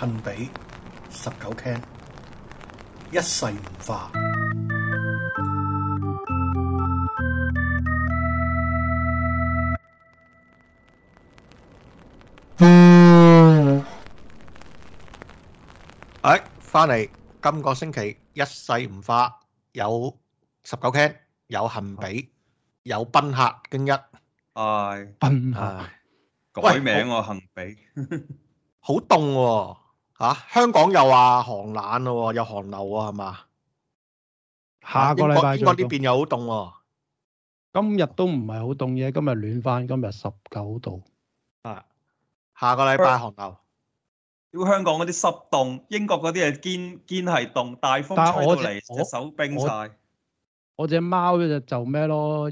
幸比19 Ken，一世唔化。哎，翻嚟今個星期一世唔化，有19 Ken，有幸比，有賓客京一，係賓客改名我幸比，好凍喎！吓、啊，香港又話寒冷咯，有寒流啊，係嘛？下個禮拜英國呢邊又好凍，今日都唔係好凍嘅，今日暖翻，今日十九度。啊，下個禮拜寒流。如、呃、香港嗰啲濕凍，英國嗰啲啊堅堅係凍，大風吹到嚟，隻我手冰晒。我隻貓咧就咩咯，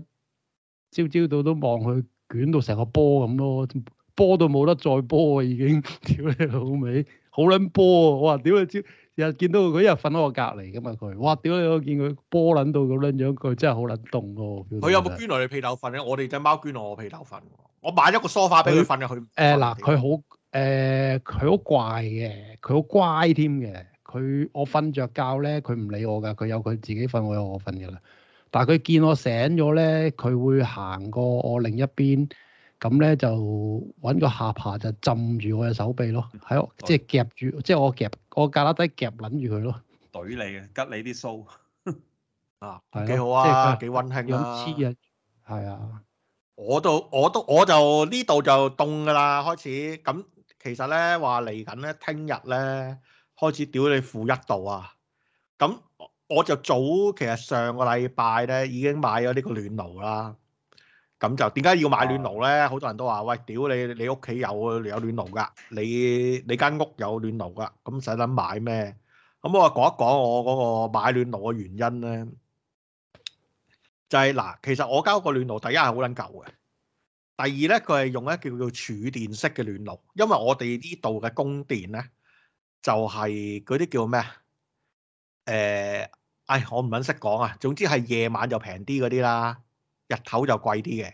朝朝到都望佢捲到成個波咁咯，波到冇得再波啊，已經，屌 你老味。好撚波喎！我話：屌你蕉！又見到佢一日瞓喺我隔離㗎嘛佢。哇！屌你我見佢波撚到咁撚樣，佢真係好撚凍咯。佢有冇捐落你被頭瞓咧？我哋隻貓捐落我被頭瞓。我買咗個梳化俾佢瞓入去。誒嗱對，佢好誒，佢、呃、好、呃、怪嘅，佢好乖添嘅。佢我瞓着覺咧，佢唔理我㗎。佢有佢自己瞓，我有我瞓㗎啦。但係佢見我醒咗咧，佢會行過我另一邊。咁咧就揾個下巴就浸住我隻手臂咯，喺、嗯、即係夾住，對 即係我夾我架拉低夾撚住佢咯對。懟你嘅，吉你啲須 啊，幾好啊，即幾是溫馨啊。黐嘅，啊，係啊，我都我都我就呢度就凍㗎啦，開始咁其實咧話嚟緊咧，聽日咧開始屌你負一度啊！咁我就早其實上個禮拜咧已經買咗呢個暖爐啦。咁就點解要買暖爐咧？好多人都話：喂，屌你！你屋企有有暖爐㗎，你你間屋有暖爐㗎，咁使諗買咩？咁我講一講我嗰個買暖爐嘅原因咧，就係嗱，其實我交個暖爐，第一係好撚舊嘅，第二咧佢係用一叫做儲電式嘅暖爐，因為我哋呢度嘅供電咧就係嗰啲叫咩啊？誒、呃，哎，我唔撚識講啊，總之係夜晚就平啲嗰啲啦。日頭就貴啲嘅，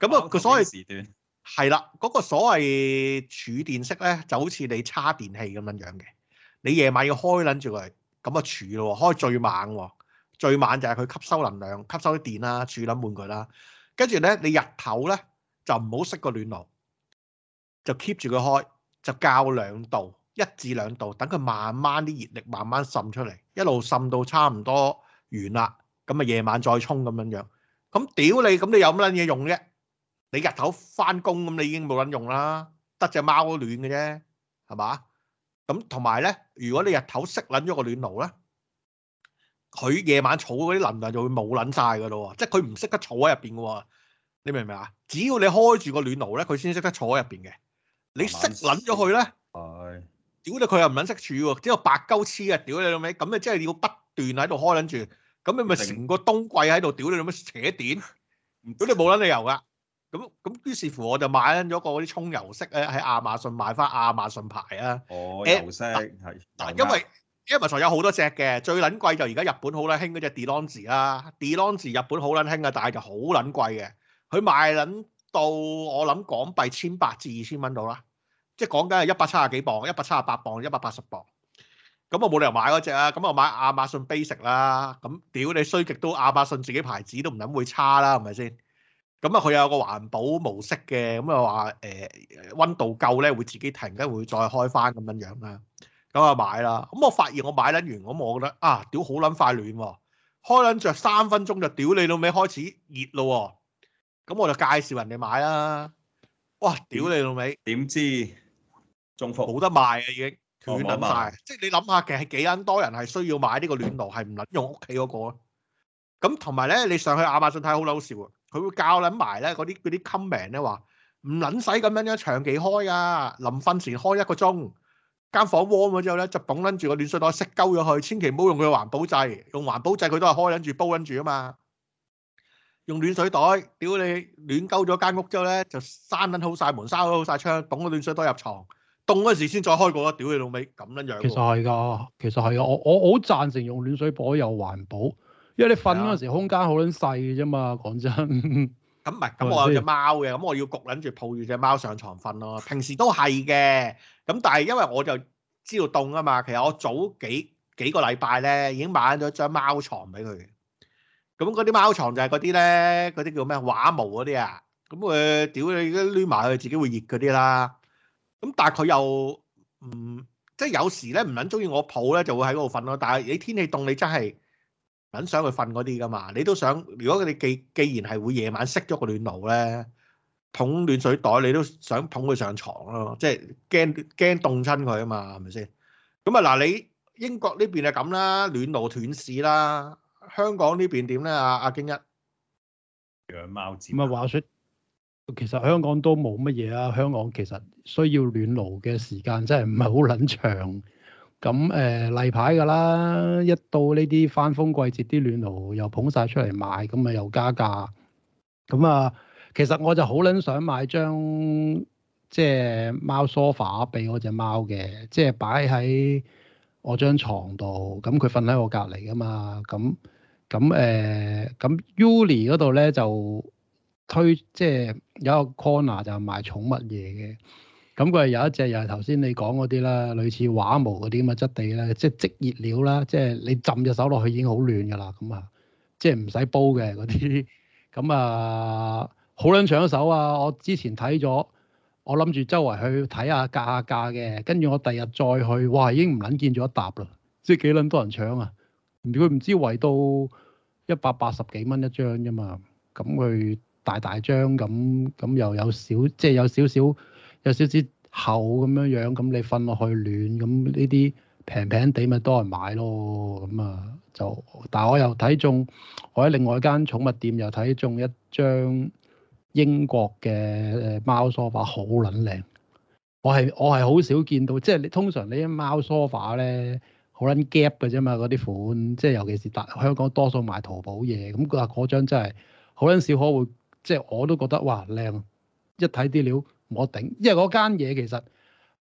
咁啊，個所謂時段係啦。嗰個所謂儲電式咧，就好似你叉電器咁樣樣嘅。你夜晚要開捻住佢，咁啊儲咯，開最猛，最猛就係佢吸收能量，吸收啲電啦，儲捻換佢啦。跟住咧，你日頭咧就唔好熄個暖爐，就 keep 住佢開，就較兩度一至兩度，等佢慢慢啲熱力慢慢滲出嚟，一路滲到差唔多完啦。咁啊，夜晚再冲咁樣樣。咁屌你，咁你有乜撚嘢用啫？你日頭翻工咁，你已經冇撚用啦，得隻貓都暖嘅啫，係嘛？咁同埋咧，如果你日頭熄撚咗個暖爐咧，佢夜晚儲嗰啲能量就會冇撚晒噶咯喎，即係佢唔識得儲喺入邊喎。你明唔明啊？只要你開住個暖爐咧，佢先識得儲喺入邊嘅。你熄撚咗佢咧，係，屌你佢又唔撚識儲喎，只有白鳩黐啊！屌你老味，咁啊真係要不斷喺度開撚住。咁你咪成個冬季喺度屌你做乜扯點？咁你冇撚理由噶。咁咁於是乎我就買咗個啲葱油色啊，喺亞馬遜買翻亞馬遜牌啊。哦，油色係。嗱，因為亞馬遜有好多隻嘅，最撚貴就而家日本好撚興嗰隻 Dionys 啊，Dionys 日本好撚興啊，但係就好撚貴嘅。佢賣撚到我諗港幣千八至二千蚊度啦，即係講緊係一百七廿幾磅，一百七十八磅，一百八十磅。咁我冇理由買嗰隻啊！咁我買亞馬遜 basic 啦。咁屌你衰極都亞馬遜自己牌子都唔諗會差啦，係咪先？咁啊，佢有個環保模式嘅，咁又話誒溫度夠咧會自己停，跟住會再開翻咁樣樣啦。咁啊買啦。咁我發現我買撚完咁，我覺得啊屌好撚快暖喎、啊！開撚著三分鐘就屌你老味開始熱咯喎、啊！咁我就介紹人哋買啦。哇屌你老味，點知中伏冇得賣啊已經。佢抌曬，即係你諗下，其實係幾撚多人係需要買呢個暖爐，係唔撚用屋企嗰個咯。咁同埋咧，你上去亞馬遜睇好嬲笑啊！佢會教撚埋咧嗰啲嗰啲 comment 咧，話唔撚使咁樣樣長期開啊！臨瞓前開一個鐘，間房 warm 咗之後咧就捧撚住個暖水袋熄鳩咗佢，千祈唔好用佢環保掣，用環保掣佢都係開撚住煲撚住啊嘛。用暖水袋，屌你暖鳩咗間屋之後咧就閂撚好曬門，閂好曬窗，捧個暖水袋入牀。凍嗰時先再開過啦，屌你老味，咁撚樣。其實係㗎，其實係啊，我我好贊成用暖水袋又環保，因為你瞓嗰時空間好撚細啫嘛，講真。咁唔係，咁我有隻貓嘅，咁我要焗撚住抱住隻貓上床瞓咯。平時都係嘅，咁但係因為我就知道凍啊嘛，其實我早幾幾個禮拜咧已經買咗張貓床俾佢。咁嗰啲貓床就係嗰啲咧，嗰啲叫咩畫毛嗰啲啊？咁佢屌你，匿埋佢自己會熱嗰啲啦。咁但係佢又唔即係有時咧唔撚中意我抱咧，就會喺嗰度瞓咯。但係你天氣凍，你真係撚想佢瞓嗰啲㗎嘛？你都想，如果佢哋既既然係會夜晚熄咗個暖爐咧，捧暖水袋，你都想捧佢上牀咯。即係驚驚凍親佢啊嘛，係咪先？咁啊嗱，你英國呢邊係咁啦，暖爐斷市啦。香港呢邊點咧？阿阿京一養貓只唔係話説。其實香港都冇乜嘢啊，香港其實需要暖爐嘅時間真係唔係好捻長，咁誒、呃、例牌噶啦，一到呢啲翻風季節，啲暖爐又捧晒出嚟賣，咁咪又加價，咁啊，其實我就好捻想買張即係貓梳化俾我隻貓嘅，即係擺喺我張牀度，咁佢瞓喺我隔籬噶嘛，咁咁誒，咁 Uni 嗰度咧就。推即係有一個 corner 就係賣寵物嘢嘅，咁佢係有一隻又係頭先你講嗰啲啦，類似畫毛嗰啲咁嘅質地啦，即係即熱料啦，即係你浸隻手落去已經好暖㗎啦。咁啊，即係唔使煲嘅嗰啲，咁啊好撚搶手啊！我之前睇咗，我諗住周圍去睇下價下價嘅，跟住我第日再去，哇！已經唔撚見咗一沓啦，即係幾撚多人搶啊！佢唔知圍到一百八十幾蚊一張啫嘛，咁佢。大大張咁，咁又有少，即係有少少，有少少厚咁樣樣，咁你瞓落去暖，咁呢啲平平地咪多人買咯，咁啊就，但係我又睇中，我喺另外間寵物店又睇中一張英國嘅貓 sofa，好撚靚，我係我係好少見到，即係你通常呢啲貓梳化咧，好撚 gap 嘅啫嘛，嗰啲款，即係尤其是大香港多數買淘寶嘢，咁嗱嗰張真係好撚少可會。即係我都覺得哇靚，一睇啲料我頂，因為嗰間嘢其實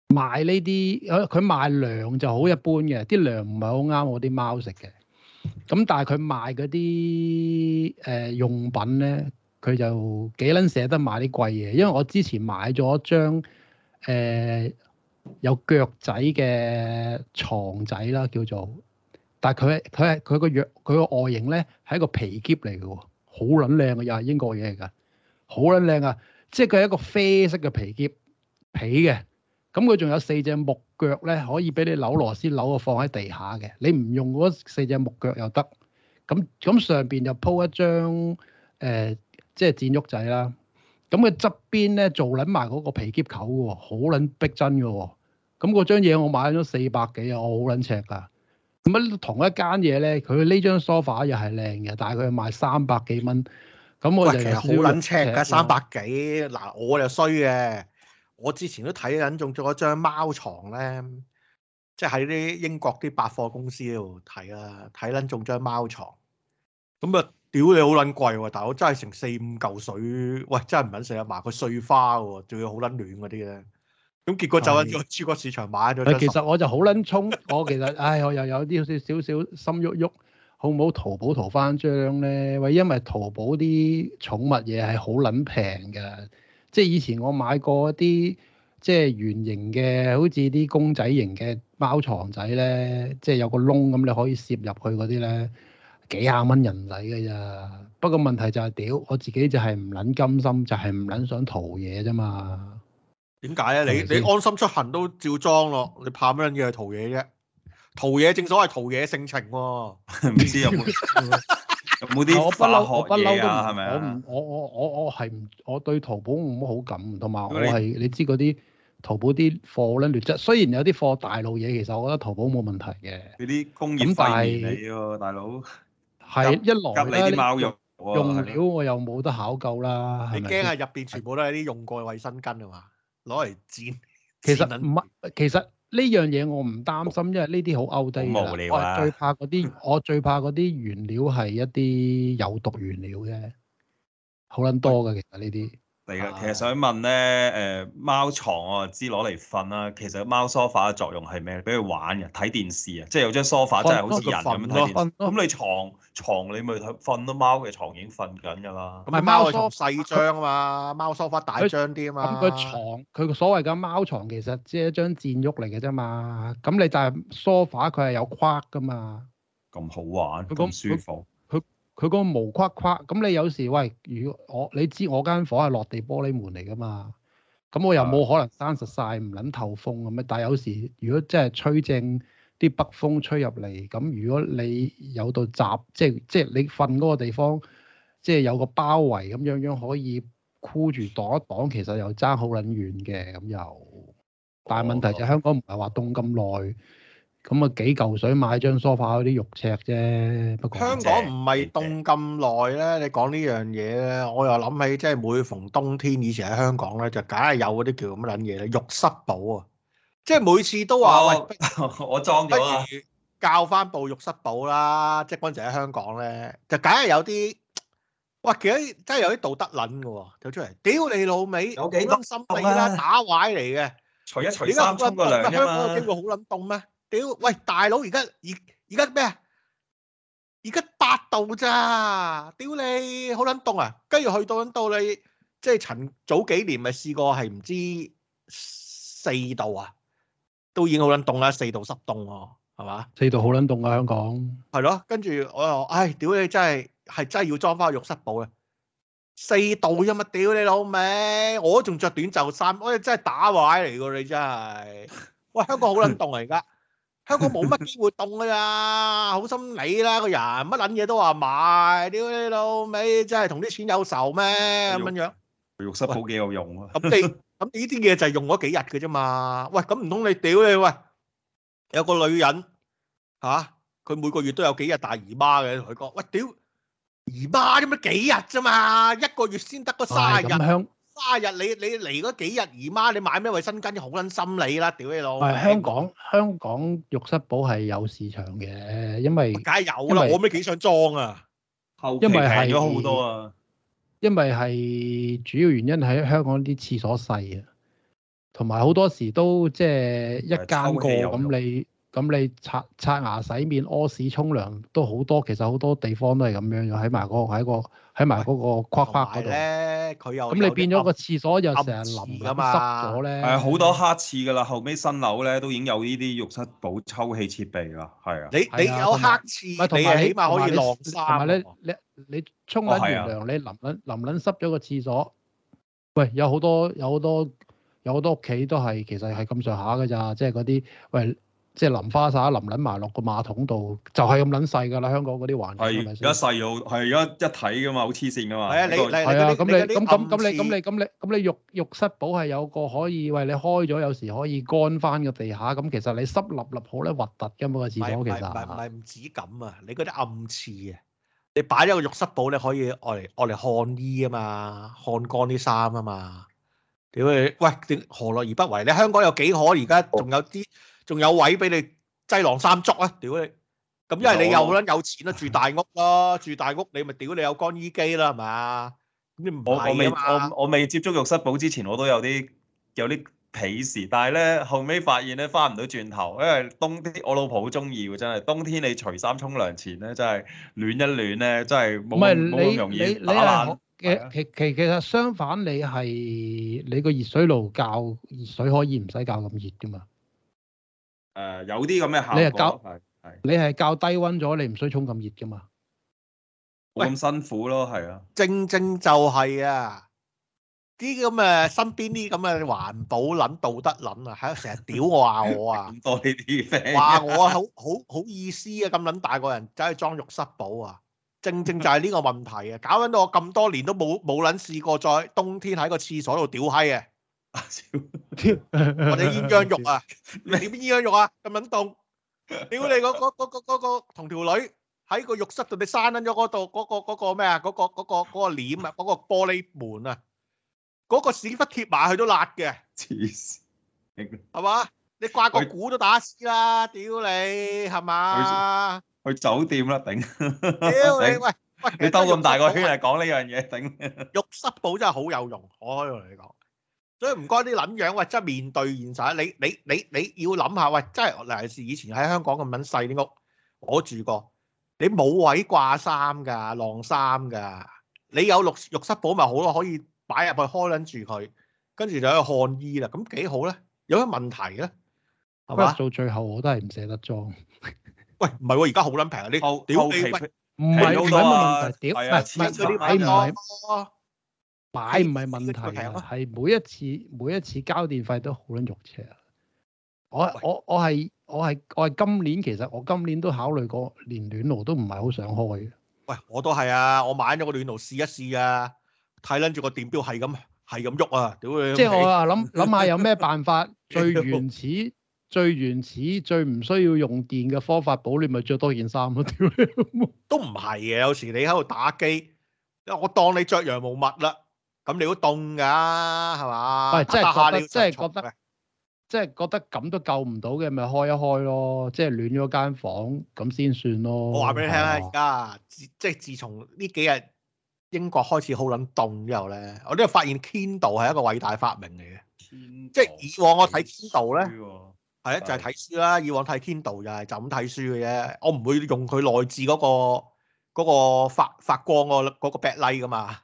賣呢啲，佢佢賣糧就好一般嘅，啲糧唔係好啱我啲貓食嘅。咁但係佢賣嗰啲誒用品咧，佢就幾撚捨得買啲貴嘢，因為我之前買咗張誒、呃、有腳仔嘅床仔啦，叫做，但係佢佢係佢個腳佢個外形咧係一個皮喼嚟嘅喎。好撚靚嘅，又係英國嘢嚟㗎，好撚靚啊！即係佢係一個啡色嘅皮喼皮嘅，咁佢仲有四隻木腳咧，可以俾你扭螺絲扭啊，放喺地下嘅。你唔用嗰四隻木腳又得，咁咁上邊就鋪一張誒、呃，即係氈褥仔啦。咁佢側邊咧做撚埋嗰個皮喼口嘅，好撚逼真嘅喎。咁嗰張嘢我買咗四百幾啊，我好撚赤㗎。咁同一間嘢咧，佢呢張梳化又係靚嘅，但係佢賣三百幾蚊。咁我其實好撚 cheap 㗎，三百幾。嗱，我又衰嘅。我之前都睇撚中咗一張貓床咧，即係喺啲英國啲百貨公司度睇啊，睇撚中張貓床。咁啊，屌你好撚貴喎！但我真係成四五嚿水，喂，真係唔撚四啊！埋個碎花喎，仲要好撚暖嗰啲咧。咁結果就喺個豬骨市場買咗。 其實我就好捻衝，我其實唉，我又有啲少少少心郁郁，好唔好淘寶淘翻張咧？因為淘寶啲寵物嘢係好捻平嘅，即係以前我買過一啲即係圓形嘅，好似啲公仔型嘅貓床仔咧，即係有個窿咁，你可以攝入去嗰啲咧，幾廿蚊人仔嘅咋。不過問題就係、是、屌，我自己就係唔捻甘心，就係唔捻想淘嘢啫嘛。點解咧？你你安心出行都照裝咯，你怕乜卵嘢去淘嘢啫？淘嘢正所謂淘嘢性情喎、哦，唔知有冇有冇啲我不嬲，我不嬲，啊？係咪我唔，我我我我係唔，我對淘寶冇乜好感，同埋我係你知嗰啲淘寶啲貨好卵劣質。雖然有啲貨大路嘢，其實我覺得淘寶冇問題嘅。嗰啲公檢大大佬，係一來咧，你啊、用料我又冇得考究啦。你驚係入邊全部都係啲用過衛生巾啊嘛？攞嚟煎，煎其，其實唔係，其實呢樣嘢我唔擔心，因為呢啲好 out 低嘅，我最怕嗰啲，我最怕啲原料係一啲有毒原料嘅，好撚多嘅其實呢啲。是嚟嘅，其實想問咧，誒貓床我就知攞嚟瞓啦，其實貓 sofa 嘅作用係咩？俾佢玩嘅，睇電視啊，即係有張 sofa 即係好似人咁樣睇電視。咁你床，牀你咪瞓都貓嘅床已經瞓緊㗎啦。咁咪貓係細張啊嘛，它貓梳 o 大張啲啊嘛。咁個床，佢所謂嘅貓床其實只係張墊喐嚟嘅啫嘛。咁你就係 sofa 佢係有框㗎嘛。咁好玩，咁舒服。佢個毛框框，咁你有時喂，如果我你知我間房係落地玻璃門嚟噶嘛，咁我又冇可能閂實晒唔撚透風咁啊！但係有時如果真係吹正啲北風吹入嚟，咁如果你有度閘，即係即係你瞓嗰個地方，即係有個包圍咁樣樣可以箍住擋一擋，其實又爭好撚遠嘅，咁又，但係問題就香港唔係話凍咁耐。咁啊，幾嚿水買張梳化嗰啲肉赤啫，不過香港唔係凍咁耐咧。你講呢樣嘢咧，我又諗起即係每逢冬天，以前喺香港咧就梗係有嗰啲叫乜撚嘢咧，浴室寶啊！即係每次都話喂，我裝咗啊，教翻部浴室寶啦。即係嗰陣喺香港咧，就梗係有啲哇，其實真係有啲道德撚嘅喎，走出嚟屌你老味，有幾分心地啦，打壞嚟嘅，除一除衫，沖個涼啫嘛。香港有經過好撚凍咩？屌喂，大佬而家，而而家咩啊？而家八度咋？屌你，好撚凍啊！跟住去到撚凍你，即係陳早幾年咪試過係唔知四度啊？都已經好撚凍啦，四度濕凍喎、啊，係嘛？四度好撚凍㗎，香港。係咯，跟住我又唉，屌、哎、你真係係真係要裝翻個浴室寶啦。四度啫嘛，屌你老味，我仲着短袖衫，我真係打歪嚟㗎，你真係。喂，香港好撚凍啊而家。 香港冇乜活動㗎咋，好心理啦個人，乜撚嘢都話買，屌你老味，真係同啲錢有仇咩咁樣？肉濕好幾有用喎。咁你咁你呢啲嘢就係用咗幾日㗎啫嘛。喂，咁唔通你屌你喂，有個女人吓，佢每個月都有幾日大姨媽嘅，佢講，喂屌姨媽啫咩幾日啫嘛，一個月先得嗰卅日。啊！日你你嚟嗰幾日，姨媽你買咩衞生巾？好撚心理啦！屌你老母！香港香港浴室寶係有市場嘅，因為而家有啦，為我咩幾想裝啊！因為後期平咗好多啊！因為係主要原因係香港啲廁所細啊，同埋好多時都即係是一間個咁你咁你刷刷牙洗、洗面、屙屎、沖涼都好多。其實好多地方都係咁樣，喺埋個喺個。喺埋嗰個框框嗰度咧，佢又咁你變咗個廁所又成日淋噶嘛？濕咗咧，係好的多黑廁噶啦。後尾新樓咧都已經有呢啲浴室保抽氣設備啦。係啊，你你有黑廁，的你係起碼可以落沙。同埋你你沖緊涼，你淋撚淋撚濕咗個廁所，哦、喂，有好多有好多有好多屋企都係其實係咁上下噶咋，即係嗰啲喂。即係淋花灑淋撚埋落個馬桶度，就係咁撚細㗎啦！香港嗰啲環境係而家細又係而家一睇㗎嘛，好黐線㗎嘛。係啊，你係啊，咁你咁咁咁你咁你咁你咁你浴浴室寶係有個可以喂，你開咗，有時可以乾翻個地下。咁其實你濕立立好咧，核突㗎嘛，廁所其實唔係唔係唔止咁啊！你嗰啲暗廁啊，你擺咗個浴室寶，你可以愛嚟愛嚟晾衣啊嘛，晾乾啲衫啊嘛。屌你喂，何樂而不為？你香港有幾可？而家仲有啲。仲有位俾你擠晾衫竹啊！屌你咁，因為你有啦，有錢啦，住大屋咯，住大屋你咪屌你有乾衣機啦，係咪？我我未我我未接觸浴室寶之前，我都有啲有啲鄙視，但係咧後尾發現咧，翻唔到轉頭，因為冬天我老婆好中意㗎，真係冬天你除衫沖涼前咧真係暖一暖咧，真係冇咁冇咁容易打爛。其其其實相反，你係你個熱水爐較熱水可以唔使較咁熱㗎嘛？誒，有啲咁嘅效果。你係較係，你係較低溫咗，你唔需要沖咁熱噶嘛，咁辛苦咯，係啊。正正就係啊，啲咁嘅身邊啲咁嘅環保撚、道德撚啊，喺度成日屌我話我啊，咁多呢啲 friend 話我好好好意思啊，咁撚大個人走去裝浴室寶啊，正正就係呢個問題啊， 搞緊到我咁多年都冇冇撚試過再冬天喺個廁所度屌閪啊。啊！或者閹羊肉啊？你點閹羊肉啊？咁撚凍？屌你嗰嗰嗰嗰嗰個同條女喺個浴室度，你閂緊咗嗰度嗰個嗰個咩啊？嗰個嗰個嗰個簾啊？嗰個玻璃門啊？嗰個屎忽貼埋去都辣嘅，黐線係嘛？你掛個鼓都打屎啦！屌你係嘛？去酒店啦，頂！屌你喂喂！你兜咁大個圈嚟講呢樣嘢，頂！浴室寶真係好有用，我可以同你講。所以唔該啲撚樣，喂，即係面對現實，你你你你要諗下，喂，即係，嗱，是以前喺香港咁撚細啲屋，我住過，你冇位掛衫㗎，晾衫㗎，你有浴浴室寶咪好咯，可以擺入去開撚住佢，跟住就可以晾衣啦，咁幾好咧？有咩問題咧？係嘛？到最後我都係唔捨得裝。喂，唔係喎，而家好撚平啊！你屌你，唔係撚撚就屌，唔係黐啲米多。擺唔係問題，係每一次每一次交電費都好捻肉赤。我我我係我係我係今年其實我今年都考慮過連暖爐都唔係好想開嘅。喂，我都係啊，我買咗個暖爐試一試啊，睇捻住個電表係咁係咁喐啊，屌即係我啊諗諗下有咩辦法 最，最原始最原始最唔需要用電嘅方法，保暖咪着多件衫咯，屌你都唔係嘅，有時你喺度打機，我當你着羊毛襪啦。 咁你都凍㗎，係嘛？唔即係覺，覺得，即係覺得，即係覺得咁都救唔到嘅，咪開一開咯，即、就、係、是、暖咗間房咁先算咯。我話俾你聽啦，而家吧即係自從呢幾日英國開始好撚凍之後咧，我都發現 Kindle 係一個偉大發明嚟嘅。即係說以往我睇 Kindle 咧，係說啊對，就係、是、睇書啦。以往睇 Kindle 就係、是、就咁睇書嘅啫，對人我唔會用佢內置嗰個嗰個發發光嗰嗰、那個、那個、backlight 㗎嘛。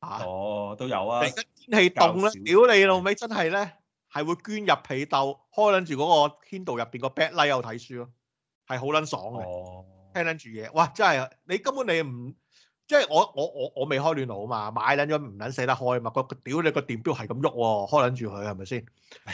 哦，啊、都有啊。而家天氣凍咧，屌你老味真係咧係會捐入被竇，開捻住嗰個天道入邊個 bad light 有睇書咯，係好捻爽嘅。哦，聽捻住嘢，哇，真係啊，你根本你唔即係我我我我未開暖爐啊嘛，買捻咗唔捻捨得開嘛，個屌你個電錶係咁喐喎，開捻住佢係咪先？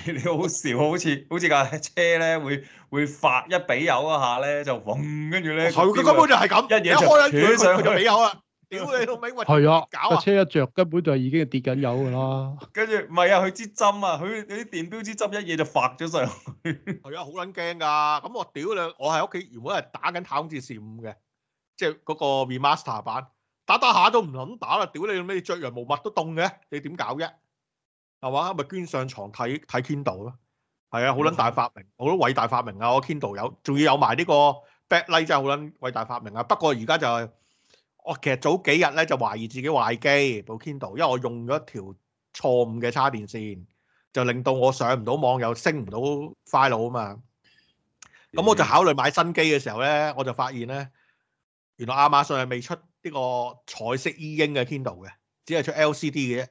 你 好笑，好似好似架車咧，會會發一比油一下咧就嗡，跟住咧，佢說根本就係咁，一開捻住佢就俾油啦。屌你老味，係啊，搞啊！車一着，根本就係已經跌緊油噶啦。跟住唔係啊，佢支針啊，佢啲電表支針一嘢就發咗上去。係 啊，好撚驚噶。咁我屌你，我喺屋企原本係打緊太空戰士五嘅，即係嗰個 Remaster 版，打打下都唔撚打啦。屌你老味，著羊毛襪都凍嘅，你點搞啫？係嘛？咪捐上床睇睇 Kindle 咯。係啊，好撚大發明，好多偉大發明啊！我 Kindle 有，仲要有埋呢個 Backlight 真係好撚偉大發明啊。不過而家就係、是。我其實早幾日咧就懷疑自己壞機，部 Kindle，因為我用咗條錯誤嘅叉電線，就令到我上唔到網又升唔到 file 啊嘛。咁我就考慮買新機嘅時候咧，我就發現咧，原來亞馬遜係未出呢個彩色 e 英嘅 Kindle 嘅，只係出 LCD 嘅啫。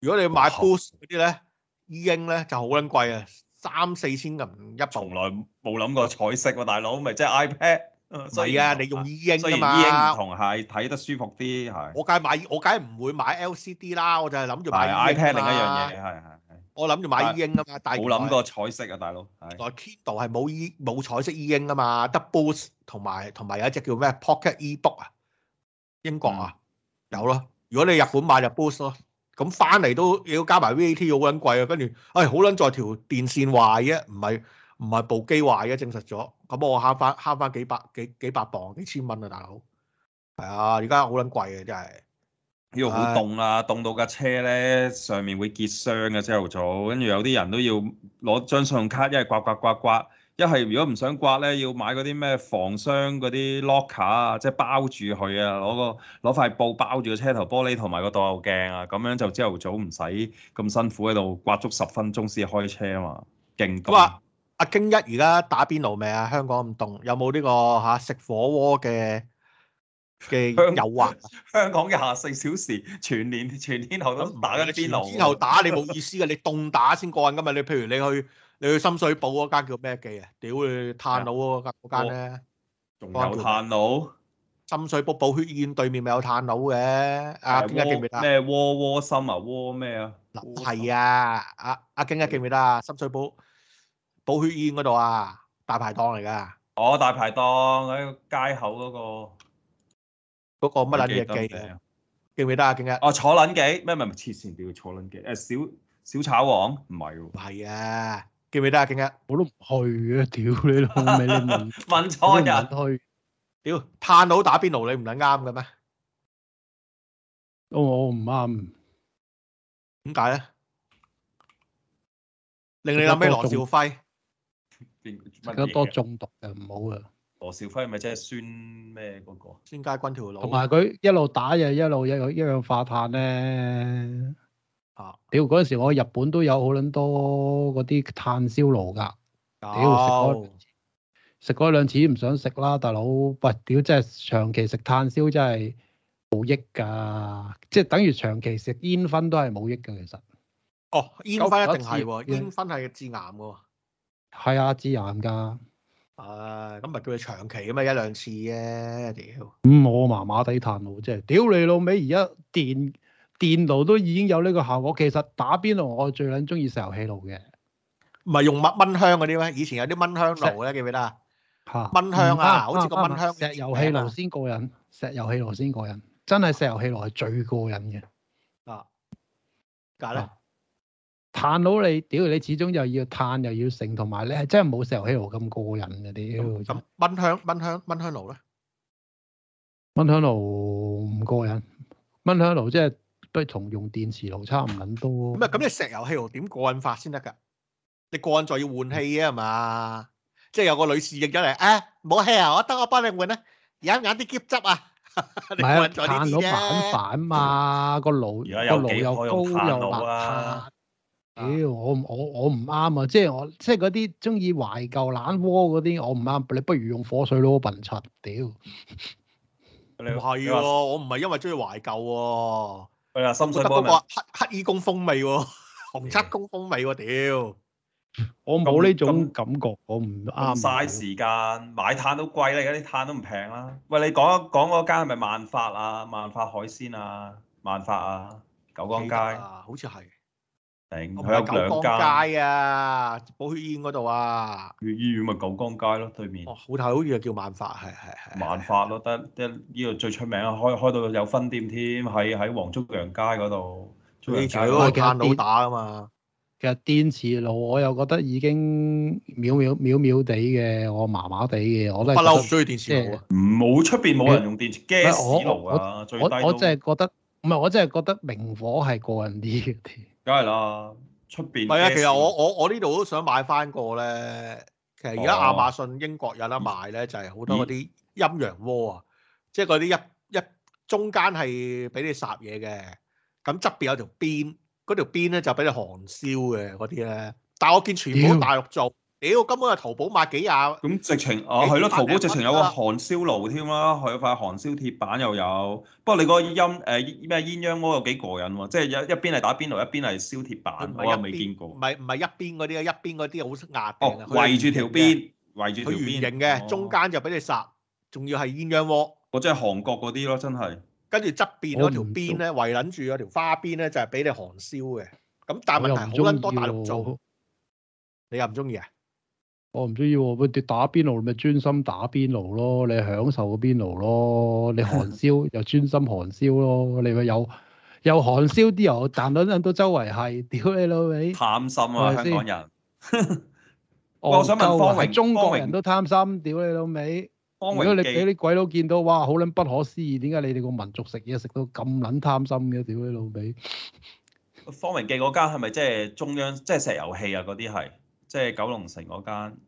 如果你買 Boost 嗰啲咧 e 英 n 咧就好撚貴啊，三四千銀一，從來冇諗過彩色喎、啊，大佬，咪、就、即、是、係 iPad。唔係啊，你用 E-ink 啊嘛，E-ink 唔同係睇得舒服啲係。我梗係買，我梗係唔會買 LCD 啦，我就係諗住買 iPad 啊嘛。我諗住買 E-ink 啊嘛，但係冇諗過彩色啊，大佬。台 Kindle 係冇依冇彩色 E-ink 啊嘛，得 Boox 同埋同埋有一隻叫咩 Pocket Ebook 啊，英國啊有咯。如果你日本買就 Boox 咯，咁翻嚟都要加埋 VAT 好撚貴啊，跟住誒好撚在條電線壞嘅，唔係。唔係部機壞嘅，證實咗。咁我慳翻慳翻幾百幾幾百磅幾千蚊啊，大佬。係、哎、啊，而家好撚貴啊，真係呢度好凍啦，凍、啊、到架車咧上面會結霜嘅、啊。朝頭早跟住有啲人都要攞張信用卡，一係刮刮刮刮，一係如果唔想刮咧，要買嗰啲咩防霜嗰啲 locker 啊，即係包住佢啊，攞個攞塊布包住個車頭玻璃同埋個倒後鏡啊，咁樣就朝頭早唔使咁辛苦喺度刮足十分鐘先開車啊嘛，勁凍。啊。阿京一而家打邊爐未啊？香港咁凍，有冇呢個吓食火鍋嘅嘅誘惑？香港廿四小時全年全天候都打緊啲邊爐，全天候打你冇意思嘅，你凍打先過癮㗎嘛？你譬如你去你去深水埗嗰間叫咩記啊？屌你炭佬嗰間嗰間咧，仲有炭佬？深水埗寶血醫院對面咪有炭佬嘅？阿京一記唔記得啊？咩鍋鍋心啊？鍋咩啊？係啊！阿阿京一記唔記得啊？深水埗寶血醫院嗰度啊，大排檔嚟噶。哦，大排檔喺街口嗰個，嗰個乜捻嘢記啊？記唔記得啊？京一哦，坐捻記咩咩黐線屌坐捻記誒，小小炒王唔係喎，唔係啊？記唔記得啊？京一我都唔去啊！屌你老味，問錯人，唔去。屌，嘆佬打邊爐，你唔捻啱嘅咩？我唔啱，點解咧？令你諗起羅兆輝。比多中毒嘅唔好啊！羅兆輝咪即係酸咩嗰個？孫佳君條路，同埋佢一路打嘢，一路一氧化碳咧。啊！屌嗰陣時，我日本都有好卵多嗰啲炭燒爐噶。屌食噢過食兩次，唔想食啦，大佬！喂，屌真係長期食炭燒真係冇益噶，即係等於長期食煙燻都係冇益噶，其實。哦，煙燻一定係喎，煙燻係致癌噶。係啊，自然噶，誒、啊，咁咪叫佢長期噶嘛，一兩次嘅，屌、嗯，咁我麻麻地嘆路啫，屌你老味。而家電電爐都已經有呢個效果，其實打邊爐我最捻中意石油氣爐嘅，唔係用蚊蚊香嗰啲咩？以前有啲蚊香爐咧，石記唔記得啊？吓，蚊香啊，啊好似個蚊香、啊啊啊、石油氣爐先過、啊、過癮，石油氣爐先過癮，真係石油氣爐係最過癮嘅、啊，啊，解、啊、咧？啊炭爐你，屌你！始終又要炭又要剩，同埋你係真係冇石油氣爐咁過癮嘅，屌！咁燜香燜香燜香爐咧？燜香爐唔過癮，燜香爐即係都同用電磁爐差唔多。唔係咁，你石油氣爐點過癮法先得噶？你過癮在要換氣嘅係嘛？即係有個女士應咗嚟，誒冇氣啊！我得我幫你換啦。而家揞啲鹼汁啊，唔係啊，炭爐板板啊嘛，個爐個爐又高又邋屌，我我我唔啱啊！即係我，即係嗰啲中意懷舊懶窩嗰啲，我唔啱。你不如用火水佬揼擦，屌！係喎，我唔係因為中意懷舊喎。佢話深水埗嗰個黑黑衣公風味喎，紅漆公風味喎，屌！我冇呢種感覺，我唔啱。嘥時間買炭都貴啦，而家啲炭都唔平啦。喂，你講一講嗰間係咪萬發啊？萬發海鮮啊？萬發啊？九江街啊？好似係。喺九江街啊，寶血醫院嗰度啊，粵醫院咪九江街咯、啊，對面。哦、好睇好遠啊，叫萬發，係係係。萬發咯，得一呢個最出名，開開到有分店添，喺喺黃竹洋街嗰度。嗯、其實嗰個電腦打啊嘛，其實電磁爐我又覺得已經秒秒秒秒地嘅，我麻麻地嘅，我咧。不嬲唔中意電磁爐啊！冇出邊冇人用電磁。電磁爐啊，我我,我,我,我真係覺得，唔係我真係覺得明火係過人啲嘅。梗係啦，出邊係啊？其實我我我呢度都想買翻個咧。其實而家亞馬遜、哦、英國有得賣咧，就係、是、好多嗰啲陰陽鍋啊，嗯、即係嗰啲一一中間係俾你烚嘢嘅，咁側邊有條邊，嗰條邊咧就俾你韓燒嘅嗰啲咧。但係我見全部大陸做。嗯屌，根本係淘寶買幾廿。咁直情啊，係咯，淘寶直情有個韓燒爐添啦，有塊韓燒鐵板又有。不過你嗰個音誒咩鴛鴦鍋有幾過癮喎，即係一一邊係打邊爐，一邊係燒鐵板，我又未見過。唔係唔係一邊嗰啲啊，一邊嗰啲好壓。哦，圍住條邊，圍住條邊。圓形嘅，中間就俾你殺，仲要係鴛鴦鍋。我即係韓國嗰啲咯，真係。跟住側邊嗰條邊咧，圍撚住嗰條花邊咧，就係俾你韓燒嘅。咁但係問題好撚多大陸做。你又唔中意啊？我唔中意，佢、哦哦、打邊爐咪專心打邊爐咯，你享受個邊爐咯，你韓燒又專心韓燒咯，你咪有又韓燒啲油，彈到彈到周圍係，屌你老味。貪心啊，香港人！ 我想問方榮，方榮榮中國人都貪心，屌你老味！如果你俾啲鬼佬見到，哇，好捻不可思議，點解你哋個民族食嘢食到咁捻貪心嘅？屌你老味！方榮記嗰間係咪即係中央，即、就、係、是、石油氣啊？嗰啲係。即係九龍城嗰間，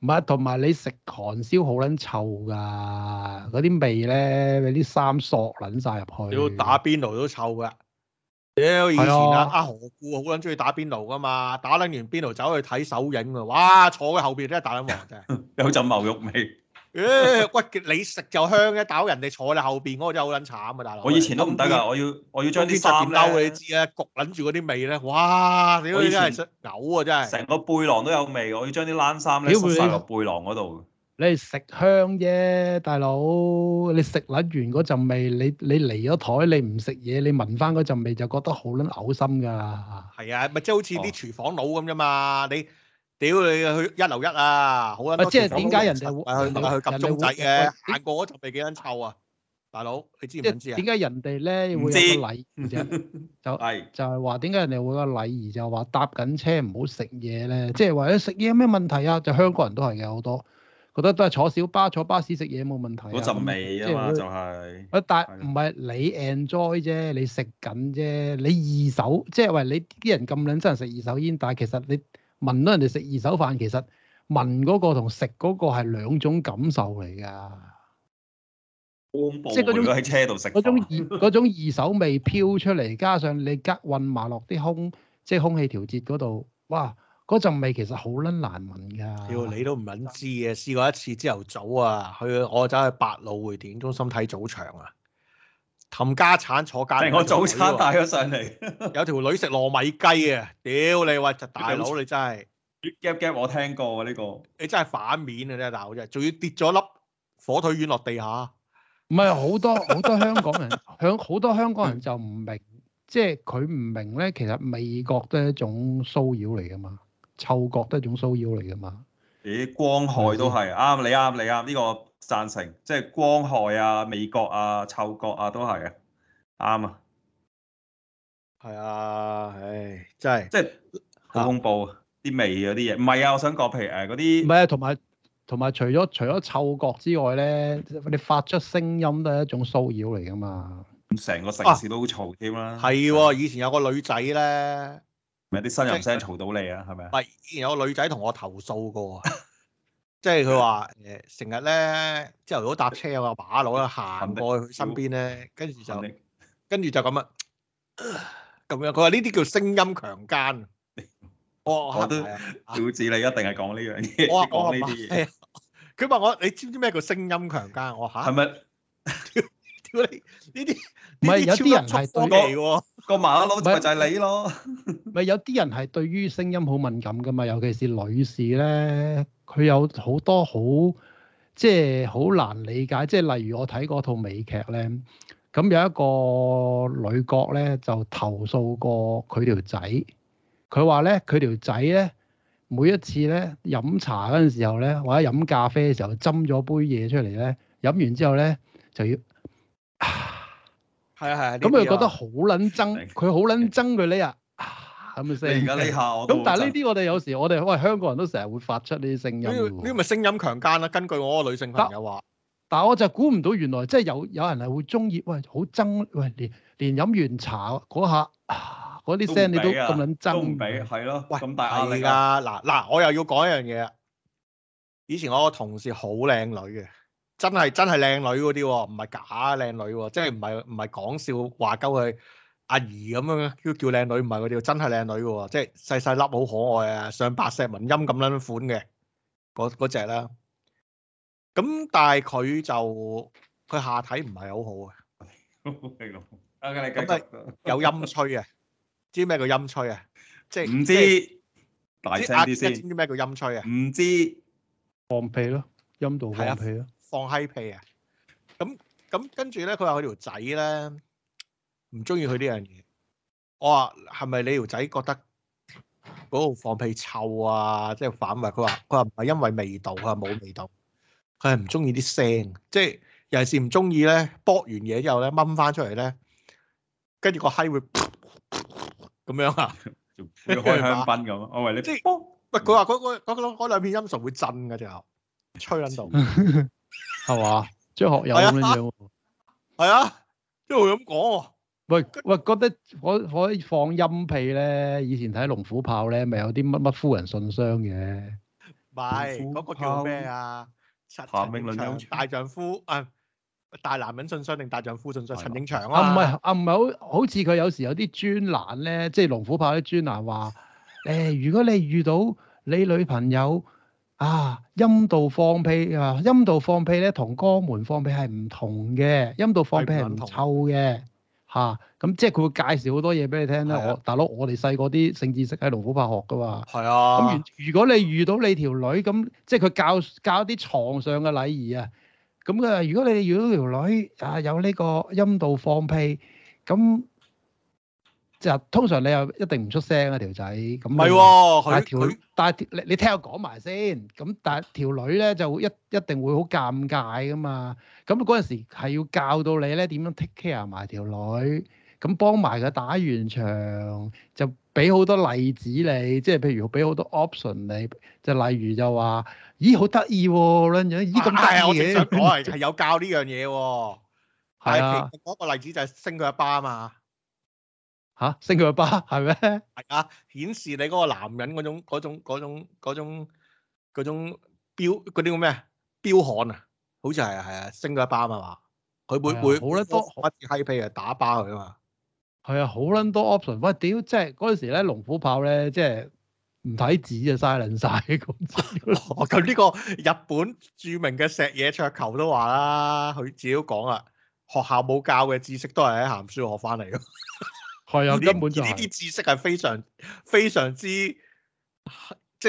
唔係，同埋你食韓燒好撚臭㗎，嗰啲味咧俾啲衫索撚晒入去。要打邊爐都臭㗎，屌、哎、以前阿、啊、阿、哦啊、何故好撚中意打邊爐㗎嘛，打撚完邊爐走去睇首映，喎，哇，坐喺後邊都係打撚王㗎。 有陣牛肉味。誒， 你食就香，一搞人哋坐你後邊嗰個真係好撚慘啊，大佬！我以前都唔得噶，我要我要將啲衫咧，你知啊，焗捻住嗰啲味咧，哇！屌你真係想嘔啊，真係！成個背囊都有味，我要將啲冷衫你濕晒個背囊嗰度。你食香啫，大佬，你食捻完嗰陣味，你你離咗台，你唔食嘢，你聞翻嗰陣味就覺得好撚嘔心噶。係啊，咪即係好似啲廚房佬咁啫嘛，你。屌你啊，去一樓一啊，好啊！即係點解人哋去人會去去撳鐘仔嘅，行過嗰陣味幾撚臭啊，大佬，你知唔知啊？點解人哋咧會有個禮就 就係話點解人哋會有個禮儀就話搭緊車唔好食嘢咧？即係話你食嘢有咩問題啊？就香港人都係嘅好多，覺得都係坐小巴坐巴士食嘢冇問題啊。嗰陣味啊嘛，就係。啊，但唔係你 enjoy 啫，你食緊啫，你二手即係話你啲人咁卵真係食二手煙，但係其實你。聞到人哋食二手飯，其實聞嗰個同食嗰個係兩種感受嚟㗎，即係嗰種喺車度食嗰種二手味飄出嚟，加上你吉混埋落啲空，即係空氣調節嗰度，哇！嗰陣味其實好撚難聞㗎。要你都唔撚知嘅， 試過一次朝頭早啊，去我走去百老匯電影中心睇早場啊。冚家產坐架，我早餐帶咗上嚟。有條女食糯米雞啊！屌你喂就大佬，你真係 gap gap，我聽過啊呢個。你真係反面啊！呢個大佬真係，仲要跌咗粒火腿丸落地下。唔係好多好多香港人，響好多香港人就唔明，即係佢唔明咧。其實味覺都係一種騷擾嚟㗎嘛，嗅覺都係一種騷擾嚟㗎嘛。你光害都係啱，你啱你啱呢個。贊成，即係光害啊、味覺啊、嗅覺啊，都係啊，啱啊，係啊，唉、啊，真係即係好恐怖啊！啲、啊、味嗰啲嘢，唔係啊，我想講譬如誒嗰啲，唔係啊，同埋同埋除咗除咗嗅覺之外咧，你發出聲音都係一種騷擾嚟噶嘛，咁成個城市都好嘈添啦，係喎、啊，啊啊、以前有個女仔咧，咪啲呻吟聲嘈到你啊，係咪啊？以前有個女仔同我投訴過。 即係佢、呃、話誒，成日咧朝頭早搭車啊，馬佬行過佢身邊咧，跟住就跟住就咁啊，咁樣說 我。佢話呢啲叫聲音強姦。我我都料住你一定係講呢樣嘢，我講呢啲嘢。佢問我：你知唔知咩叫聲音強姦？我嚇係咪？呢啲唔係有啲人係對個個馬佬咪就係你咯？咪有啲人係對於聲音好敏感㗎嘛，尤其是女士咧。佢有好多好即係好難理解，即係例如我睇嗰套美劇咧，咁有一個女角咧就投訴過佢條仔，佢話咧佢條仔咧每一次咧飲茶嗰陣時候咧，或者飲咖啡嘅時候，斟咗杯嘢出嚟咧，飲完之後咧就要，係啊係啊，咁佢覺得好撚憎，佢好撚憎佢呢啊！係咪先？你而家呢下咁，但係呢啲我哋有時我哋喂香港人都成日會發出呢啲聲音。呢呢咪聲音強姦啦！根據我個女性朋友話，但我就估唔到原來即係有有人係會中意喂，好憎喂，連連飲完茶嗰下嗰啲聲你都咁撚憎。都俾係咯。啊、喂，咁大壓力㗎嗱嗱，我又要講一樣嘢啊！以前我個同事好靚女嘅，真係真係靚女嗰啲喎，唔係假靚女喎，即係唔係唔係講笑話鳩佢。阿姨咁樣咧，都叫靚女，唔係佢條真係靚女嘅喎，即係細細粒好可愛啊，上白石萌音咁樣款嘅嗰嗰隻啦。咁、那個、但係佢就佢下體唔係好好嘅。咁有陰吹啊？知咩叫陰吹啊？即係唔知。是大聲啲先。知咩叫陰吹啊？唔知。放屁咯，陰度放屁咯，放嗨屁啊！咁咁跟住咧，佢話佢條仔咧。唔中意佢呢樣嘢，我話係咪你條仔覺得嗰個放屁臭啊？即係反胃。佢話佢話唔係因為味道，佢話冇味道，佢係唔中意啲聲，即係尤其是唔中意咧，噏完嘢之後咧，掹翻出嚟咧，跟住個閪會咁樣啊，開香檳咁我喂，你即係佢話嗰個兩片音唇會震㗎就吹響度，係 嘛？ 張學友咁樣，係啊，即係咁講。 喂，喂，我覺得可以放陰屁咧。以前睇《龍虎豹》咧，咪有啲乜乜夫人信箱嘅？咪嗰個叫咩啊？陳映長大丈夫啊，大男人信箱定大丈夫信箱？陳映長啊，唔係啊，唔係好好似佢有時有啲專欄咧，即係《龍虎豹》啲專欄話誒，如果你遇到你女朋友啊陰道放屁，啊陰道放屁咧同肛門放屁係唔同嘅，陰道放屁係唔臭嘅。嚇，咁、啊、即係佢會介紹好多嘢俾你聽咧、啊。我大佬，我哋細個啲性知識喺龍虎豹學㗎嘛。係啊。咁如如果你遇到你條女，咁即係佢教教啲床上嘅禮儀啊。咁啊，如果你遇到條女，啊，嗯、到女啊，有呢個陰道放屁，咁、嗯。就通常你又一定唔出聲啊，條仔咁，係喎的。但係條但係你他你聽我講埋先，咁但係條女咧就一一定會好尷尬㗎嘛。咁嗰陣時係要教到你咧點樣 take care 埋條女，咁幫埋佢打完場，就俾好多例子你，即係譬如俾好多 option 你，就例如就話，咦好得意喎，撚樣依咁得意嘅。係啊、哎，我正係有教呢樣嘢喎。係啊，嗰 個例子就係升佢一巴嘛。吓，升佢一巴係咩？啊，顯示你嗰個男人嗰種嗰種嗰種嗰種嗰種標啲叫咩？彪悍啊，好似係係啊，升佢一巴啊嘛，佢會會好捻多，好似譬如打一巴佢啊嘛。係啊，好捻多 option。喂，屌，即係嗰陣時咧，龍虎豹咧，即係唔睇字，就晒爛晒咁咯。咁 呢、哦、個日本著名嘅石野卓球都話啦，佢自己都講啊，學校冇教嘅知識都係喺鹹書學翻嚟咯。佢又根呢啲知識係非常非常之，即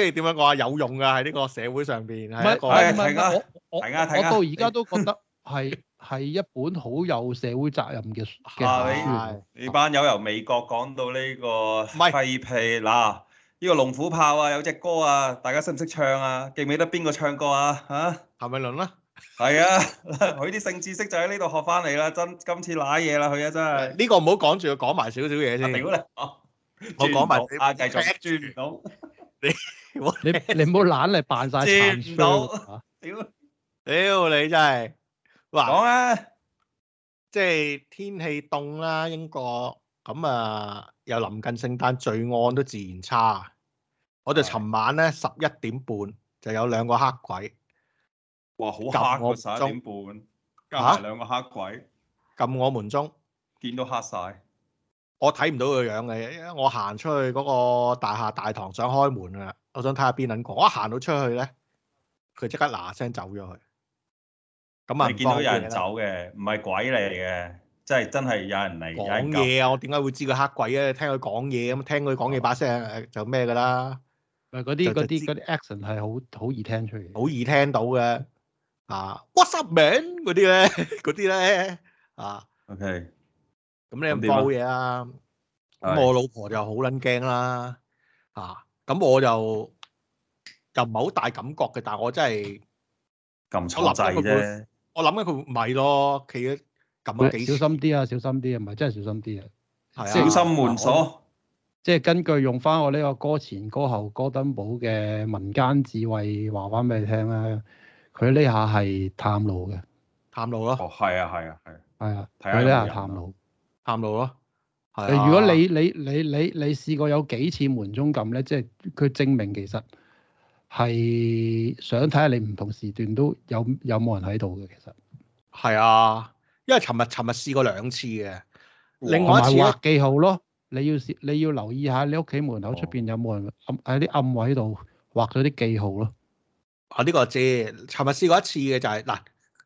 係點樣講啊，有用㗎，喺呢個社會上邊，係一個係唔係到而家都覺得係係、啊啊、一本好有社會責任嘅書嘅，你班友由美國講到呢，這個廢屁嗱，呢個龍虎豹啊有隻歌啊，大家識唔識唱啊？記唔記得邊個唱歌啊？嚇，啊？譚詠麟啦。係 啊，佢啲性知識就喺呢度學翻嚟啦！真今次瀨嘢啦，佢啊真係呢個唔好講住，講埋少少嘢先。屌啦， 我講埋啊，繼續住唔到你，你你唔好懶嚟扮晒殘。屌屌 你真係，講啊！即係天氣凍啦，英國咁啊，又臨近聖誕，罪案都自然差。我就尋晚咧十一點半就有兩個黑鬼。哇！好黑個十一點半，加埋兩個黑鬼，撳我門鐘，見到黑晒，我睇唔到佢樣嘅。我行出去嗰個大廈大堂想開門噶啦，我想睇下邊人講？我行到出去咧，佢即刻嗱聲走咗去。咁啊，見到有人走嘅，唔係鬼嚟嘅，真係真係有人嚟。講嘢啊！我點解會知佢黑鬼啊？聽佢講嘢咁，聽佢講嘢把聲就咩噶啦？誒，嗰啲嗰啲嗰啲 accent 係好好易聽出嚟，好易聽到嘅。啊，WhatsApp 名，嗰啲咧，嗰啲咧，啊，OK，咁你有冇嘢啊？咁我老婆就好撚驚啦，啊，咁我就又唔係好大感覺嘅，但係我真係撳錯掣啫。我諗緊佢咪咯，企咗撳咗幾。小心啲啊，小心啲啊，唔係真係小心啲啊。小心門鎖。即係根據用翻我呢個歌前歌後歌登堡嘅民間智慧話翻俾你聽啦。佢呢下係探路嘅，探路咯。哦，係啊，係啊，係。係啊，睇下呢下探路，探路咯。誒、啊，如果你你你你你試過有幾次門鐘噉咧，即係佢證明其實係想睇下你唔同時段都有有冇人喺度嘅，其實。係啊，因為尋日尋日試過兩次嘅，另外一次。畫記號咯，你要試你要留意下你屋企門口出邊有冇人、哦、暗喺啲暗位度畫咗啲記號咯。啊這個、我呢個知，尋日試過一次嘅就係、是、嗱，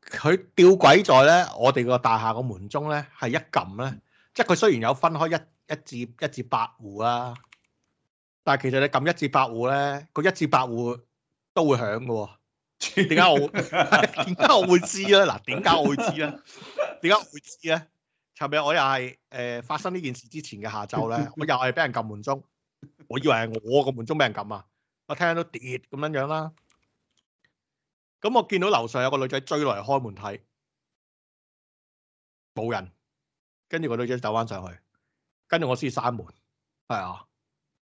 佢吊詭在咧，我哋個大廈個門鐘咧係一撳咧，即係佢雖然有分開一一至一至八戶啦、啊，但係其實你撳一至八戶咧，個一至八戶都會響嘅喎、哦。點解我點解 我，我會知咧？嗱，點解我會知咧？點解我會知咧？尋日我又係誒發生呢件事之前嘅下晝咧，我又係俾人撳門鐘，我以為係我個門鐘俾人撳啊，我聽到跌咁樣樣啦。咁我見到樓上有個女仔追落嚟開門睇，冇人，跟住個女仔走翻上去，跟住我先閂門，係啊，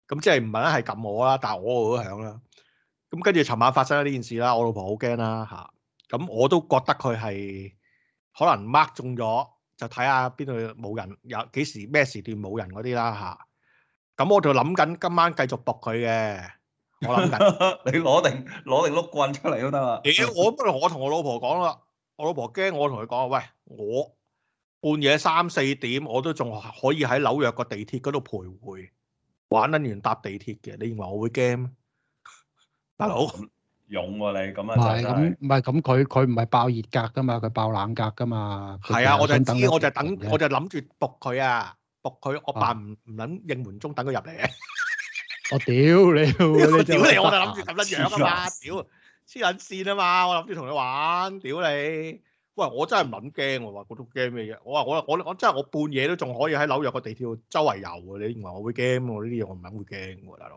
咁即係唔係咧？係撳我啦，但係我我都響啦。咁跟住尋晚發生咗呢件事啦，我老婆好驚啦嚇，咁我都覺得佢係可能 mark 中咗，就睇下邊度冇人，有幾時咩時段冇人嗰啲啦嚇。咁我就諗緊今晚繼續搏佢嘅。你攞定攞定碌棍出嚟都得啊！屌，我不如我同我老婆講啦，我老婆驚，我同佢講啊，喂，我半夜三四點，我都仲可以喺紐約個地鐵嗰度徘徊，玩得完搭地鐵嘅，你認為我會驚咩？大佬，勇啊你，咁啊真係咁，唔係咁佢佢唔係爆熱格噶嘛，佢爆冷格噶嘛。係啊，我就知，我就等，我就諗住伏佢啊，伏佢，我扮唔唔撚應門鐘，等佢入嚟。 這個、我屌你！屌你！ 我就諗住咁樣樣啊嘛，屌黐捻線啊嘛！我諗住同你玩，屌你！喂，我真係唔諗驚，我話我都驚咩嘢？我話我我我真係我半夜都仲可以喺紐約個地鐵周圍遊，你認為我會驚？我呢啲嘢，我唔係諗會驚，大佬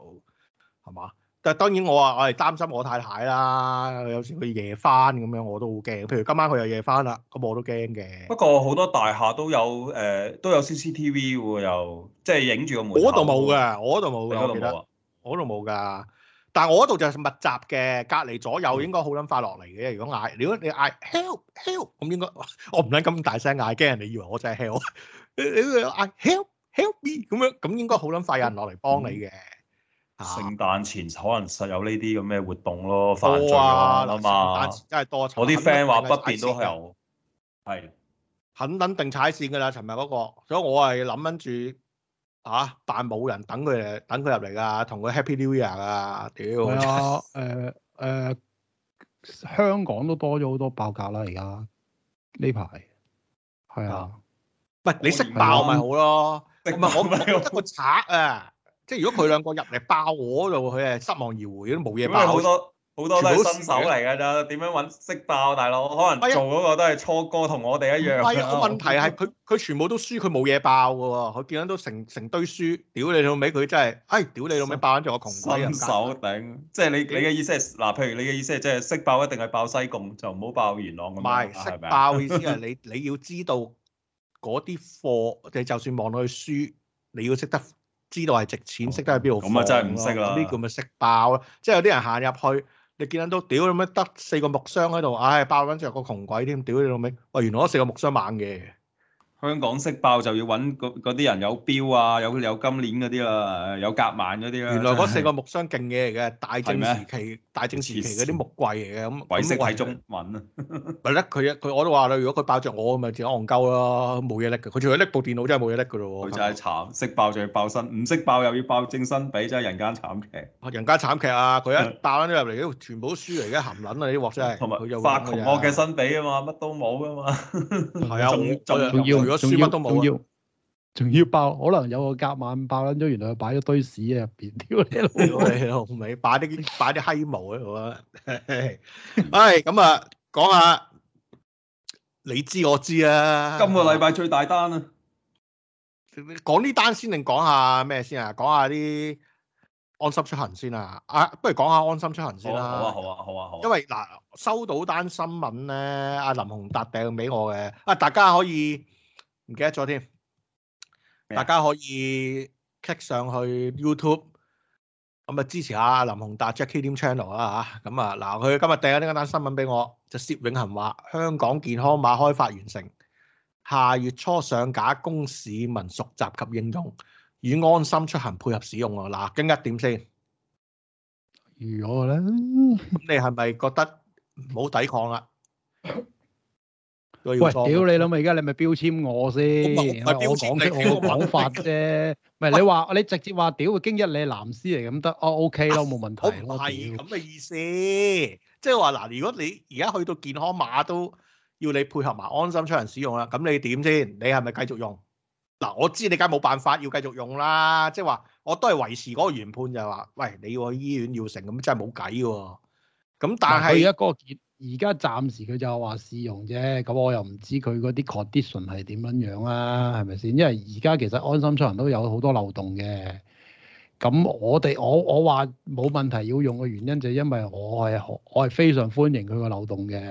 係嘛？但係當然我話我係擔心我太太啦，有時佢夜返咁樣我都好驚。譬如今晚佢又夜返啦，咁我都驚嘅。不過好多大廈都有誒，都有 CCTV 喎又，即係影住個門。我度冇㗎，我嗰度冇㗎。你嗰度冇啊？我度冇㗎。但係我嗰度就係密集嘅，隔離左右應該好撚快落嚟嘅。如果嗌，如果你嗌 help help，咁應該我唔想咁大聲嗌，驚人哋以為我真係 help。你都嗌 help help me 咁樣，咁應該好撚快有人落嚟幫你嘅。聖誕、啊、前可能實有呢啲咁嘅活動咯，多啊！聖、啊、誕前真係多，我啲 friend 話北邊都有，係肯等定踩線噶啦。尋日嗰個，所以我係諗緊住吓扮冇人等佢，等佢入嚟噶，同佢 Happy New Year、嗯、啊！屌、呃，誒、呃、誒、呃，香港都多咗好多爆格啦，而家呢排係啊，啊喂，你識爆咪好咯？唔係我唔係得個賊啊！即係如果佢兩個入嚟爆我度，佢係失望而回，冇嘢爆。好多好多新手嚟㗎咋？點樣揾識爆大佬？啊、可能做嗰個都係初哥，同我哋一樣。係個、啊、問題係佢佢全部都輸，佢冇嘢爆㗎喎。佢見到都成成堆輸，屌你老味，佢真係，哎，屌你老味，爆咗我窮鬼人。手頂，即係你你嘅意思係嗱？譬如你嘅意思係即係識爆一定係爆西貢，就唔好爆元朗咁樣，是爆嘅意思係你 你要知道嗰啲貨， 你就算望落去輸，你要識得。知道係值錢，識、嗯、得喺邊度？咁啊，真係唔識啦！呢個咪識爆咧，即係有啲人行入去，你見到屌咁樣得四個木箱喺度，唉、哎，爆緊仲有個窮鬼添，屌你老味！哇，原來嗰四個木箱猛嘅，香港識爆就要揾嗰啲人有錶啊，有有金鏈嗰啲啊，有夾萬嗰啲啊。原來嗰四個木箱勁嘢嘅，大正時期。大正時期嗰啲木櫃嚟嘅咁，鬼識係中文啊！唔係咧，佢佢我都話啦，如果佢爆着我咪自己戇鳩咯，冇嘢拎嘅。佢仲要拎部電腦真係冇嘢拎嘅咯喎。就係慘，識爆著爆身，唔識爆又要爆正身比，真係人間慘劇。人間慘劇啊！佢一帶翻啲入嚟，全部都書嚟嘅，含撚啊！呢鑊真係。同埋發窮我嘅身比啊嘛，乜都冇噶嘛。係啊，仲仲仲要仲要都冇。仲要爆，可能有個夾萬爆緊咗，原來擺咗堆屎喺入邊。屌你老味，擺啲擺啲閪毛喺度啊！唉，咁啊，講下你知我知啊。今個禮拜最大單啊！講呢單先定講下咩先啊？講下啲安心出行先啊！啊，不如講下安心出行先啦、啊啊。好啊，好啊，好啊，好啊。因為嗱收到單新聞咧，阿林鴻達掟俾我嘅，啊大家可以唔記得咗添。大家可以 click 上去 YouTube，咁啊支持下林鴻達 Jack Kim Channel 啦、啊、嚇，咁啊嗱，佢今日掟咗呢單新聞俾我，就薛永恒話香港健康碼開發完成，下月初上架供市民熟習及應用，與安心出行配合使用喎。嗱、啊，京一點先？如果咧， 你係咪覺得冇抵抗啦？喂，屌你諗下，而家你咪標籤我先，我講啲我講 法啫。唔係你話，你直接話是屌，今日你係藍絲嚟咁得？哦，OK 咯，啊，冇問題。我唔係咁嘅意思，即係話嗱，如果你而家去到健康碼都要你配合埋安心出行使用啦，咁你點先？你係咪繼續用？嗱，我知你梗係冇辦法要繼續用啦。即係話我都係維持嗰個原判，就係話，喂，你要去醫院要成咁，真係冇計喎。咁但係嗱，而而家暫時佢就話試用啫，咁我又唔知佢嗰啲 condition 係點樣樣啊？係咪先？因為而家其實安心出行都有好多漏洞嘅，咁我哋我我話冇問題要用嘅原因就係因為我係我係非常歡迎佢個漏洞嘅，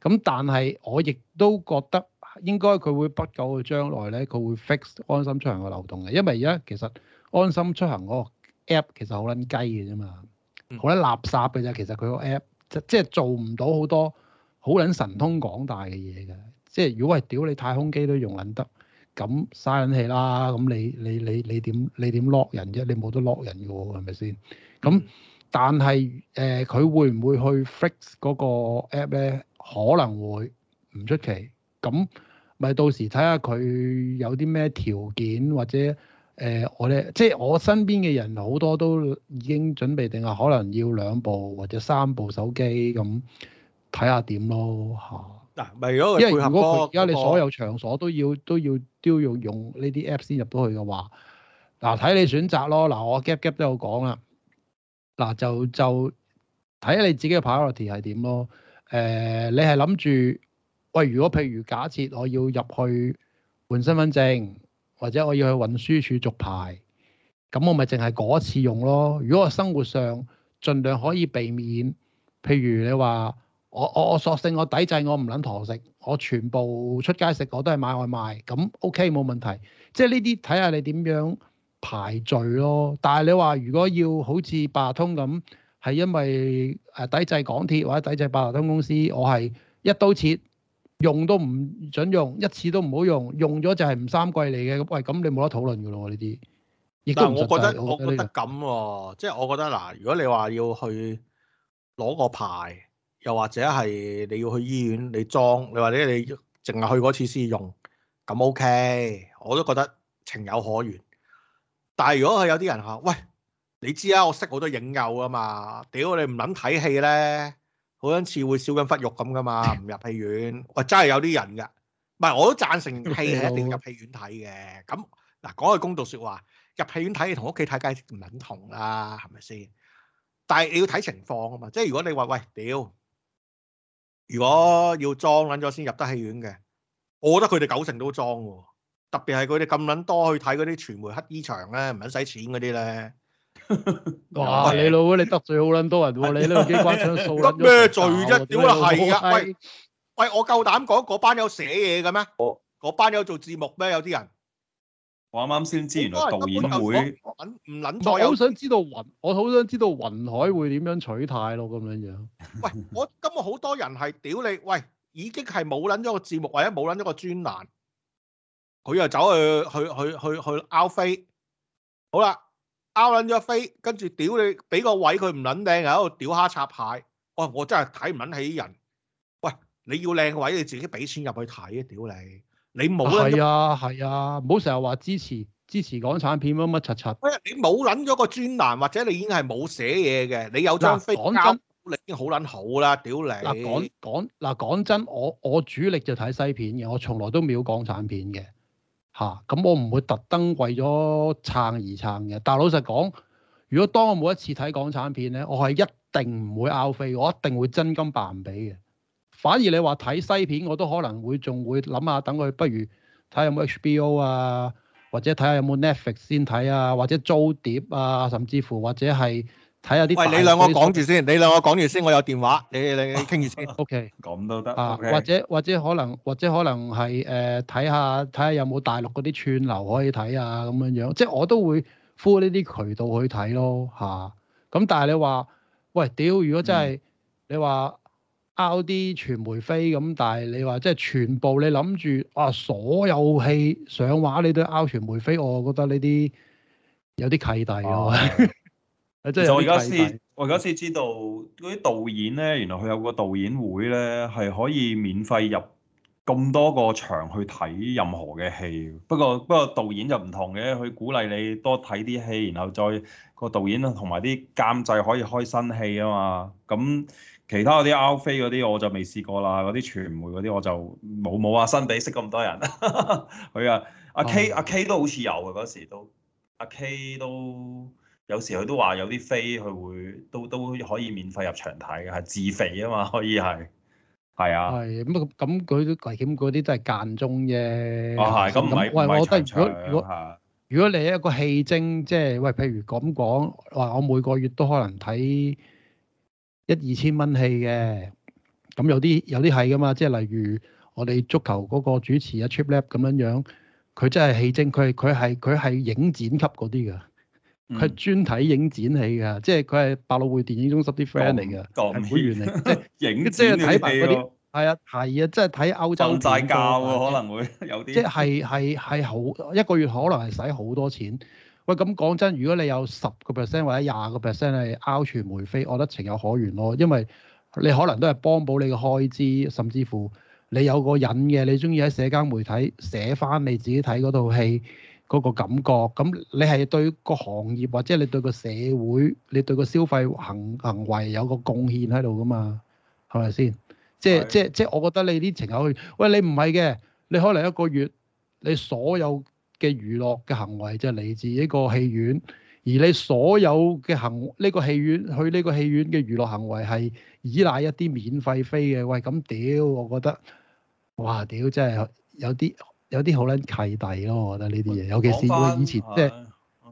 咁但係我亦都覺得應該佢會不久嘅將來咧，佢會 fix 安心出行個漏洞嘅，因為而家其實安心出行個 app 其實好撚雞嘅啫嘛，好撚、嗯、垃圾嘅啫，其實佢個 app。即係做唔到好多好撚神通廣大嘅嘢嘅，即係如果係屌你太空機都用撚得，咁嘥撚氣啦。咁你你你你點你點落人啫？你冇得落人嘅喎，係咪先？咁但係誒，佢、呃、會唔會去 fix 嗰個 app 咧？可能會，唔出奇。咁咪到時睇下佢有啲咩條件或者。誒、呃、我咧，即係我身邊嘅人好多都已經準備定係可能要兩部或者三部手機咁睇下點咯嚇。嗱、啊，咪如果因為如果而家你所有場所都要都要都要用呢啲 app 先入到去嘅話，嗱睇你選擇咯。嗱我 gap gap 都有講啦，嗱就就睇下你自己嘅 priority 係點咯。誒、呃、你係諗住喂？如果譬如假設我要入去換身份證。或者我要去運輸署續牌，咁我咪淨係嗰次用咯。如果我生活上盡量可以避免，譬如你話我我我索性我抵制我唔撚堂食，我全部出街食我都係買外賣，咁 OK 冇問題。即係呢啲睇下你點樣排序咯。但係你話如果要好似八達通咁，係因為誒抵制港鐵或者抵制八達通公司，我係一刀切。用都唔准用，一次都唔好用，用咗就係唔三季嚟嘅。咁喂，咁你冇得討論噶咯？呢啲亦都但我覺得，我覺得咁喎、啊。即係我覺得嗱，如果你話要去攞個牌，又或者係你要去醫院，你裝，你或者你淨係去嗰次先用，咁 OK，我都覺得情有可原。但係如果係有啲人吓，喂，你知啊，我識好多影友啊嘛，屌你唔諗睇戲咧？好似會笑緊忽肉咁噶嘛，唔入戲院，我真係有啲人嘅，唔係我都贊成戲一定要入戲院睇嘅。咁嗱講句公道説話，入戲院睇同屋企睇梗係唔同啦，係咪先？但係你要睇情況啊嘛，即係如果你話喂屌，如果要裝撚咗先入得戲院嘅，我覺得佢哋九成都裝喎，特別係佢哋咁撚多去睇嗰啲傳媒黑衣場咧，唔肯使錢嗰啲咧。哇！你老，你得罪好捻多人喎！你呢個機關槍掃得咩罪啫？屌你係啊！喂喂，我夠膽講嗰班有寫嘢嘅咩？嗰班有做字幕咩？有啲人我啱啱先知，原來導演會唔捻在。我好想知道雲，我好想知道雲海會點樣取態咯？咁樣樣。喂，我今日好多人係屌你，喂，已經係冇捻咗個字幕或者冇捻咗個專欄，佢又走去去去去去 out 飛，好啦。交撚咗飛，跟住屌你，俾個位佢唔撚靚，喺度屌蝦插蟹。哇、哎！我真係睇唔撚起人。喂，你要靚位，你自己俾錢入去睇啊！屌你，你冇係啊係啊，唔好成日話支持支持港產片乜乜柒柒。誒、哎，你冇撚咗個專欄，或者你已經係冇寫嘢嘅，你有張飛講真，你已經好撚好啦！屌你。嗱、啊、講講嗱、啊、講真，我我主力就睇西片嘅，我從來都秒港產片嘅。嚇！咁、啊、我唔會特登為咗撐而撐嘅。但係老實講，如果當我每一次睇港產片咧，我係一定唔會 out 飛，我一定會真金白銀俾嘅。反而你話睇西片，我都可能會仲會諗下，等佢不如睇下有冇 HBO 啊，或者睇下有冇 Netflix 先睇啊，或者租碟啊，甚至乎或者係。睇下啲，喂，你兩個講住先，你兩個講住先，我有電話，你你傾住先 ，OK，咁都得，或者或者可能或者可能係誒睇下睇下有冇大陸嗰啲串流可以睇啊，咁樣樣，即係我都會呼呢啲渠道去睇咯嚇。咁、啊、但係你話，喂屌，如果真係、嗯、你話 out 啲傳媒飛咁，但係你話即係全部你諗住啊所有戲上畫你都 out 傳媒飛，我覺得呢啲有啲契弟咯。 我而家先，我而家先知道嗰啲導演咧，原來佢有個導演會咧，係可以免費入咁多個場去睇任何嘅戲。不過不過導演就唔同嘅，佢鼓勵你多睇啲戲，然後再、那個導演同埋啲監製可以開新戲啊嘛。咁其他嗰啲 out 飛嗰啲，我就未試過啦。嗰啲傳媒嗰啲，我就冇冇話新地識咁多人。佢 啊，阿 K 阿 K 都好似有嘅嗰時都，阿 K 都。有時佢都話有啲飛，佢會都都可以免費入場睇嘅，係自肥啊嘛，可以係，係啊。係咁，咁佢危險嗰啲都係間中啫。啊，係咁咪喂，我得如果，如果，如果你一個戲精，即係喂，譬如咁講話，我每個月都可能睇一二千蚊戲嘅。咁、嗯、有啲有啲係噶嘛，即係例如我哋足球嗰個主持啊，trip lap 咁樣樣，佢 Thirty? 真係戲精，佢佢係佢係影展級嗰啲噶。佢、嗯、專睇影展戲㗎，即係佢係百老匯電影中心啲 friend 嚟㗎，係會 員嚟，即係 影即係睇埋嗰啲。係啊，係啊，啊，啊，即係睇歐洲。教喎、啊、可能會有啲，即係係係好一個月可能係使好多錢。喂，咁講真，如果你有十個 percent 或者廿個 percent 係 out 傳媒飛，我覺得情有可原咯，因為你可能都係幫補你嘅開支，甚至乎你有個癮嘅，你中意喺社交媒體寫翻你自己睇嗰套戲。嗰個感覺，咁你係對個行業或者你對個社會，你對個消費行行為有個貢獻喺度噶嘛？係咪先？即係的即係即係，即我覺得你啲情去，喂你唔係嘅，你可能一個月你所有嘅娛樂嘅行為就嚟自呢個戲院，而你所有嘅行呢、呢個戲院去呢個戲院嘅娛樂行為係依賴一啲免費飛嘅，喂咁屌，我覺得，哇屌真係有啲～有啲好撚契弟咯，我覺得呢啲嘢，尤其是以前即係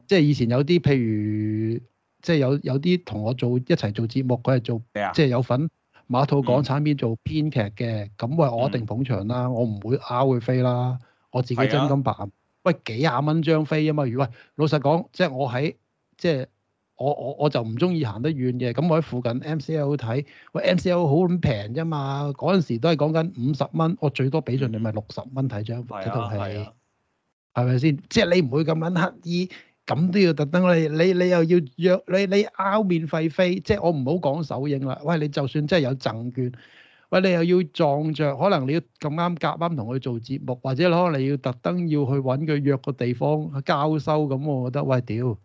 即係以前有啲譬如即係有有啲同我做一齊做節目，佢係做、啊、即係有份馬套港產片做編劇嘅，咁喂、嗯、我一定捧場啦，我唔會拗佢飛啦，嗯、我自己真金白銀、啊。喂幾廿蚊張飛啊嘛，如果老實講，即係我喺即係。我我我就唔中意行得遠嘅，咁我喺附近 MCL 睇，喂 MCL 好咁平啫嘛，嗰陣時都係講緊五十蚊，我最多俾盡你咪六十蚊睇張睇套戲，係咪先？即係你唔會咁撚刻意咁都要特登你你你又要約你你，你拗免費飛，即係我唔好講首映啦。喂，你就算真係有贈券，喂你又要撞着，可能你要咁啱夾啱同佢做節目，或者可能你要特登要去揾佢約個地方交收咁，我覺得喂屌！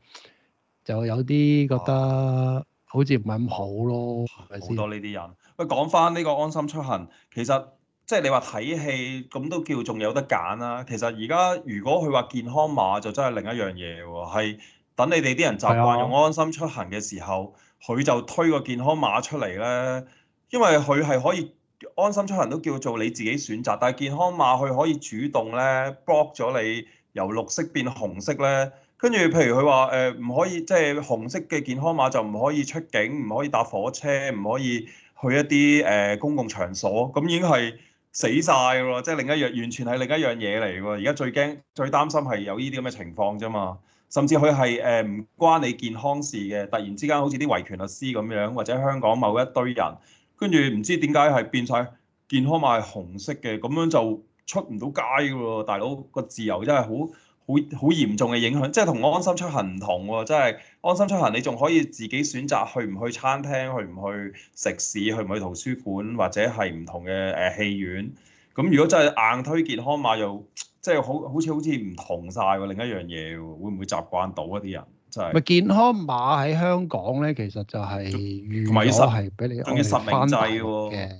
就有啲覺得好似唔係咁好咯，好多呢啲人喂，講翻呢個安心出行，其實即係、就是、你話睇戲咁都叫仲有得揀啦。其實而家如果佢話健康碼就真係另一樣嘢喎，係等你哋啲人習慣用安心出行嘅時候，佢、啊、就推個健康碼出嚟咧。因為佢係可以安心出行都叫做你自己選擇，但係健康碼佢可以主動咧 block 咗你由綠色變紅色咧。跟住，譬如佢話誒唔可以，即係紅色嘅健康碼就唔可以出境，唔可以搭火車，唔可以去一啲誒、呃、公共場所，咁已經係死曬咯，即係另一樣完全係另一樣嘢嚟喎。而家最驚、最擔心係有呢啲咁嘅情況啫嘛。甚至佢係誒唔關你健康事嘅，突然之間好似啲維權律師咁樣，或者香港某一堆人，跟住唔知點解係變晒健康碼係紅色嘅，咁樣就出唔到街噶喎，大佬個自由真係好。好好嚴重嘅影響，即係同安心出行唔同喎。即係安心出行，你仲可以自己選擇去唔去餐廳、去唔去食肆、去唔去圖書館或者係唔同嘅誒戲院。咁如果真係硬推健康碼又，又即係好好似好似唔同晒喎。另一樣嘢會唔會習慣到一啲人？真係健康碼喺香港咧？其實就係有預約係俾你實名制嘅。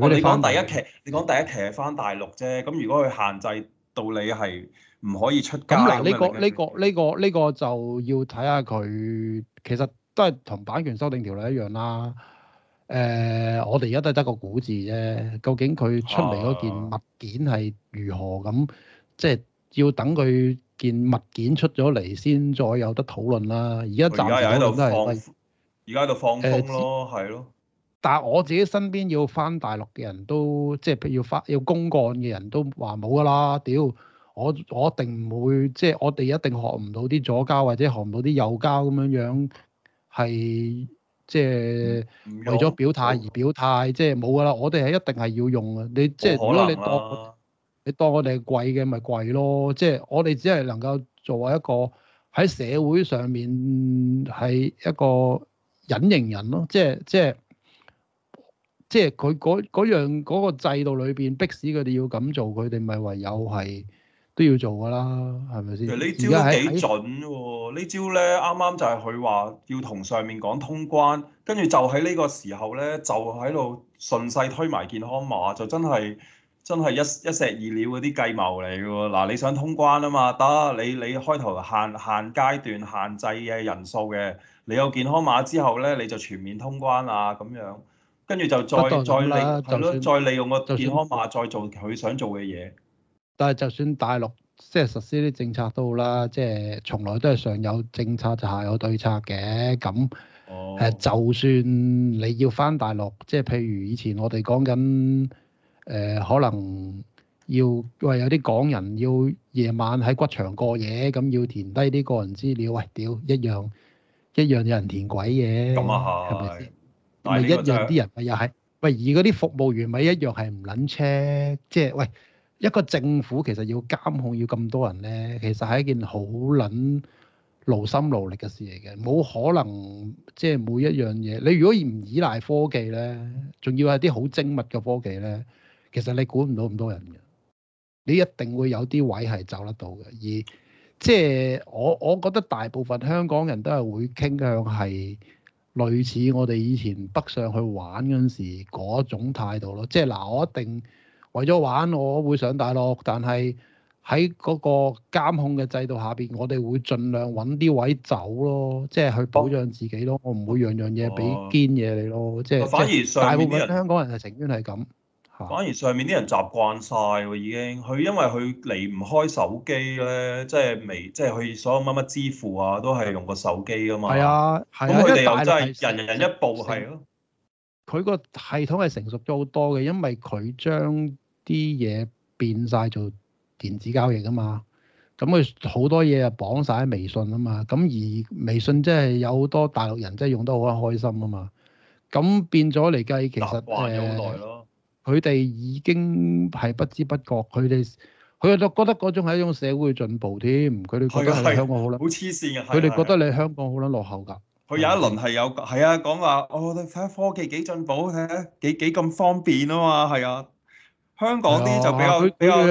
我你講第一期，嗯、你講第一期係返大陸啫。咁如果佢限制到你係？唔可以出街咁嗱樣，呢、呢個呢個呢、呢個呢、呢個呢個就要睇下佢，其實都係同版權修訂條例一樣啦。誒、呃，我哋而家都係得個估字啫，究竟佢出嚟嗰件物件係如何咁？啊、即係要等佢件物件出咗嚟先再有得討論啦。而家暫時喺、就、度、係、放，而家喺度放風咯，係咯。但係我自己身邊要返大陸嘅人都，即係譬如要翻要公幹嘅人都話冇㗎啦，屌！我我一定唔會，即係我哋一定學唔到啲左膠或者學唔到啲右膠咁樣樣，係即係為咗表態而表態，即係冇噶啦。我哋係一定係要用啊！你即係如果你當你當我哋係貴嘅，咪貴咯。即係我哋只係能夠作為一個喺社會上面係一個隱形人咯。即係即係即係佢嗰嗰樣嗰個制度裏邊逼使佢哋要咁做，佢哋咪唯有係。都要做噶啦，係咪先？哦、呢招都幾準喎，呢招咧啱啱就係佢話要同上面講通關，跟住就喺呢個時候咧，就喺度順勢推埋健康碼，就真係真係一一石二鳥嗰啲計謀嚟嘅喎。嗱，你想通關啊嘛，得你你開頭限限階段限制嘅人數嘅，你有健康碼之後咧，你就全面通關啦咁樣，跟住就再再利算再利用個健康碼再做佢想做嘅嘢。但係就算大陸即係實施啲政策都好啦，即係從來都係上有政策就下有對策嘅。咁哦、oh. 呃，就算你要翻大陸，即係譬如以前我哋講緊誒，可能要喂有啲港人要夜晚喺骨場過夜，咁要填低啲個人資料，喂屌一樣一樣有人填鬼嘢，咁啊係，係咪一樣啲人咪又係？喂而嗰啲服務員咪一樣係唔捻車，即係喂。一個政府其實要監控要咁多人呢，其實係一件好撚勞心勞力嘅事嚟嘅，冇可能即係每一樣嘢。你如果唔依賴科技呢，仲要係啲好精密嘅科技呢。其實你管唔到咁多人嘅。你一定會有啲位係走得到嘅，而即係我我覺得大部分香港人都係會傾向係類似我哋以前北上去玩嗰陣時嗰種態度咯，即係嗱我一定。為咗玩，我會上大陸，但係喺嗰個監控嘅制度下邊，我哋會盡量揾啲位走咯，即係去保障自己咯。我唔會樣樣嘢俾堅嘢你咯，啊、即係。反而上邊啲香港人係成日係咁。反而上面啲人，人，面人習慣晒喎已經，佢因為佢離唔開手機咧，即係未，即係佢所有乜乜支付啊，都係用個手機噶嘛。係啊，咁佢哋真係人人人一步係咯。佢個系統係成熟咗好多嘅，因為佢將啲嘢變晒做電子交易啊嘛，咁佢好多嘢啊綁晒喺微信啊嘛，咁而微信即係有好多大陸人即係用得好開心啊嘛，咁變咗嚟計其實誒，係好耐囉，佢哋已經係不知不覺，佢哋佢又覺得嗰種係一種社會進步添，佢哋覺得係香港好撚，好黐線嘅，佢哋覺得你香港好撚落後㗎。佢有一輪係有係啊，講話哦睇下科技幾進步，睇下幾幾咁方便啊嘛，係啊。香港啲就比較比較，好、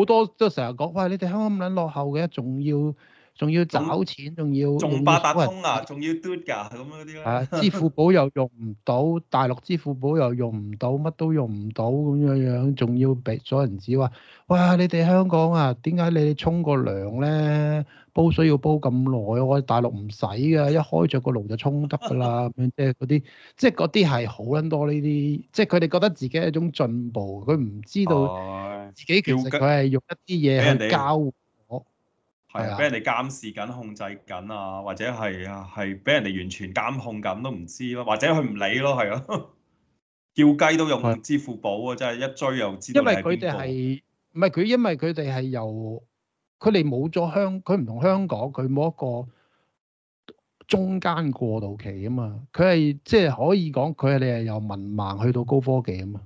啊、多都成日講，喂、哎，你哋香港咁撚落後嘅，仲要。仲要找錢，仲要仲八達通啊，仲要嘟㗎咁嗰啲啊， 支付寶又用唔到，大陸支付寶又用唔到，乜都用唔到咁樣樣，仲要俾咗人指話：哇！你哋香港啊，點解你哋沖個涼咧，煲水要煲咁耐？我哋大陸唔使㗎，一開着個爐就沖得㗎啦。咁 樣即係嗰啲，即係嗰啲係好撚多呢啲，即係佢哋覺得自己係一種進步，佢唔知道自己其實佢係用一啲嘢去交。 係啊，俾人哋監視緊、控制緊啊，或者係啊，係俾人哋完全監控緊都唔知咯，或者佢唔理咯，係咯、啊， 叫雞都用支付寶啊，真係的一追又知因。因為佢哋係唔係佢？因為佢哋係由佢哋冇咗香，佢唔同香港，佢冇一個中間過渡期啊嘛。佢係即係可以講，佢係你係由文盲去到高科技啊嘛，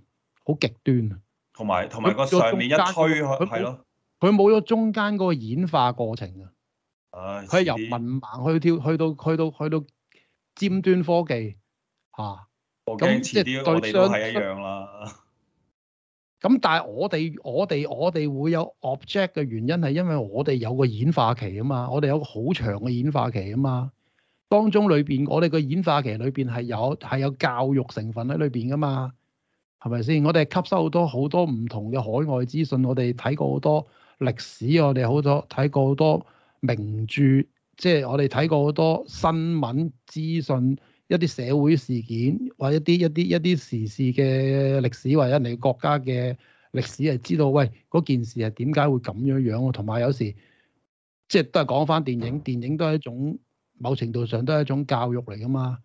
好極端啊。同埋同埋個上面一吹，係咯。佢冇咗中間嗰個演化過程啊！佢係由文盲去跳去到去到去到尖端科技啊。咁即係對相係一樣啦。咁但係我哋我哋我哋會有 object 嘅原因係因為我哋有個演化期啊嘛，我哋有個好長嘅演化期啊嘛。當中裏邊我哋個演化期裏邊係有係有教育成分喺裏邊噶嘛？係咪先？我哋吸收好多好多唔同嘅海外資訊，我哋睇過好多。歷史我哋好多睇過好多名著，即係我哋睇過好多新聞資訊，一啲社會事件或者一啲一啲一啲時事嘅歷史，或者你國家嘅歷史係知道，喂嗰件事係點解會咁樣樣？同埋有時即係都係講返電影，電影都係一種某程度上都係一種教育嚟㗎嘛。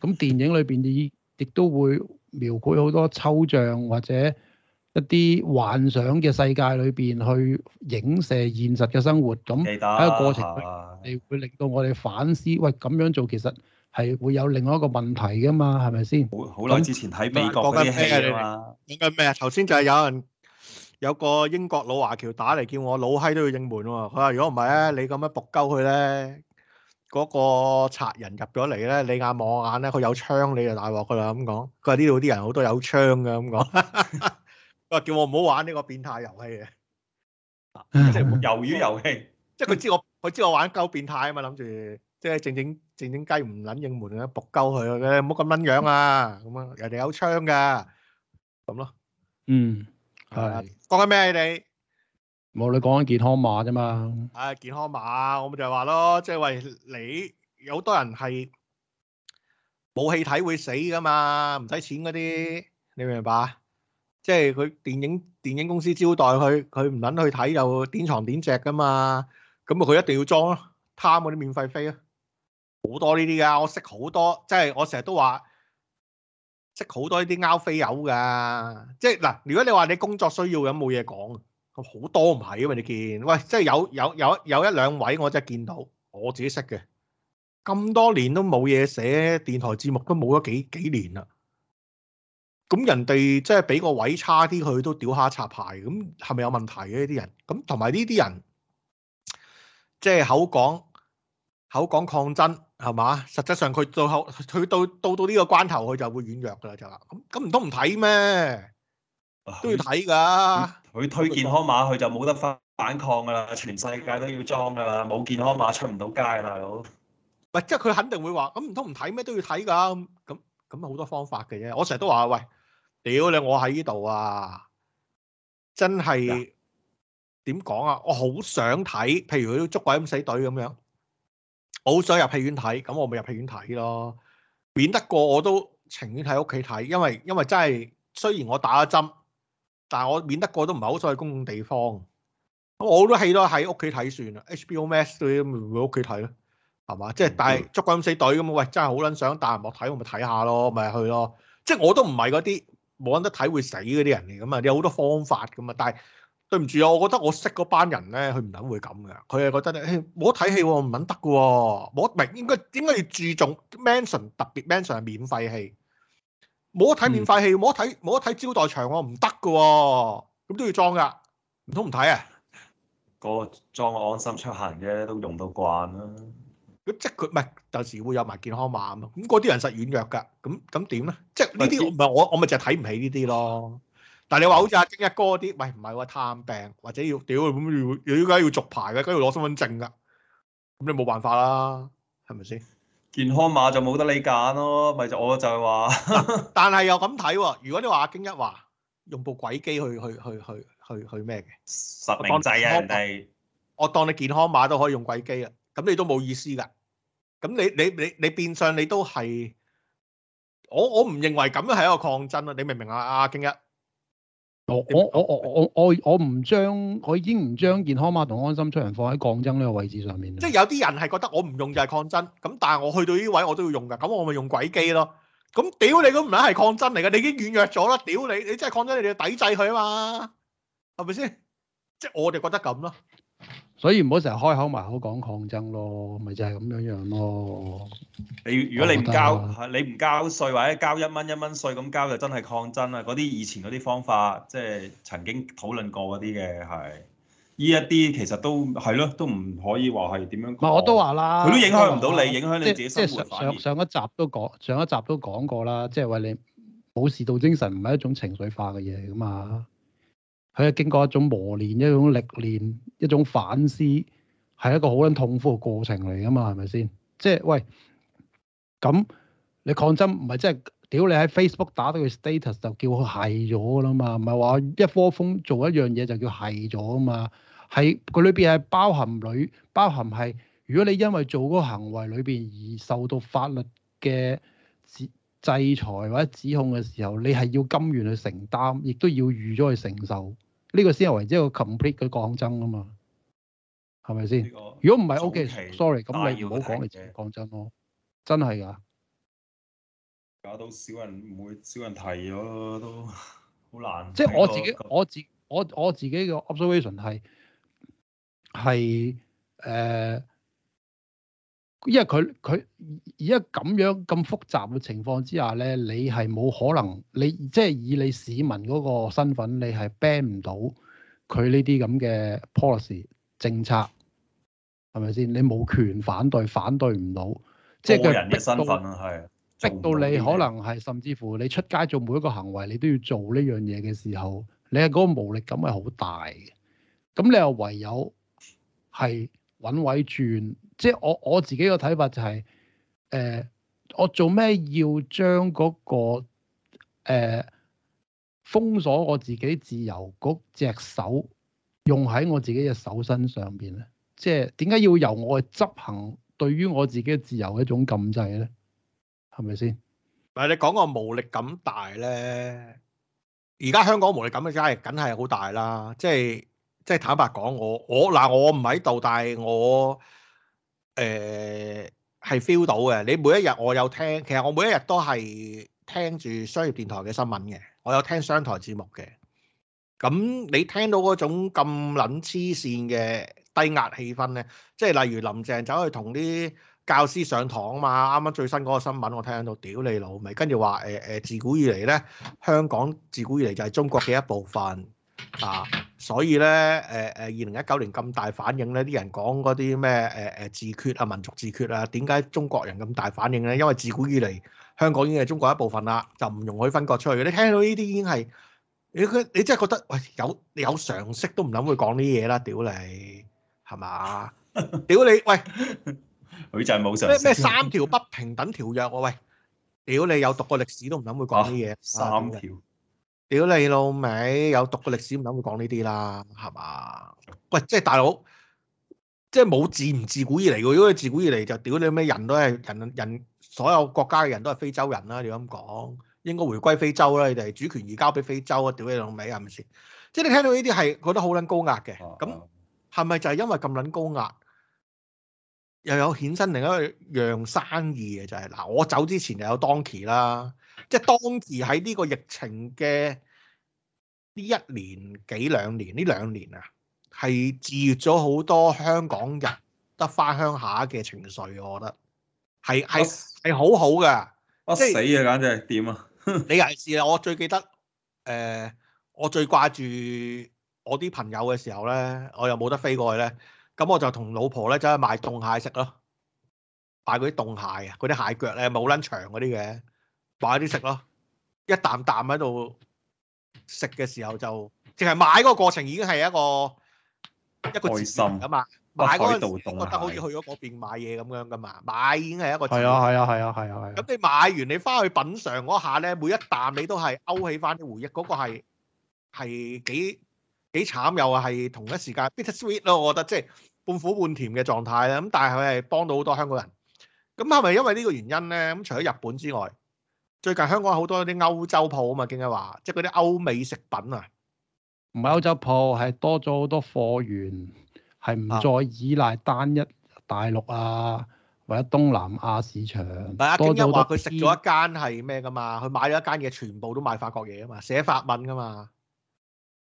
咁電影裏邊亦亦都會描繪好多抽象或者。一啲幻想嘅世界裏邊去影射現實嘅生活，咁喺個過程你得會令到我哋反思。喂，咁樣做其實係會有另外一個問題噶嘛？係咪先？好，好耐之前喺美國嗰家戲嗰啲戲啊嘛。講緊咩啊？頭先麼就係有人有個英國老華僑打嚟，叫我老閪都要應門喎、哦。佢話：如果唔係咧，你咁樣撲鳩佢咧，嗰個賊人入咗嚟咧，你眼望眼咧，佢有槍你就大鑊噶啦。咁講，佢話呢度啲人好多人有槍噶。咁講。 啊！叫我唔好玩呢個變態遊戲啊！即係魷魚遊戲，即係佢知我，佢知我玩鳩變態啊嘛！諗住即係正正正正雞唔捻應門啊，搏鳩佢嘅，唔好咁捻樣啊！咁啊，人哋有槍噶，咁咯。嗯，係講緊咩你？冇是、啊，你講緊健康碼啫嘛。啊、哎，健康碼，我咪就話咯，即係話你有好多人係冇氣體會死噶嘛，唔使錢嗰啲，你明唔明白？即係佢電影電影公司招待佢，佢唔撚去睇又點床點隻噶嘛？咁啊，佢一定要裝咯，貪嗰啲免費飛啊，好多呢啲噶，我識好多，即係我成日都話識好多呢啲鈎飛友噶。即係嗱，如果你話你工作需要有冇嘢講，好多唔係啊嘛？你見？喂，即係有有有有一兩位我真係見到我自己識嘅，咁多年都冇嘢寫電台節目，都冇咗幾幾年啦。咁人哋即係俾個位差啲，佢都屌下插牌，咁係咪有問題嘅呢啲人？咁同埋呢啲人即係口講口講抗爭係嘛？實際上佢到後佢到到到呢個關頭，佢就會軟弱噶啦，就啦咁咁唔通唔睇咩？都要睇㗎。佢推健康碼，佢就冇得反反抗㗎啦。全世界都要裝㗎啦，冇健康碼出唔到街啦，大佬喂，即係佢肯定會話，咁唔通唔睇咩都要睇㗎佢推健康碼佢就冇得反反抗㗎啦全世界都要裝㗎啦冇健康碼出唔到街啦好唔即係佢肯定會話咁唔通唔睇咩都要睇㗎咁咁好多方法嘅啫。我成日都話喂。屌你！我喺呢度啊，真係點講啊？我好想睇，譬如佢啲捉鬼敢死隊咁樣，我好想入戲院睇，咁我咪入戲院睇咯。免得過我都情願喺屋企睇，因為因為真係雖然我打咗針，但係我免得過都唔係好想去公共地方。我都棄咗喺屋企睇算啦。HBO Max 嗰啲咪屋企睇咯，係嘛？即係、就是、但係捉鬼敢死隊咁啊！喂，真係好撚想大屏幕睇，我咪睇下咯，咪、就是、去咯。即、就、係、是、我都唔係嗰啲。冇得睇會死嗰啲人嚟咁啊！你有好多方法咁啊，但係對唔住啊，我覺得我識嗰班人咧，佢唔肯會咁噶。佢係覺得咧，冇得睇戲喎，唔肯得嘅喎，冇得唔係應該要注重 mention 特別 mention 係免費戲，冇得睇免費戲，冇得睇冇得睇招待場，我唔得嘅喎，咁都要裝噶，唔通唔睇啊？嗰個裝個安心出行啫，都用到慣啦。即係佢唔係有時會有埋健康碼啊嘛，咁嗰啲人實軟弱㗎，咁咁點咧？即係呢啲唔係我我咪就係睇唔起呢啲咯。但係你話好似阿經一哥啲，喂唔係話探病或者要屌咁要點解要續牌咧？點解要攞身份證㗎？咁你冇辦法啦，係咪先？Crazy, 是是健康碼就冇得你揀咯，咪就我就係話。 但係又咁睇喎，如果你話阿經一話用一部鬼機去去去去去去咩嘅實名制啊人哋，我當你健康碼都可以用鬼機啊，咁你都冇意思㗎。咁你你你你變相你都係我我唔認為咁樣係一個抗爭咯，你明唔明啊？阿京一，我我我我我我我唔將我已經唔將健康碼同安心出行放喺抗爭呢個位置上面。即係有啲人係覺得我唔用就係抗爭，咁但係我去到呢啲位我都要用噶，咁我咪用鬼機咯。咁屌你都唔係係抗爭嚟噶，你已經軟弱咗啦。屌你，你真係抗爭，你就要抵制佢啊嘛，係咪先？即係我哋覺得咁咯。所以唔好成日開口埋口講抗爭咯，咪就係咁樣樣咯。你如果你唔交，你唔交稅或者交一蚊一蚊稅，咁交就真係抗爭啦。嗰啲以前嗰啲方法，即係曾經討論過嗰啲嘅，係呢一啲其實都係咯，都唔可以話係點樣講。我都話啦，佢都影響唔到你，說影響你自己生活。上上一集都講，上一集都講過啦，即係話你冇事到精神唔係一種情緒化嘅嘢㗎嘛。佢係經過一種磨練、一種歷練、一種反思，係一個好撚痛苦嘅過程嚟噶嘛？係咪先？即係喂，咁你抗爭唔係真係屌你喺 Facebook 打到佢 status 就叫佢係咗啦嘛？唔係話一科風做一樣嘢就叫係咗啊嘛？係佢裏邊係包含裏包含係，如果你因為做嗰個行為裏邊而受到法律嘅制裁或者指控嘅時候，你係要甘願去承擔，亦都要預咗去承受。呢個先係為之一個 complete 嘅講真啊嘛，係咪先？這個、如果唔係，OK，sorry，咁你唔好講，你自己講真咯，真係噶，搞到少人唔會少人提咗都好難。即係我自己，我自我我自己嘅 observation 係係誒。因為佢佢而家咁樣咁複雜嘅情況之下咧，你係冇可能，你即係、就是、以你市民嗰個身份，你係 ban 唔到佢呢啲咁嘅 policy 政策，係咪先？你冇權反對，反對唔到，即係佢逼到，個人嘅身份，係逼到你可能係甚至乎你出街做每一個行為，你都要做呢樣嘢嘅時候，你係嗰個無力感係好大嘅。咁你又唯有係揾位轉。即係我我自己嘅睇法就係，誒，我做咩要將嗰個誒封鎖我自己自由嗰隻手用喺我自己嘅手身上邊咧？即係點解要由我去執行對於我自己嘅自由一種禁制咧？係咪先？唔係你講個無，無力感大咧？而家香港無力感嘅真梗係好大啦！即係即係坦白講，我我嗱我唔喺度，但係我。誒係 feel 到嘅，你每一日我有聽，其實我每一日都係聽住商業電台嘅新聞嘅，我有聽商台節目嘅。咁你聽到嗰種咁撚黐線嘅低壓氣氛呢？即係例如林鄭走去同啲教師上堂啊嘛，啱啱最新嗰個新聞我聽到屌你老味，跟住話誒誒自古以嚟呢，香港自古以嚟就係中國嘅一部分。啊，所以咧，誒誒，二零一九年咁大反應咧，啲人講嗰啲咩誒誒自決啊、民族自決啊，點解中國人咁大反應咧？因為自古以嚟香港已經係中國一部分啦，就唔容許分割出去。你聽到呢啲已經係你佢，你真係覺得喂有有常識都唔諗會講呢啲嘢啦，屌你係嘛？屌你喂，佢就係冇常識。咩咩三條不平等條約喂？喂，屌你有讀過歷史都唔諗會講呢啲嘢。三條。屌你老味！有讀過歷史唔諗會講呢啲啦，係嘛？喂，即係大佬，即係冇自唔自古以嚟喎。如果你自古以嚟，就屌你咩人都係人人，所有國家嘅人都係非洲人啦。你咁講，應該回歸非洲啦，你哋主權移交俾非洲啊！屌你老味，係咪先？即係你聽到呢啲係覺得好撚高壓嘅，咁係咪就係因為咁撚高壓，又有衍生另一樣生意嘅就係、是、嗱，我走之前又有 Donkey 啦。即係當時喺呢個疫情嘅呢一年幾兩年呢兩年啊，係治愈咗好多香港人得返鄉下嘅情緒，我覺得係係係好好嘅、啊是啊。死啊！簡直點啊！ 你係試啊，我最記得誒、呃，我最掛住我啲朋友嘅時候咧，我又冇得飛過去咧，咁我就同老婆咧走去買凍蟹食咯，買嗰啲凍蟹啊，嗰啲蟹，蟹，蟹，蟹腳咧，冇好撚長嗰啲嘅。買啲食咯，一啖啖喺度食嘅時候就，淨係買嗰個過程已經係一個心一個開心㗎嘛！買嗰陣時覺得好似去咗嗰邊買嘢咁樣噶嘛，的買已經係一個係啊係啊係啊係啊係！咁你買完你翻去品嘗嗰下咧，每一啖你都係勾起翻啲回憶，嗰、嗰個係係幾幾慘又係同一時間 bittersweet 咯，我覺得即係、就是、半苦半甜嘅狀態咧。咁但係佢係幫到好多香港人，咁係咪因為呢個原因咧？咁除咗日本之外？最近香港好多啲歐洲鋪啊嘛，京一話，即係嗰啲歐美食品啊，唔係歐洲鋪，係多咗好多貨源，係唔再依賴單一大陸啊，或者東南亞市場。係啊，京一話佢食咗一間係咩噶嘛？佢買咗一間嘢，全部都賣法國嘢啊嘛，寫法文噶嘛，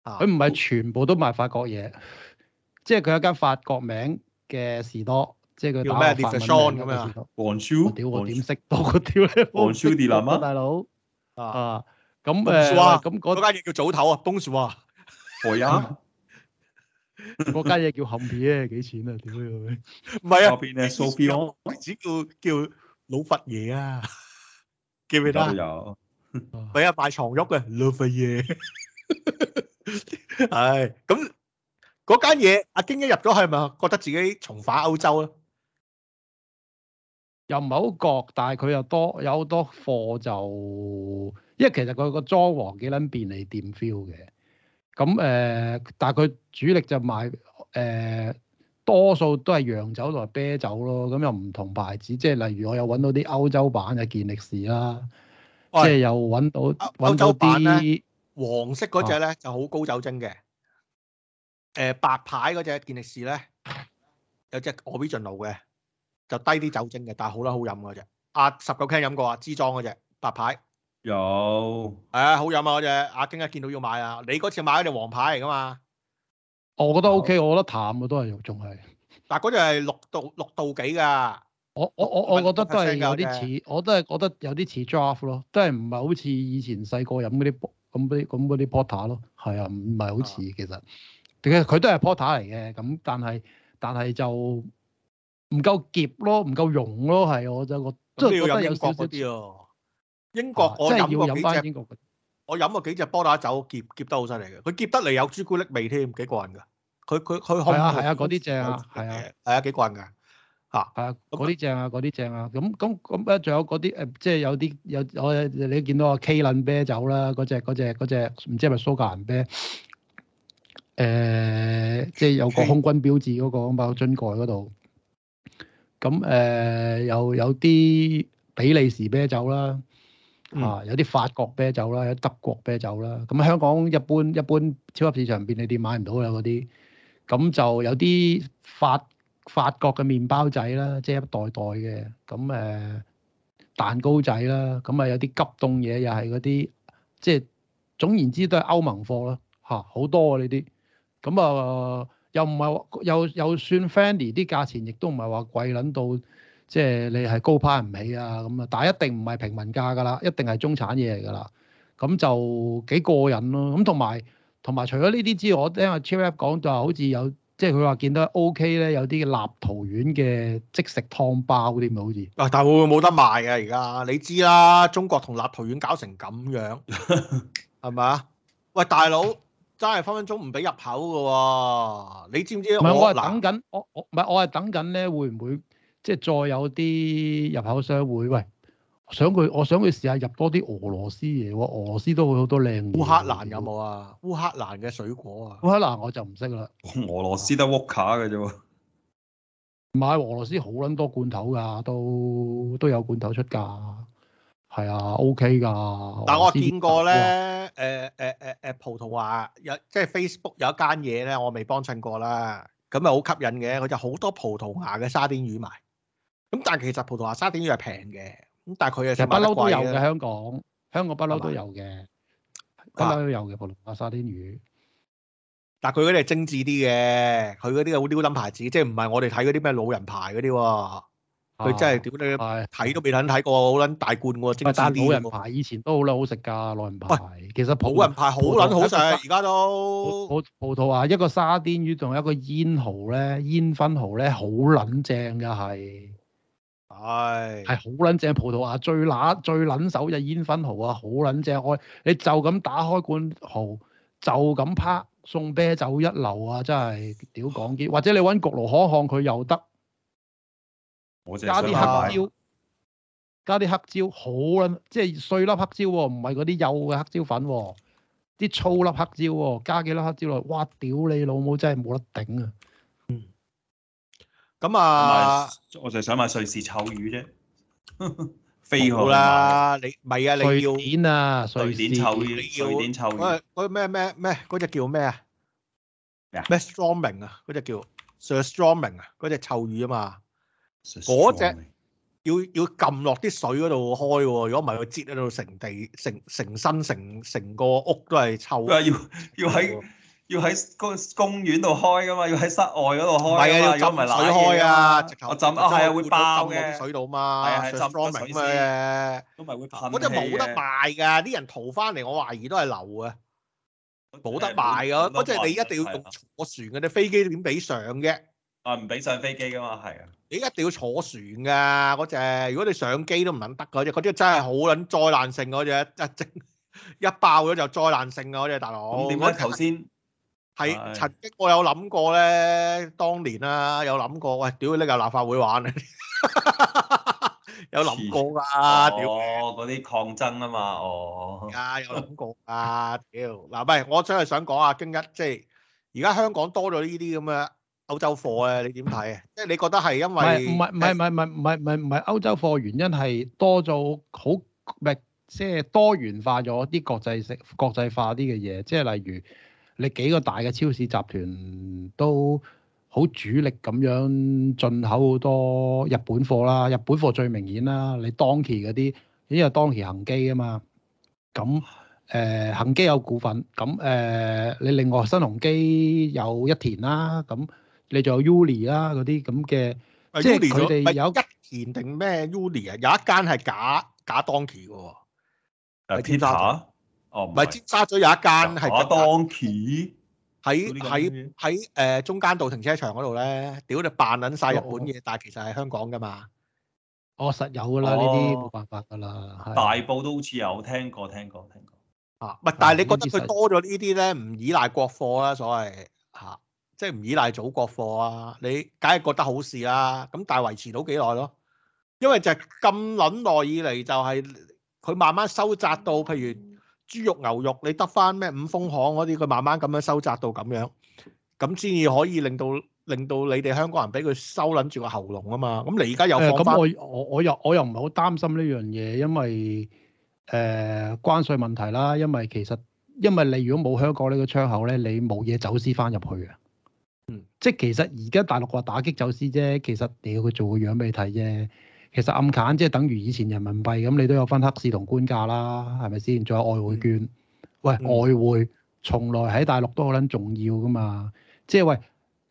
啊，佢唔係全部都賣法國嘢，即係佢有一間法國名嘅士多。即係佢打咩 discount 咁樣啊？黃超，屌我點識多過屌你黃超啲男啊，大佬啊咁，誒，咁嗰間嘢叫早頭啊，東樹話，何丫？嗰間嘢叫冚被啊，幾錢啊？屌你，唔係啊，冚被啊，蘇菲昂，我只叫叫老佛爺啊，記唔記得？俾阿大牀褥嘅老佛爺，係咁，嗰間嘢，阿京一入咗去咪覺得自己重返歐洲啊？又唔係好覺，但係佢又多有好多貨就，因為其實佢個裝潢幾撚便利店 feel 嘅。咁誒、呃，但係佢主力就賣誒、呃，多數都係洋酒同埋啤酒咯。咁又唔同牌子，即係例如我有揾到啲歐洲版嘅健力士啦，喂即係又揾到揾歐到啲黃色嗰隻咧就好高酒精嘅。誒、呃、白牌嗰隻健力士咧，有隻 original 嘅。就低啲酒精嘅，但係好啦、啊 Yo. 哎，好飲嗰隻。阿十九聽飲過啊，支裝嗰隻白牌有。係啊，好飲啊嗰隻。阿京一見到要買啊，你嗰次買嗰隻黃牌嚟噶嘛？我覺得 OK，我覺得淡啊，都係，仲係。但嗰隻係六度六度幾㗎。我我我我覺得都係有啲似，我都係覺得有啲似 draft 咯，都係唔係好似以前細個飲嗰啲咁嗰啲咁嗰啲 porter 咯。係啊，唔係好似其實其實佢都係 porter 嚟嘅咁，但係但係就。唔夠夾咯，唔夠融咯，係、啊、我就覺，即係有少少啲咯。啊、英國，我真係要飲返英國嘅。我飲過幾隻波打酒，夾夾得好犀利嘅。佢夾得嚟有朱古力味添，幾過癮㗎。佢佢佢，係啊係啊，嗰啲正啊，係啊係啊，幾過癮㗎嚇，係啊嗰啲、啊、正啊嗰啲正啊。咁咁咁咧，仲有嗰啲誒，即係有啲有我你見到 K 啊 K 輪啤酒啦，嗰隻嗰隻嗰隻，唔知係咪蘇格蘭啤誒，即係有個空軍標誌嗰個包樽蓋嗰度。咁誒又有啲比利時啤酒啦，嚇、啊、有啲法國啤酒啦，有德國啤酒啦。咁香港一般一般超級市場便利店買唔到啦嗰啲，咁就有啲法法國嘅麵包仔啦，即係一袋袋嘅，咁誒、呃、蛋糕仔啦，咁啊有啲急凍嘢又係嗰啲，即係總言之都係歐盟貨咯，嚇、啊、好多啊呢啲，咁啊～、呃又唔係又又算 friendly 啲價錢，亦都唔係話貴撚到，即係你係高攀唔起啊咁啊！但係一定唔係平民價噶啦，一定係中產嘢嚟噶啦，咁就幾過癮咯。咁同埋同埋，除咗呢啲之外，我聽阿 Cherry 講就係好似有，即係佢話見到 OK 咧，有啲立陶宛嘅即食湯包啲咪好似。啊會會！但係會冇得賣嘅而家，你知啦，中國同立陶宛搞成咁樣，係咪啊？喂，大佬！真係分分鐘唔俾入口㗎喎、啊，你知唔知？唔係我係等緊，我我唔係我係等緊咧，會唔會即係再有啲入口商會？喂，想佢，我想佢試下入多啲俄羅斯嘢喎，俄羅斯都會好多靚。烏克蘭有冇啊？烏克蘭嘅水果啊？烏克蘭我就唔識啦。俄羅斯得烏卡嘅啫喎。買俄羅斯好撚多罐頭㗎，都都有罐頭出㗎。係啊，OK 㗎。但係我見過咧，誒誒誒誒葡萄牙有，即係 Facebook 有一間嘢咧，我未幫襯過啦。咁咪好吸引嘅，佢就好多葡萄牙嘅沙甸魚賣。咁但係其實葡萄牙沙甸魚係平嘅，咁但係佢又不嬲都有嘅。香港，香港不嬲都有嘅，不嬲吧都有嘅葡萄牙沙甸魚。啊、但係佢嗰啲係精緻啲嘅，佢嗰啲好刁撚牌子，即係唔係我哋睇嗰啲咩老人牌嗰啲喎。佢、啊啊、真係屌你，睇都未撚睇過，好撚、嗯、大罐喎，蒸蛋冇人牌以前都好撚好食㗎，老人喂牌，其實葡人牌好撚好食，而家桃都葡葡萄牙一個沙甸魚同一個煙蠔咧，煙燻蠔咧好撚正嘅係，係係好撚正。葡萄牙最拿最撚手就煙燻蠔啊，好撚正開，你就咁打開罐蠔，就咁啪送啤酒一流啊，真係屌講啲， 或者你揾焗爐可看佢又得。加啲黑椒，加啲黑椒，好啊！即係碎粒黑椒喎，唔係嗰啲幼嘅黑椒粉喎，啲粗粒黑椒喎，加幾粒黑椒落去，哇！屌你老母，真係冇得頂啊！嗯，咁啊，我就係想買瑞士臭魚啫，飛 好樂、嗯啊、啦！你唔係啊，你要瑞典啊，瑞典臭魚，瑞典臭魚，嗰個嗰個咩咩咩，嗰隻叫咩啊？咩 surströmming 啊？嗰隻叫 surströmming 啊？嗰隻 臭魚啊嘛。嗰隻要要撳落啲水嗰度開，如果唔係佢擠喺度成地成成身成成個屋都係臭。啊，要要喺要喺公公園度開噶嘛，要喺室外嗰度開啊。如果唔係冷氣啊，浸啊係啊會爆嘅。水度嘛，浸水咩？都咪會爆。嗰隻冇得賣噶，啲人逃翻嚟，我懷疑都係流嘅。冇得賣啊！嗰隻你一定要坐船嘅，飛機點比上嘅？啊，唔俾上飛機噶嘛，係啊，你一定要坐船噶嗰隻。如果你上機都唔肯得嗰隻，嗰隻真係好撚災難性嗰隻，一一爆咗就災難性嗰隻大佬。點解頭先係曾經我有諗過咧？當年啊，有諗過喂，屌你個立法會玩 啊？有諗過啊，屌嗰啲抗爭啊嘛，哦，啊 有諗過啊，屌嗱，喂，我真係想講啊，今日即係而家香港多咗呢啲咁樣。歐洲貨啊，你點睇啊？即係你覺得係因為唔係唔係唔係唔係唔係唔係唔係歐洲貨，原因係多咗好唔即係多元化咗啲國際性國際化啲嘅嘢，即係例如你幾個大嘅超市集團都好主力咁樣進口好多日本貨啦，日本貨最明顯啦。你當期嗰啲，因為當期恒基啊嘛，咁誒恆基有股份，咁、嗯、誒、嗯、你另外新鴻基有一田啦，咁、嗯。你仲有 UNY 啦，嗰啲咁嘅，即係佢哋有一田定咩 UNY 啊？有一間係假假 Donkey 嘅喎，係尖沙，哦唔係尖沙咀有一間係假 Donkey，喺喺喺誒中間道停車場嗰度咧，屌你扮撚晒日本嘢，哦、但係其實係香港噶嘛，我實、oh, 有噶啦，呢啲冇辦法噶啦，大埔都好似有聽過聽過聽過啊，唔、啊、但係你覺得佢多咗呢啲咧，唔依賴國貨啦，所謂。即係唔依賴祖國貨啊！你梗係覺得好事啦，啊。咁但係維持到幾耐咯？因為就係咁撚耐以嚟，就係佢慢慢收窄到，譬如豬肉、牛肉，你得翻咩五豐行嗰啲，佢慢慢咁樣收窄到咁樣，咁先至可以令到令到你哋香港人俾佢收撚住個喉嚨啊嘛。咁你而家又放翻，咁、欸嗯、我我，我又我又唔係好擔心呢樣嘢，因為誒、呃、關稅問題啦。因為其實因為你如果冇香港呢個窗口咧，你冇嘢走私翻入去嘅。即係其實而家大陸話打擊走私啫，其實屌佢做個樣俾你睇啫。其實暗砍即係等於以前人民幣咁，你都有分黑市同官價啦，係咪先？仲有外匯券，嗯、喂，外匯從來喺大陸都可能重要㗎嘛，即係喂。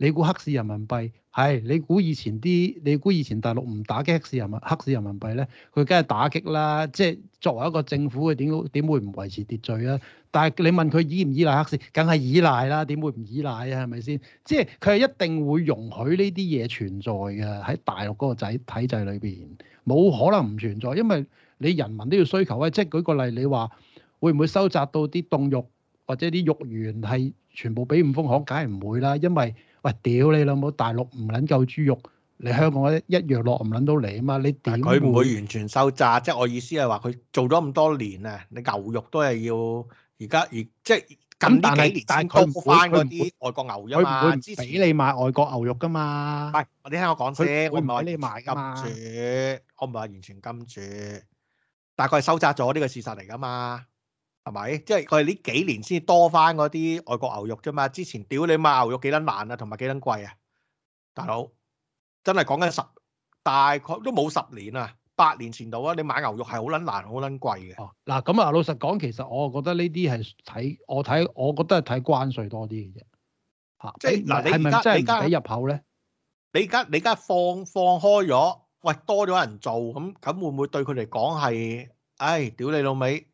你估黑市人民幣係、哎？你估以前啲？你估以前大陸唔打擊黑市人民黑市人民幣咧？佢梗係打擊啦！即係作為一個政府嘅點點會唔維持秩序啊？但係你問佢依唔依賴黑市，梗係依賴啦！點會唔依賴啊？係咪先？即係佢係一定會容許呢啲嘢存在嘅，喺大陸嗰個制體制裏邊，冇可能唔存在，因為你人民都要需求啊！即係舉個例，你話會唔會收集到啲凍肉或者啲肉源係全部俾五豐行？梗係唔會啦，因為喂，屌你老母！大陸唔撚夠豬肉，你香港一一樣落唔撚到嚟啊嘛！你點？佢唔會完全收窄，即係我意思係話佢做咗咁多年啊！你牛肉都係要而家而即係咁啲幾年先供翻嗰啲外國牛肉唔嘛！俾你買外國牛肉噶嘛？唔係，你聽我講先，我唔係你買噶嘛。住，我唔係話完全禁住，大概佢收窄咗呢個事實嚟噶嘛。係咪？即係佢係呢幾年先多翻嗰啲外國牛肉啫嘛？之前屌你買牛肉幾捻難啊，同埋幾捻貴啊，大佬！真係講緊十，大概都冇十年啊，八年前度啊，你買牛肉係好捻難，好捻貴嘅。嗱咁啊，老實講，其實我覺得呢啲係睇我睇，我覺得係睇關稅多啲嘅啫。吓，即係嗱，你係咪即係唔睇入口咧？你而家你而家放放開咗，喂，多咗人做，咁咁會唔會對佢嚟講係？唉，屌你老味！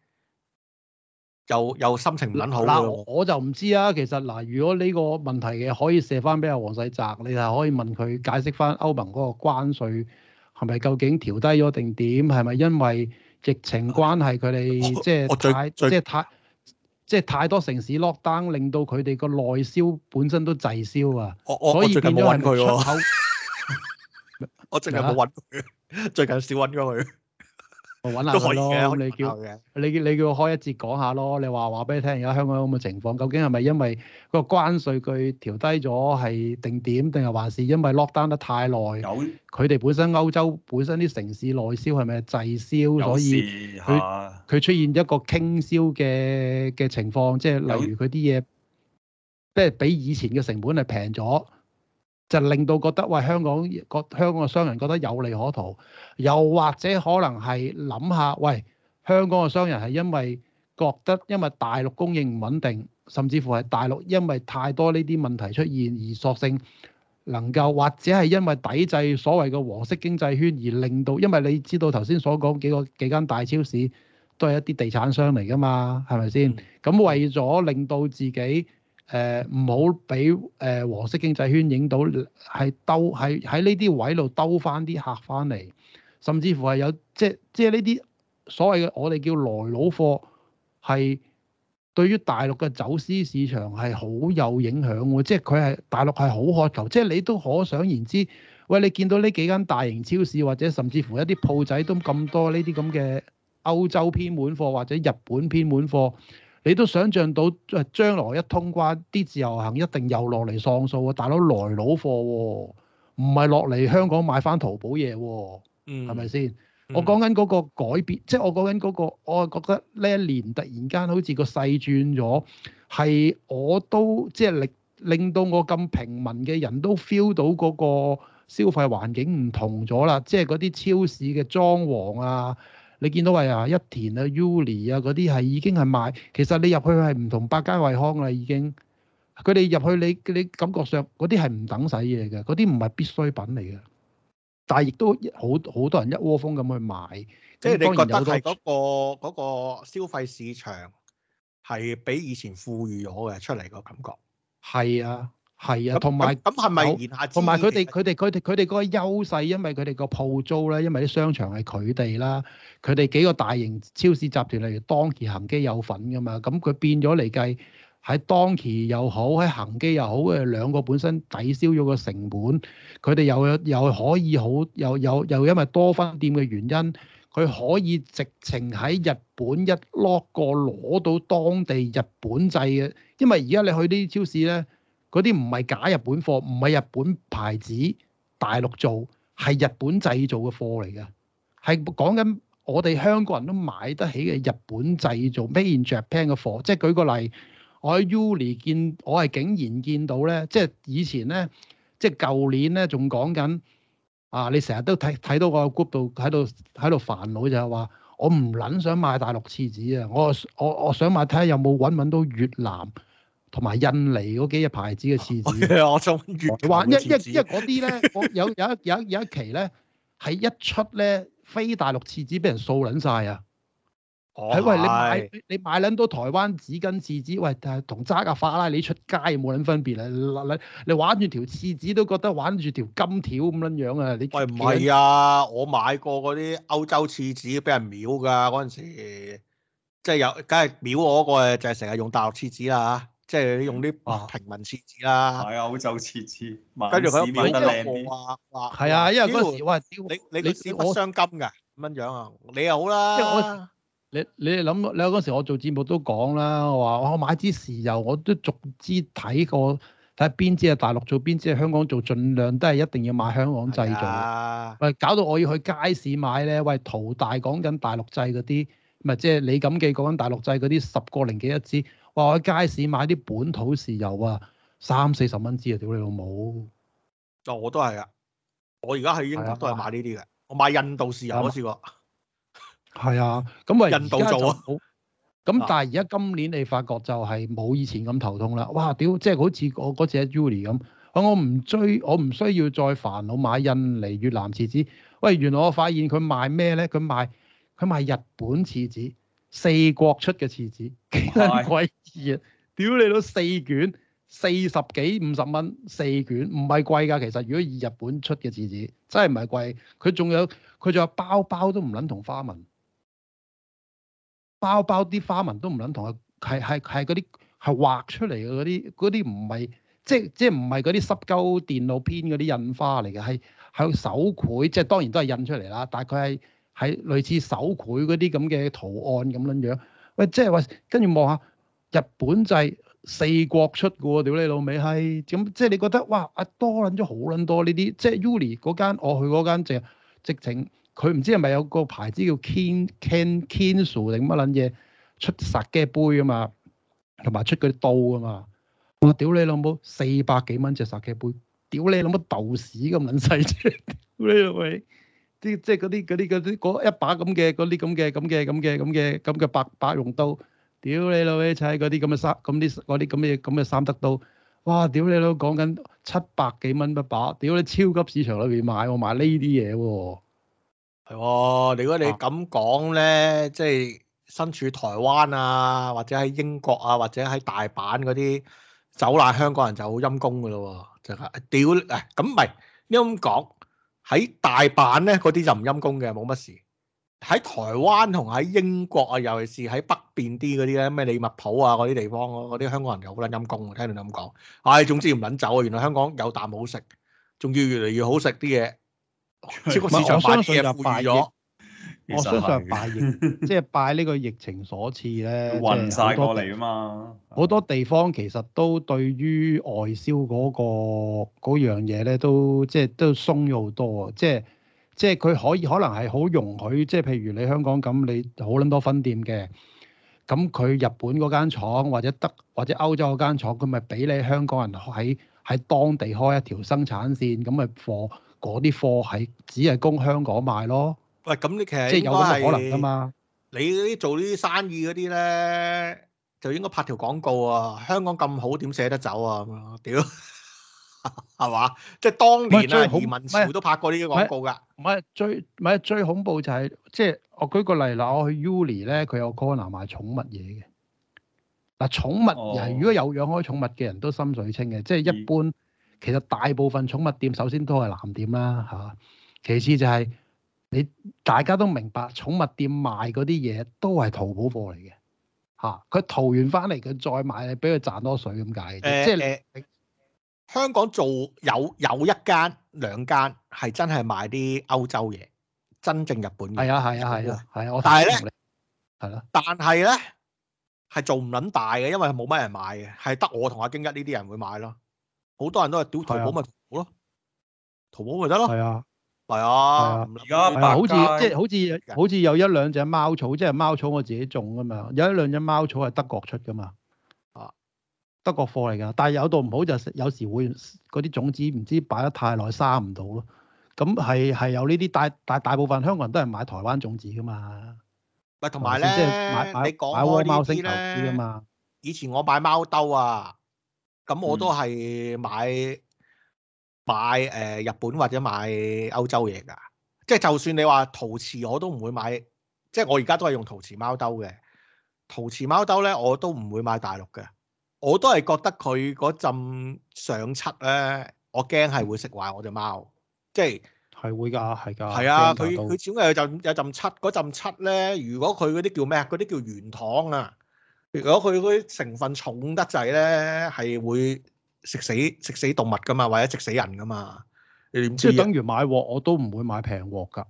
又又心情唔捻好咯。嗱，我就唔知啊。其實嗱，如果呢個問題嘅可以射翻俾阿黃世澤，你係可以問佢解釋翻歐盟嗰個關稅係咪究竟調低咗定點？係咪因為疫情關係佢哋即係太即係我最 太即係我最 太，就是太多城市 lock down，令到佢哋個內銷本身都滯銷啊。我，我我最近冇揾佢喎。口 我淨係冇揾最近少揾咗佢。 都可以嘅叫，你叫你你叫我開一節講下咯。你話話俾你聽，而家香港咁嘅情況，究竟係咪因為個關稅佢調低咗，係定點，定係還是因為 lockdown 得太耐？佢哋有本身歐洲本身啲城市內銷係咪滯銷，有所以佢、啊、出現一個傾銷嘅嘅情況，即係例如佢啲嘢，即係比以前嘅成本係平咗。就令到覺得喂，香港個香港嘅商人覺得有利可圖，又或者可能係諗下喂，香港嘅商人係因為覺得因為大陸供應唔穩定，甚至乎係大陸因為太多呢啲問題出現而索性能夠或者係因為抵制所謂嘅黃色經濟圈而令到，因為你知道頭先所講幾個幾間大超市都係一啲地產商嚟㗎嘛，係咪先？咁、嗯、為咗令到自己。誒唔好俾誒黃色經濟圈影到，係兜係喺呢啲位度兜翻啲客翻嚟，甚至乎係有即係即係呢啲所謂嘅我哋叫來佬貨，係對於大陸嘅走私市場係好有影響喎。即係佢係大陸係好渴求，即係你都可想而知。喂，你見到呢幾間大型超市或者甚至乎一啲鋪仔都咁多呢啲咁嘅歐洲偏滿貨或者日本偏滿貨。你都想象到，即係將來一通關，啲自由行一定又落嚟上數啊！大佬來老貨喎、哦，唔係落嚟香港買翻淘寶嘢喎、哦，係咪先？我講緊嗰個改變，嗯、即係我講緊嗰個，我係覺得呢一年突然間好似個勢轉咗，係我都即係令令到我咁平民嘅人都 feel 到嗰個消費環境唔同咗啦，即係嗰啲超市嘅裝潢啊～你見到話啊，一田啊、Unile 啊嗰啲係已經係買，其實你入去係唔同百佳惠康啦已經。佢哋入去你你感覺上嗰啲係唔等使嘢嘅，嗰啲唔係必需品嚟嘅。但係亦都好好多人一窩蜂咁去買。即係你覺得係嗰個嗰個嗰個消費市場係比以前富裕咗嘅出嚟個感覺。係啊。係啊，同埋咁係咪同埋佢哋佢哋佢哋佢哋嗰個優勢，因為佢哋個鋪租咧，因為啲商場係佢哋啦，佢哋幾個大型超市集團例如當期、恆基有份㗎嘛。咁佢變咗嚟計喺當期又好，喺恆基又好嘅兩個本身抵消咗個成本，佢哋又又可以好又又又因為多分店嘅原因，佢可以直情喺日本一 lock 過攞到當地日本製嘅，因為而家你去啲超市咧。嗰啲唔係假日本貨，唔係日本牌子，大陸做係日本製造嘅貨嚟嘅，係講緊我哋香港人都買得起嘅日本製造 Made in Japan 嘅貨。即係舉個例，我喺 Uniqlo 見，我係竟然見到咧，即係以前咧，即係舊年咧，仲講緊啊，你成日都睇睇到個 group 度喺度喺度煩惱就係話，我唔撚想買大陸廁紙啊，我我我想買睇下有冇揾揾到越南，同埋印尼嗰幾隻牌子嘅廁紙，我仲意。話灣因一因啲咧，我 有有一有有一期咧，係一出咧非大陸廁紙俾人掃撚晒啊！係、哦、是喂你，你買你買撚到台灣紙巾廁紙，喂，同揸架法拉利出街冇撚分別啊！你你你玩住條廁紙都覺得玩住條金條咁樣樣啊！你喂唔係啊！我買過嗰啲歐洲廁紙俾人秒噶嗰陣時，即係有，梗係秒我嗰個就係成日用大陸廁紙啦即係用啲平民設置啦，係啊，好就、啊哎、設置，跟住佢又會做得靚啲啊！係啊、哎，因為嗰時哇嘩嘩，你你你你不相金㗎，咁樣啊，你又我好啦，即係我你你哋諗，你有嗰時我做節目都講啦，我話我買支豉油，我都逐支睇過，睇邊支係大陸做，邊支係香港做，盡量都係一定要買香港製造啊！喂、哎呀，搞到我要去街市買咧，喂淘大，大講緊大陸製嗰啲，咪即係李錦記講緊大陸製嗰啲十個零幾一支。哇！去街市買啲本土豉油啊，三四十蚊支啊，屌你老母！啊、哦，我都係啊！我而家喺英國都係買呢啲嘅，的我買印度豉油的我都試過。係啊，咁、嗯、啊，印度做啊。咁 但係而家今年你發覺就係冇以前咁頭痛啦。哇！屌、就是，即係好似我嗰次喺 Uniqlo 咁，我唔追，我唔需要再煩惱我買印尼、越南廁紙。喂，原來我發現佢賣咩咧？佢賣佢賣日本廁紙，四國出嘅廁紙。真係貴啊！屌你都四卷四十幾五十蚊四卷，唔係貴噶。其實如果以日本出嘅紙紙真係唔係貴。佢仲有佢仲有包包都唔撚同花紋，包包啲花紋都唔撚同啊！係係係嗰啲係畫出嚟嘅嗰啲，嗰啲唔係即即唔係嗰啲濕鳩電腦編嗰啲印花嚟嘅，係係手繪，即係當然都係印出嚟啦。但係佢係係類似手繪嗰啲咁嘅圖案咁樣樣。喂，即係話跟住望下日本就係四國出嘅喎，屌你老味，係咁，即係你覺得哇，阿多撚咗好撚多呢啲，即係 Uniq 嗰間，我去嗰間直直情佢唔知係咪有個牌子叫 in, Ken Ken Kensu 定乜撚嘢出殺嘅杯啊嘛，同埋出嗰啲刀啊嘛，我屌你老母四百幾蚊隻殺嘅杯，屌你老母豆屎咁撚細啫，你又即係嗰啲嗰啲嗰啲嗰一把咁嘅嗰啲咁嘅咁嘅咁嘅咁嘅咁嘅百百用刀，屌你老味，砌嗰啲咁嘅三咁啲啲咁嘅咁嘅三德刀，哇！屌你老，講緊七百幾蚊一把，屌你超級市場裏邊買，我買呢啲嘢喎，係喎。如果你咁講咧，即係身處台灣啊，或者喺英國啊，或者喺大阪嗰啲走嚟香港人就好陰公㗎咯，就係屌啊！咁唔係你咁講。哎喺大阪咧，嗰啲就唔陰公嘅，冇乜事。喺台灣同喺英國啊，尤其是喺北邊啲嗰啲咧，咩利物浦啊嗰啲地方，嗰啲香港人就好撚陰公喎。聽到你咁講，唉、哎，總之唔撚走啊。原來香港有啖好食，仲要越嚟越好食啲嘢，超過市場嘅嘅負面。 我相信拜疫，即係拜呢個疫情所賜咧，運晒 過嚟啊嘛！好多地方其實都對於外銷嗰個嗰樣嘢咧，都即係都鬆咗好多啊！即係即係佢可以可能係好容許，即係譬如你香港咁，你好捻多分店嘅，咁佢日本嗰間廠或者德或者歐洲間廠，佢咪俾你香港人喺喺當地開一條生產線，咁咪貨嗰啲貨係只係供香港賣咯。喂，咁你其實即係有咁嘅可能噶嘛？你啲做呢啲生意嗰啲咧，就應該拍條廣告啊！香港咁好，點捨得走啊？屌係嘛？即係當年啊，移民潮是都拍過呢啲廣告㗎。唔係最唔係最恐怖就係即係我舉個例啦，我去 UNY 咧，佢有 corner 賣寵物嘢嘅。嗱，寵物人、哦、如果有養開寵物嘅人都心水清嘅，即、就、係、是、一般其實大部分寵物店首先都係藍店啦吓，其次就係、是。你大家都明白，寵物店賣嗰啲嘢都係淘寶貨嚟嘅，吓，佢淘完翻嚟佢再賣，俾佢賺多水咁解。嘅啫，即係你香港做有有一間兩間係真係賣啲歐洲嘢，真正日本嘅。係啊係啊係啊，係啊我。但係咧，係咯。但係咧，係做唔捻大嘅，因為冇乜人買嘅，係得我同阿京一呢啲人會買咯。好多人都係屌淘寶咪淘寶咯，淘寶咪得咯。係啊。係啊，而家百佳，即係、哎、好似好似有一兩隻貓草，即係貓草我自己種噶嘛。有一兩隻貓草係德國出噶嘛，啊，德國貨嚟噶。但係有度唔好就係有時會嗰啲種子唔知擺得太耐生唔到咯。咁係係有呢啲，但大大部分香港人都係買台灣種子噶嘛。咪同埋咧，即係買買窩貓星球啲啊嘛。以前我買貓兜啊，咁我都係買。嗯買誒、呃、日本或者買歐洲嘢噶，即係就算你話陶瓷，我都唔會買。即係我而家都係用陶瓷貓兜嘅，陶瓷貓兜咧我都唔會買大陸嘅。我都係覺得佢嗰陣上漆咧，我驚係會食壞我隻貓。即係係會噶，係噶。係啊，佢佢主要有陣有陣漆，嗰陣漆咧，如果佢嗰啲叫咩啊？嗰啲叫原糖啊。如果佢嗰啲成分重得滯咧，係會。食死食死動物㗎嘛，或者食死人㗎嘛，你唔知，即係等於買鑊，我都唔會買平鑊㗎。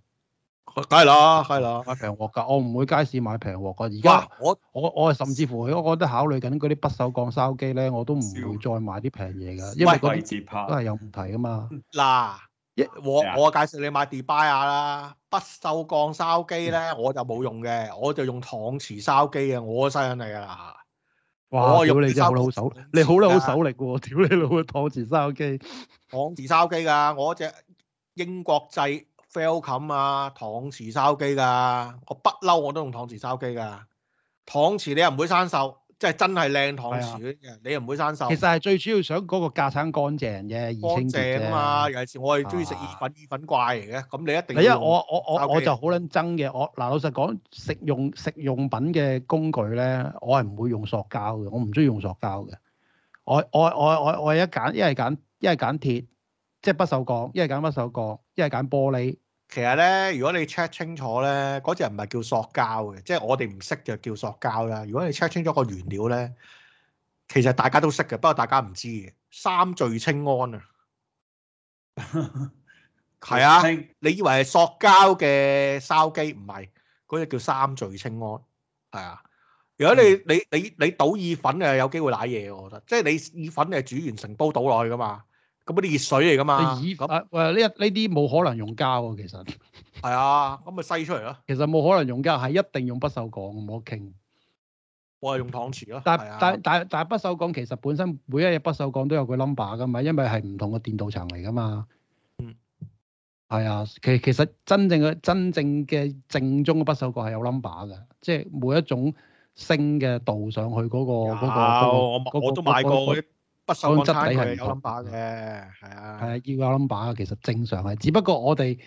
梗係啦，梗係啦，啊、買平鑊㗎，我唔會街市買平鑊㗎。而家哇，我我我甚至乎我都考慮緊嗰啲不鏽鋼燒機咧，我都唔會再買啲平嘢㗎，因為嗰啲都係有問題㗎嘛。嗱、啊，我我介紹你買 d b r 啦、啊，不鏽鋼燒機咧，嗯、我就冇用嘅，我就用搪瓷燒機啊，我嘅西人嚟㗎啦。哇！屌你真好老手，你好老手力嘅喎，屌你老嘅，搪瓷燒機，搪瓷燒機噶，我隻英國製 Philips 啊，搪瓷燒機噶，我不嬲我都用搪瓷燒機噶，搪瓷你又唔會生銹。即係真係靚糖薯嘅，的你又唔會生鏽。其實係最主要想嗰個架撐乾淨嘅，乾淨嘛、啊。尤其是我係中意食意粉、啊、意粉怪嚟嘅，咁你一定要。因為，我我我我就好撚憎嘅。我嗱老實講，食用食用品嘅工具咧，我係唔會用塑膠嘅，我唔中意用塑膠嘅。我我我我我一揀一係揀一係揀鐵，即係不鏽鋼；一係揀不鏽鋼；一係揀玻璃。其實咧，如果你 check 清楚咧，嗰隻唔係叫塑膠嘅，即係我哋唔識就叫塑膠啦。如果你 check 清楚個原料咧，其實大家都識嘅，不過大家唔知嘅。三聚氰胺啊，係啊，你以為係塑膠嘅筲箕唔係，嗰隻叫三聚氰胺，係啊。如果你你你你倒意粉啊，有機會瀨嘢，我覺得，即係你意粉你係煮完成煲倒落去噶嘛。咁嗰啲熱水嚟噶嘛？啊，誒呢一呢啲冇可能用膠喎，其實係啊，咁咪擠出嚟咯。其實冇可能用膠，係一定用不鏽鋼冇得傾。我係用搪瓷咯。但但但但不鏽鋼其實本身每一日不鏽鋼都有個 number 㗎嘛，因為係唔同個電鍍層嚟㗎嘛。嗯。係啊，其其實真正嘅真正嘅正宗嘅不鏽鋼係有 number 㗎，即係每一種升嘅度上去嗰個嗰個嗰個。我我都買過不鏽鋼質地係有 number 嘅，係啊，係、啊、要有 number 嘅。其實正常係，只不過我哋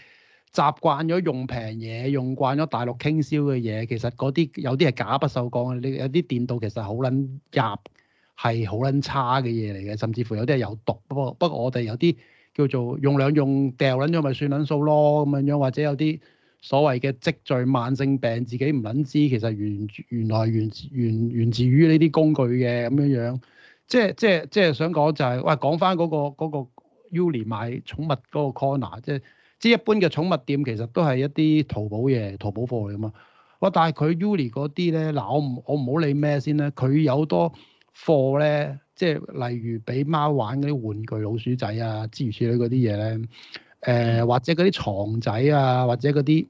習慣咗用平嘢，用慣咗大陸傾銷嘅嘢。其實嗰啲有啲係假不鏽鋼嘅，你有啲電鍍其實好撚弱，係好撚差嘅嘢嚟嘅。甚至乎有啲係有毒。不過不過，我哋有啲叫做用兩用掉撚咗，咪算撚數咯咁樣樣。或者有啲所謂嘅積聚慢性病，自己唔撚知，其實原原來源源源自於呢啲工具嘅咁樣樣。即係即係即係想講就係、是、哇，講翻嗰個嗰、那個、Uni 買寵物嗰個 corner，即係即係一般嘅寵物店其實都係一啲淘寶嘢、淘寶貨嚟㗎嘛。哇！但係佢 Uni 嗰啲咧，嗱我唔我唔好理咩先啦。佢有多貨咧，即係例如俾貓玩嗰啲玩具、老鼠仔啊、諸如此類嗰啲嘢咧。誒、呃、或者嗰啲床仔啊，或者嗰啲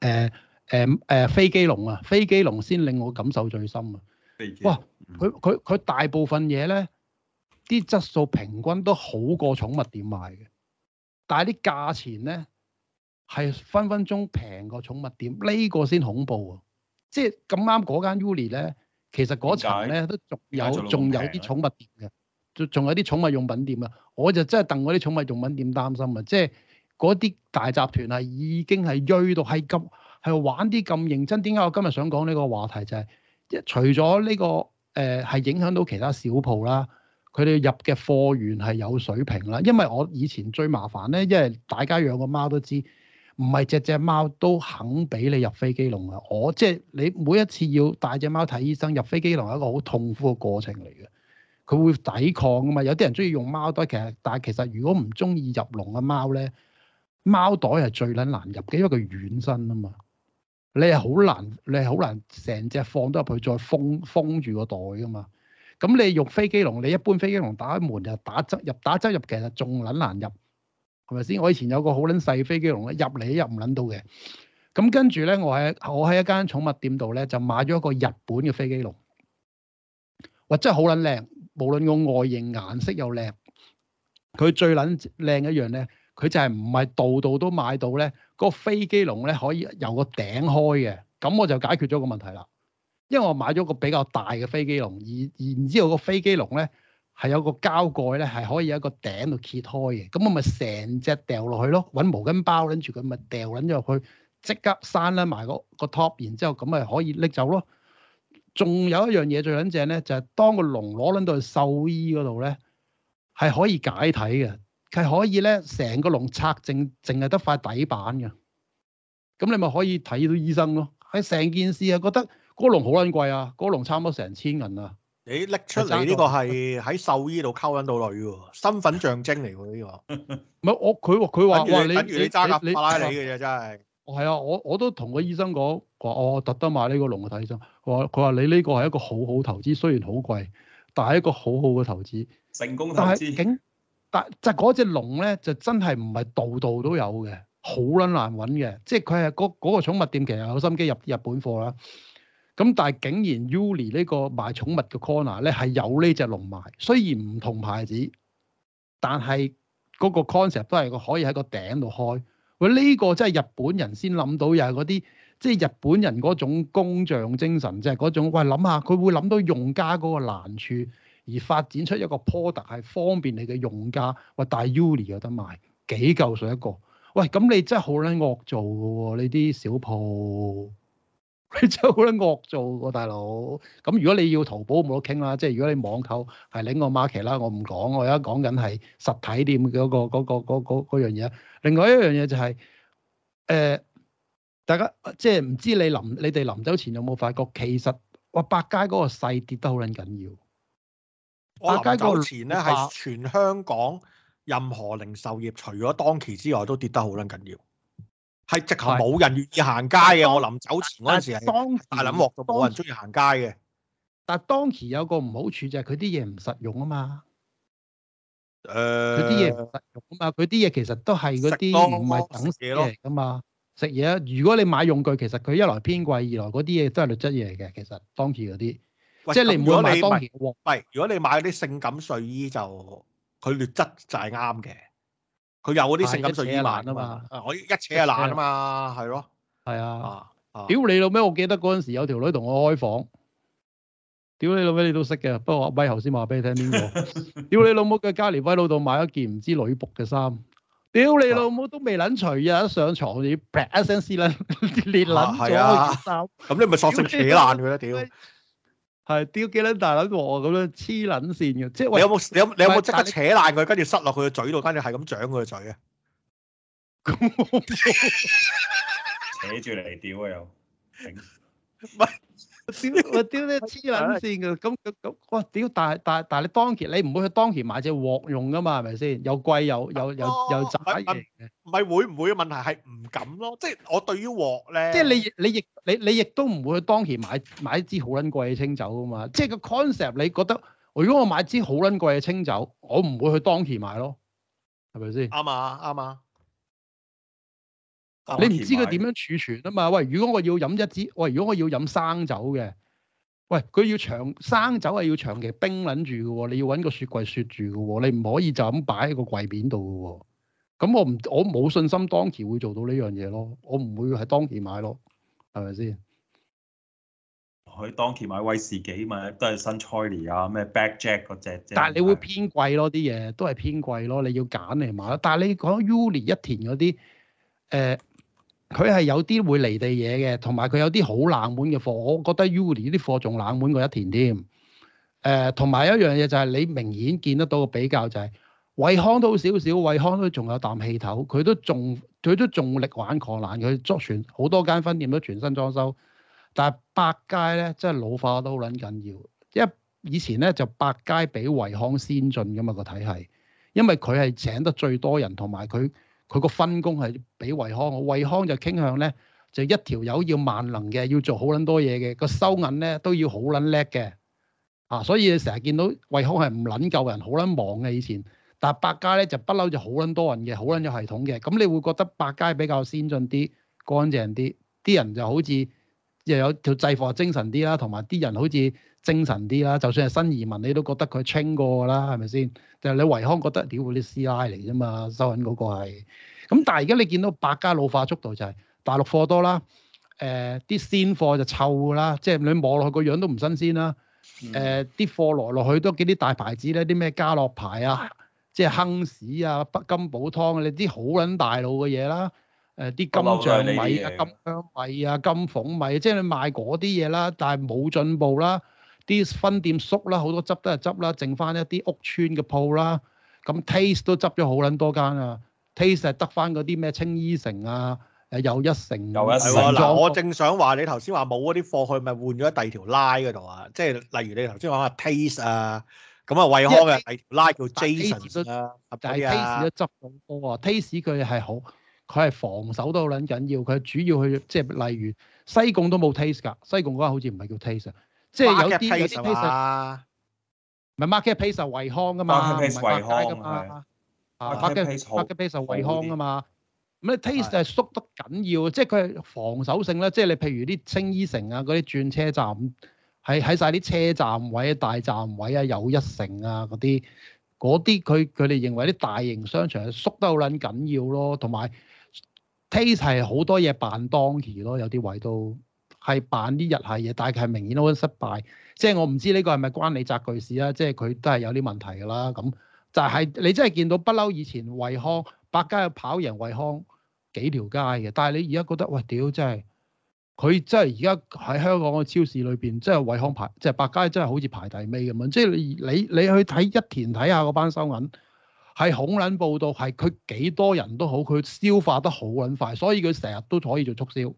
誒誒誒飛機籠啊，飛機籠先令我感受最深啊！哇！佢佢佢大部分嘢咧，啲質素平均都好過寵物店賣嘅，但係啲價錢咧係分分鐘平過寵物店。呢個先恐怖啊，即係咁啱嗰間 Uni 咧，其實嗰層咧都仲有仲有啲寵物店嘅，仲仲有啲寵物用品店啊。我就真係戥嗰啲寵物用品店擔心啊！即係嗰啲大集團係已經係鋭到係咁係玩啲咁認真。點解我今日想講呢個話題就係一除咗呢個。誒係、呃、影響到其他小鋪啦，佢哋入嘅貨源係有水平啦。因為我以前最麻煩咧，因為大家養個貓都知，唔係隻隻貓都肯俾你入飛機籠啊。我即係、就是、你每一次要帶隻貓睇醫生，入飛機籠係一個好痛苦嘅過程嚟嘅，佢會抵抗㗎嘛。有啲人中意用貓袋，其實但係其實如果唔中意入籠嘅貓咧，貓袋係最撚難入嘅，因為佢軟身啊嘛。你係好難，你係好難成隻放得入去，再封封住個袋噶嘛？咁你用飛機籠，你一般飛機籠打開門就打側入，打側入其實仲撚難入，係咪先？我以前有個好撚細嘅飛機籠咧，入嚟都入唔撚到嘅。咁跟住咧，我喺我喺一間寵物店度咧，就買咗一個日本嘅飛機籠。或真係好撚靚，無論個外形顏色又靚，佢最撚靚一樣咧。佢就係唔係度度都買到咧？嗰、嗰個飛機籠咧，可以由個頂開嘅，咁我就解決咗個問題啦。因為我買咗個比較大嘅飛機籠，而然之後個飛機籠咧，係有個膠蓋咧，係可以喺個頂度揭開嘅。咁我咪成隻掉落去咯，揾毛巾包，拎住佢咪掉撚落去，即刻閂甩埋個個 top，然之後咁咪可以拎走咯。仲有一樣嘢最撚正咧，就係當個籠攞撚到去獸醫嗰度咧，係可以解體嘅。係可以咧，成個籠拆淨淨係得塊底板嘅。咁你咪可以睇到醫生咯。喺成件事啊，覺得嗰個籠好撚貴啊，嗰、嗰個籠差唔多成千銀啊。你拎出嚟呢個係喺獸醫度溝揾到女嘅身份象徵嚟喎呢個。唔係我佢佢話你你揸架法拉利嘅啫真係。係啊，我我，我都同個醫生講話、哦，我特登買呢個籠嘅睇醫生。佢話佢話你呢個係一個好好投資，雖然好貴，但係一個好好嘅投資。成功投資經。但就嗰、是、隻龍咧，就真係唔係度度都有嘅，好撚難揾嘅。即係佢係嗰嗰個寵物店，其實有心機入日本貨啦。咁但係竟然 u n i 呢個賣寵物嘅 corner 咧係有呢隻龍賣，雖然唔同牌子，但係嗰個 concept 都係個可以喺個頂度開。喂，呢個真係日本人先諗到又，又係嗰啲即係日本人嗰種工匠精神啫，嗰、就是、種喂諗下佢會諗到用家嗰個難處。而發展出一個 product 係方便你嘅用家，喂，大 uni 有得賣幾嚿水一個？喂，咁你真係好撚惡做嘅喎！你啲小鋪，你真係好撚惡做嘅，大佬。咁如果你要淘寶冇得傾啦，即係如果你網購係拎個 market 啦，我唔講。我而家講緊係實體店嗰、嗰個嗰、嗰個嗰個嗰個、樣嘢。另外一樣嘢就係、係，誒、呃，大家即係唔知你臨你哋臨走前有冇發覺，其實哇百佳嗰個勢跌得好撚緊要。我街走前咧，係全香港任何零售業，除咗當期之外，都跌得好捻緊要。係直頭冇人願意行街嘅。的我臨走前嗰陣時係，當時大諗鑊就冇人中意行街嘅。但係當期有個唔好處就係佢啲嘢唔實用啊嘛。誒、呃，佢啲嘢唔實用啊嘛，佢啲嘢其實都係嗰啲唔係等嘢嚟噶嘛。食嘢，如果你買用具，其實佢一來偏貴，二來嗰啲嘢都係劣質嘢嚟嘅。其實當期嗰啲。即係你唔會買當然係，如果你買啲性感睡衣就佢劣質就係啱嘅。佢有嗰啲性感睡衣爛啊嘛，我一扯就爛啊嘛，係咯。係啊，屌你老咩！我記得嗰陣時有條女同我開房，屌你老咩！你都識嘅。不過阿威頭先話俾你聽邊個？屌你老母嘅！加尼威老豆買咗件唔知女僕嘅衫，屌你老母都未撚除，一上床你啪一聲撕爛，裂爛咗衫。咁你咪索性扯爛佢啦，屌！係屌幾捻大捻貨咁樣黐捻線嘅，即係你有冇你有，有是你有冇即刻扯爛佢，跟住你塞落佢嘅嘴度，跟住係咁掌佢嘅嘴啊？扯住嚟屌啊又，唔喂！屌我屌你黐捻線嘅，咁咁咁哇，屌！但係但係但係你當期，你唔會去當期買隻鑊用噶嘛，係咪先？又貴又、哦、又又又窄嘅、哦，唔係會唔會嘅問題，係唔敢咯，即係我對於鑊咧，即係你你亦你你亦都唔會去當期買買一支好捻貴嘅清酒噶嘛，即係個 concept 你覺得，如果我買支好捻貴嘅清酒，我唔會去當期買咯，係咪先？啱啊啱啊。嗯嗯你唔知佢點樣儲存啊嘛？喂，如果我要飲一支，喂，如果我要飲生酒嘅，喂，佢要長生酒係要長期冰撚住嘅喎，你要揾個雪櫃雪住嘅喎，你唔可以就咁擺喺個櫃面度嘅喎。咁我唔，我冇信心當期會做到呢樣嘢咯，我唔會喺當期買咯，係咪先？佢當期買威士忌嘛？都係新 Choi 啊，咩 Back Jack 嗰隻啫。但係你會偏貴咯，啲嘢都係偏貴咯，你要揀嚟買咯。但係你講 Uni 一田嗰啲，誒、呃。佢係有啲會離地嘢嘅，同埋佢有啲好冷門嘅貨。我覺得 Uly 呢啲貨仲冷門過一田添。誒、呃，同埋一樣嘢就係你明顯見得到嘅比較就係、是，惠康都少少，惠康都仲有啖氣頭，佢都仲佢都仲力挽狂瀾，佢裝全好多間分店都全新裝修。但係百佳咧，真係老化都好撚緊要。因為以前咧就百佳比惠康先進㗎嘛，個體系，因為佢係請得最多人，同埋佢。佢個分工係比惠康，惠康就傾向咧，就一條友要萬能嘅，要做好撚多嘢嘅，個收銀咧都要好撚叻嘅，啊，所以你成日見到惠康係唔撚夠人，好撚忙嘅以前，但百佳咧就不嬲就好撚多人嘅，好撚有系統嘅，咁你會覺得百佳比較先進啲，乾淨啲，啲人就好似，又有條製貨精神啲啦，同埋啲人好似精神啲啦。就算係新移民，你都覺得佢清過啦，係咪先？就係、是、你惠康覺得屌，啲、哎、師奶嚟啫嘛，收緊嗰個係。咁但係而家你見到百佳老化速度就係、是、大陸貨多啦。誒、呃，啲鮮貨就臭啦，即係你望落去個樣都唔新鮮啦。誒、呃，啲貨來落去都幾啲大牌子咧，啲咩家樂牌啊，即係亨氏啊，北金寶湯啊，你啲好撚大路嘅嘢啦。誒啲金象米啊、金香米啊、金鳳米，即係你賣嗰啲嘢啦，但係冇進步啦。啲分店縮啦，好多執都係執啦，剩翻一啲屋村嘅鋪啦。咁 Taste 都執咗好撚多間啊。Taste 係得翻嗰啲咩青衣城啊，誒又一城又一城。我正想話你頭先話冇嗰啲貨，去咪換咗第二條 line 嗰度啊？即係例如你頭先講啊，Taste 啊，咁啊惠康嘅第二條 line 叫 Jason 啊？但係 Taste 都執好多啊。Taste 佢係好。佢係防守都好撚緊要，佢主要去即係例如西貢都冇 taste 㗎，西貢嗰間好似唔係叫 taste，即係有啲 Marketplace 有啲 taste 啊，唔係 marketplace，維康㗎嘛 marketplace 唔係維康㗎嘛，啊 marketplace 維康㗎嘛，咁你 taste 係縮得緊要，係，即係佢係防守性咧，即係你譬如啲青衣城啊，嗰啲轉車站，喺喺曬啲車站位、大站位啊、又一城啊嗰啲，啲佢佢哋認為啲大型商場縮得好撚緊要咯，同埋。Taste 係好多嘢扮當期咯，有啲位都係扮啲日系嘢，但係明顯都好失敗。即係我唔知呢個係咪關你集具事啦。即係佢都係有啲問題㗎啦。咁就係你真係見到不嬲以前惠康百佳跑贏惠康幾條街嘅，但係你而家覺得喂，屌真係佢真係而家喺香港嘅超市裏邊，真係惠康排即係百佳真係好似排第尾咁樣。即係你你你去睇一田睇下嗰班收銀。係恐撚報道，係佢幾多人都好，佢消化得好撚快，所以佢成日都可以做促銷。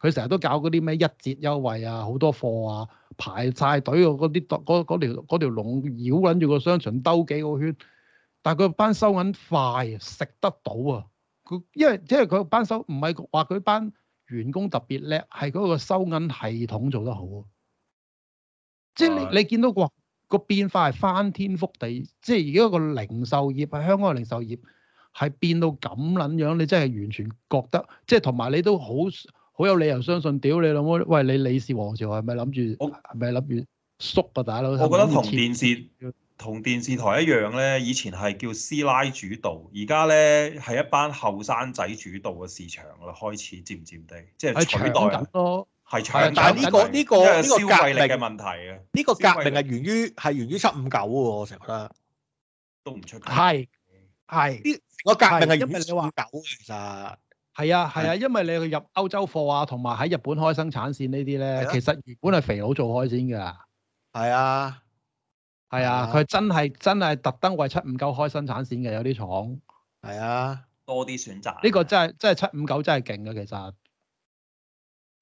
佢成日都搞嗰啲咩一折優惠啊，好多貨啊，排晒隊個嗰啲嗰嗰條嗰條龍繞撚住個商場兜幾個圈。但係佢班收銀快，食得到啊！佢因為即係佢班收唔係話佢班員工特別叻，係嗰個收銀系統做得好啊。即係你你見到過？個變化係翻天覆地，即係而家個零售業喺香港嘅零售業係變到咁撚樣，你真係完全覺得，即係同埋你都好好有理由相信，屌你老母，喂，你李氏王朝係咪諗住係咪諗住縮啊大佬？我覺得同電視同電視台一樣咧，以前係叫師奶主導，而家咧係一班後生仔主導嘅市場啦，開始漸漸地即係取代緊咯。係，但係呢個呢個呢個革命嘅問題啊！呢個革命係源於係源於七五九喎，我成日覺得都唔出奇。係係，呢個革命係源於七五九其實。係啊係啊，因為你去入歐洲貨啊，同埋喺日本開生產線呢啲咧，其實原本係肥佬做開先㗎。係啊係啊，佢真係真係特登為七五九開生產線嘅有啲廠。係啊。多啲選擇。呢個真係真係七五九真係勁嘅，其實。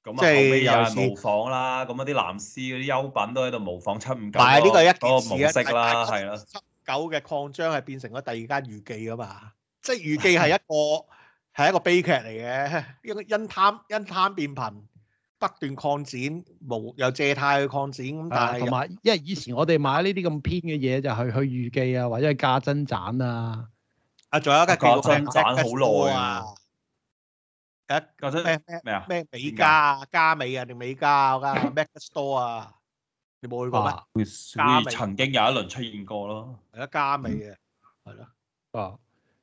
咁即係有人模仿啦，咁啲藍絲嗰啲優品都喺度模仿、啊、模七五九，但係呢個係一件模式啦，係咯，七九嘅擴張係變成咗第二間預記㗎嘛，即係預記係一個係 一個悲劇嚟嘅，因貪因貪因貪變貧不斷擴展，無又借貸去擴展，咁但係同埋因為以前我哋買呢啲咁偏嘅嘢就係去預記啊，或者係價真棧啊，啊仲有一間價真棧好耐啊。誒，究竟咩咩咩啊？咩美加啊？加美啊？定美加啊？Mac Store 啊？你冇去過咩？加美曾經有一輪出現過咯，係啊，加美嘅，係咯。啊，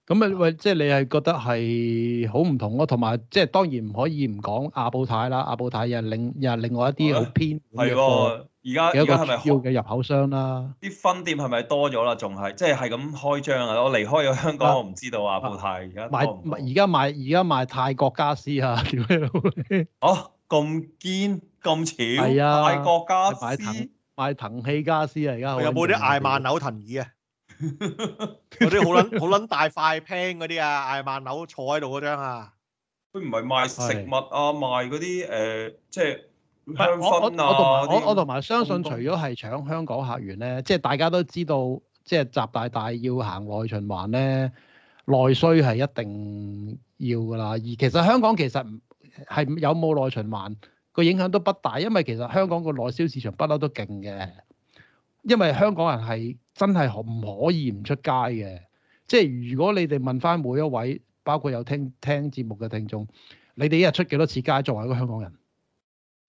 咁啊喂，即係你係覺得係好唔同咯，同埋即係當然唔可以唔講阿布太啦，阿布太又另又係另外一啲好偏嘅科。而家而家係咪叫嘅入口商啦？啲分店係咪多咗啦？仲係即係係咁開張啊！我離開咗香港，我唔知道啊！鋪泰而家賣而家賣而家賣泰國傢俬啊！屌你！哦咁堅咁潮，泰國傢俬賣藤賣藤器傢俬啊！而家有冇啲艾曼紐藤椅啊？嗰啲好撚好撚大塊 pan 嗰啲啊！艾曼紐坐喺度嗰張啊！佢唔係賣食物啊，賣嗰啲誒即係。我同我我同埋相信，除咗係搶香港客源咧，即係大家都知道，即係習大大要行內循環咧，內需係一定要噶啦。而其實香港其實係有冇內循環，個影響都不大，因為其實香港個內銷市場不嬲都勁嘅，因為香港人係真係可唔可以唔出街嘅？即係如果你哋問翻每一位，包括有聽聽節目嘅聽眾，你哋一日出幾多次街，作為一個香港人？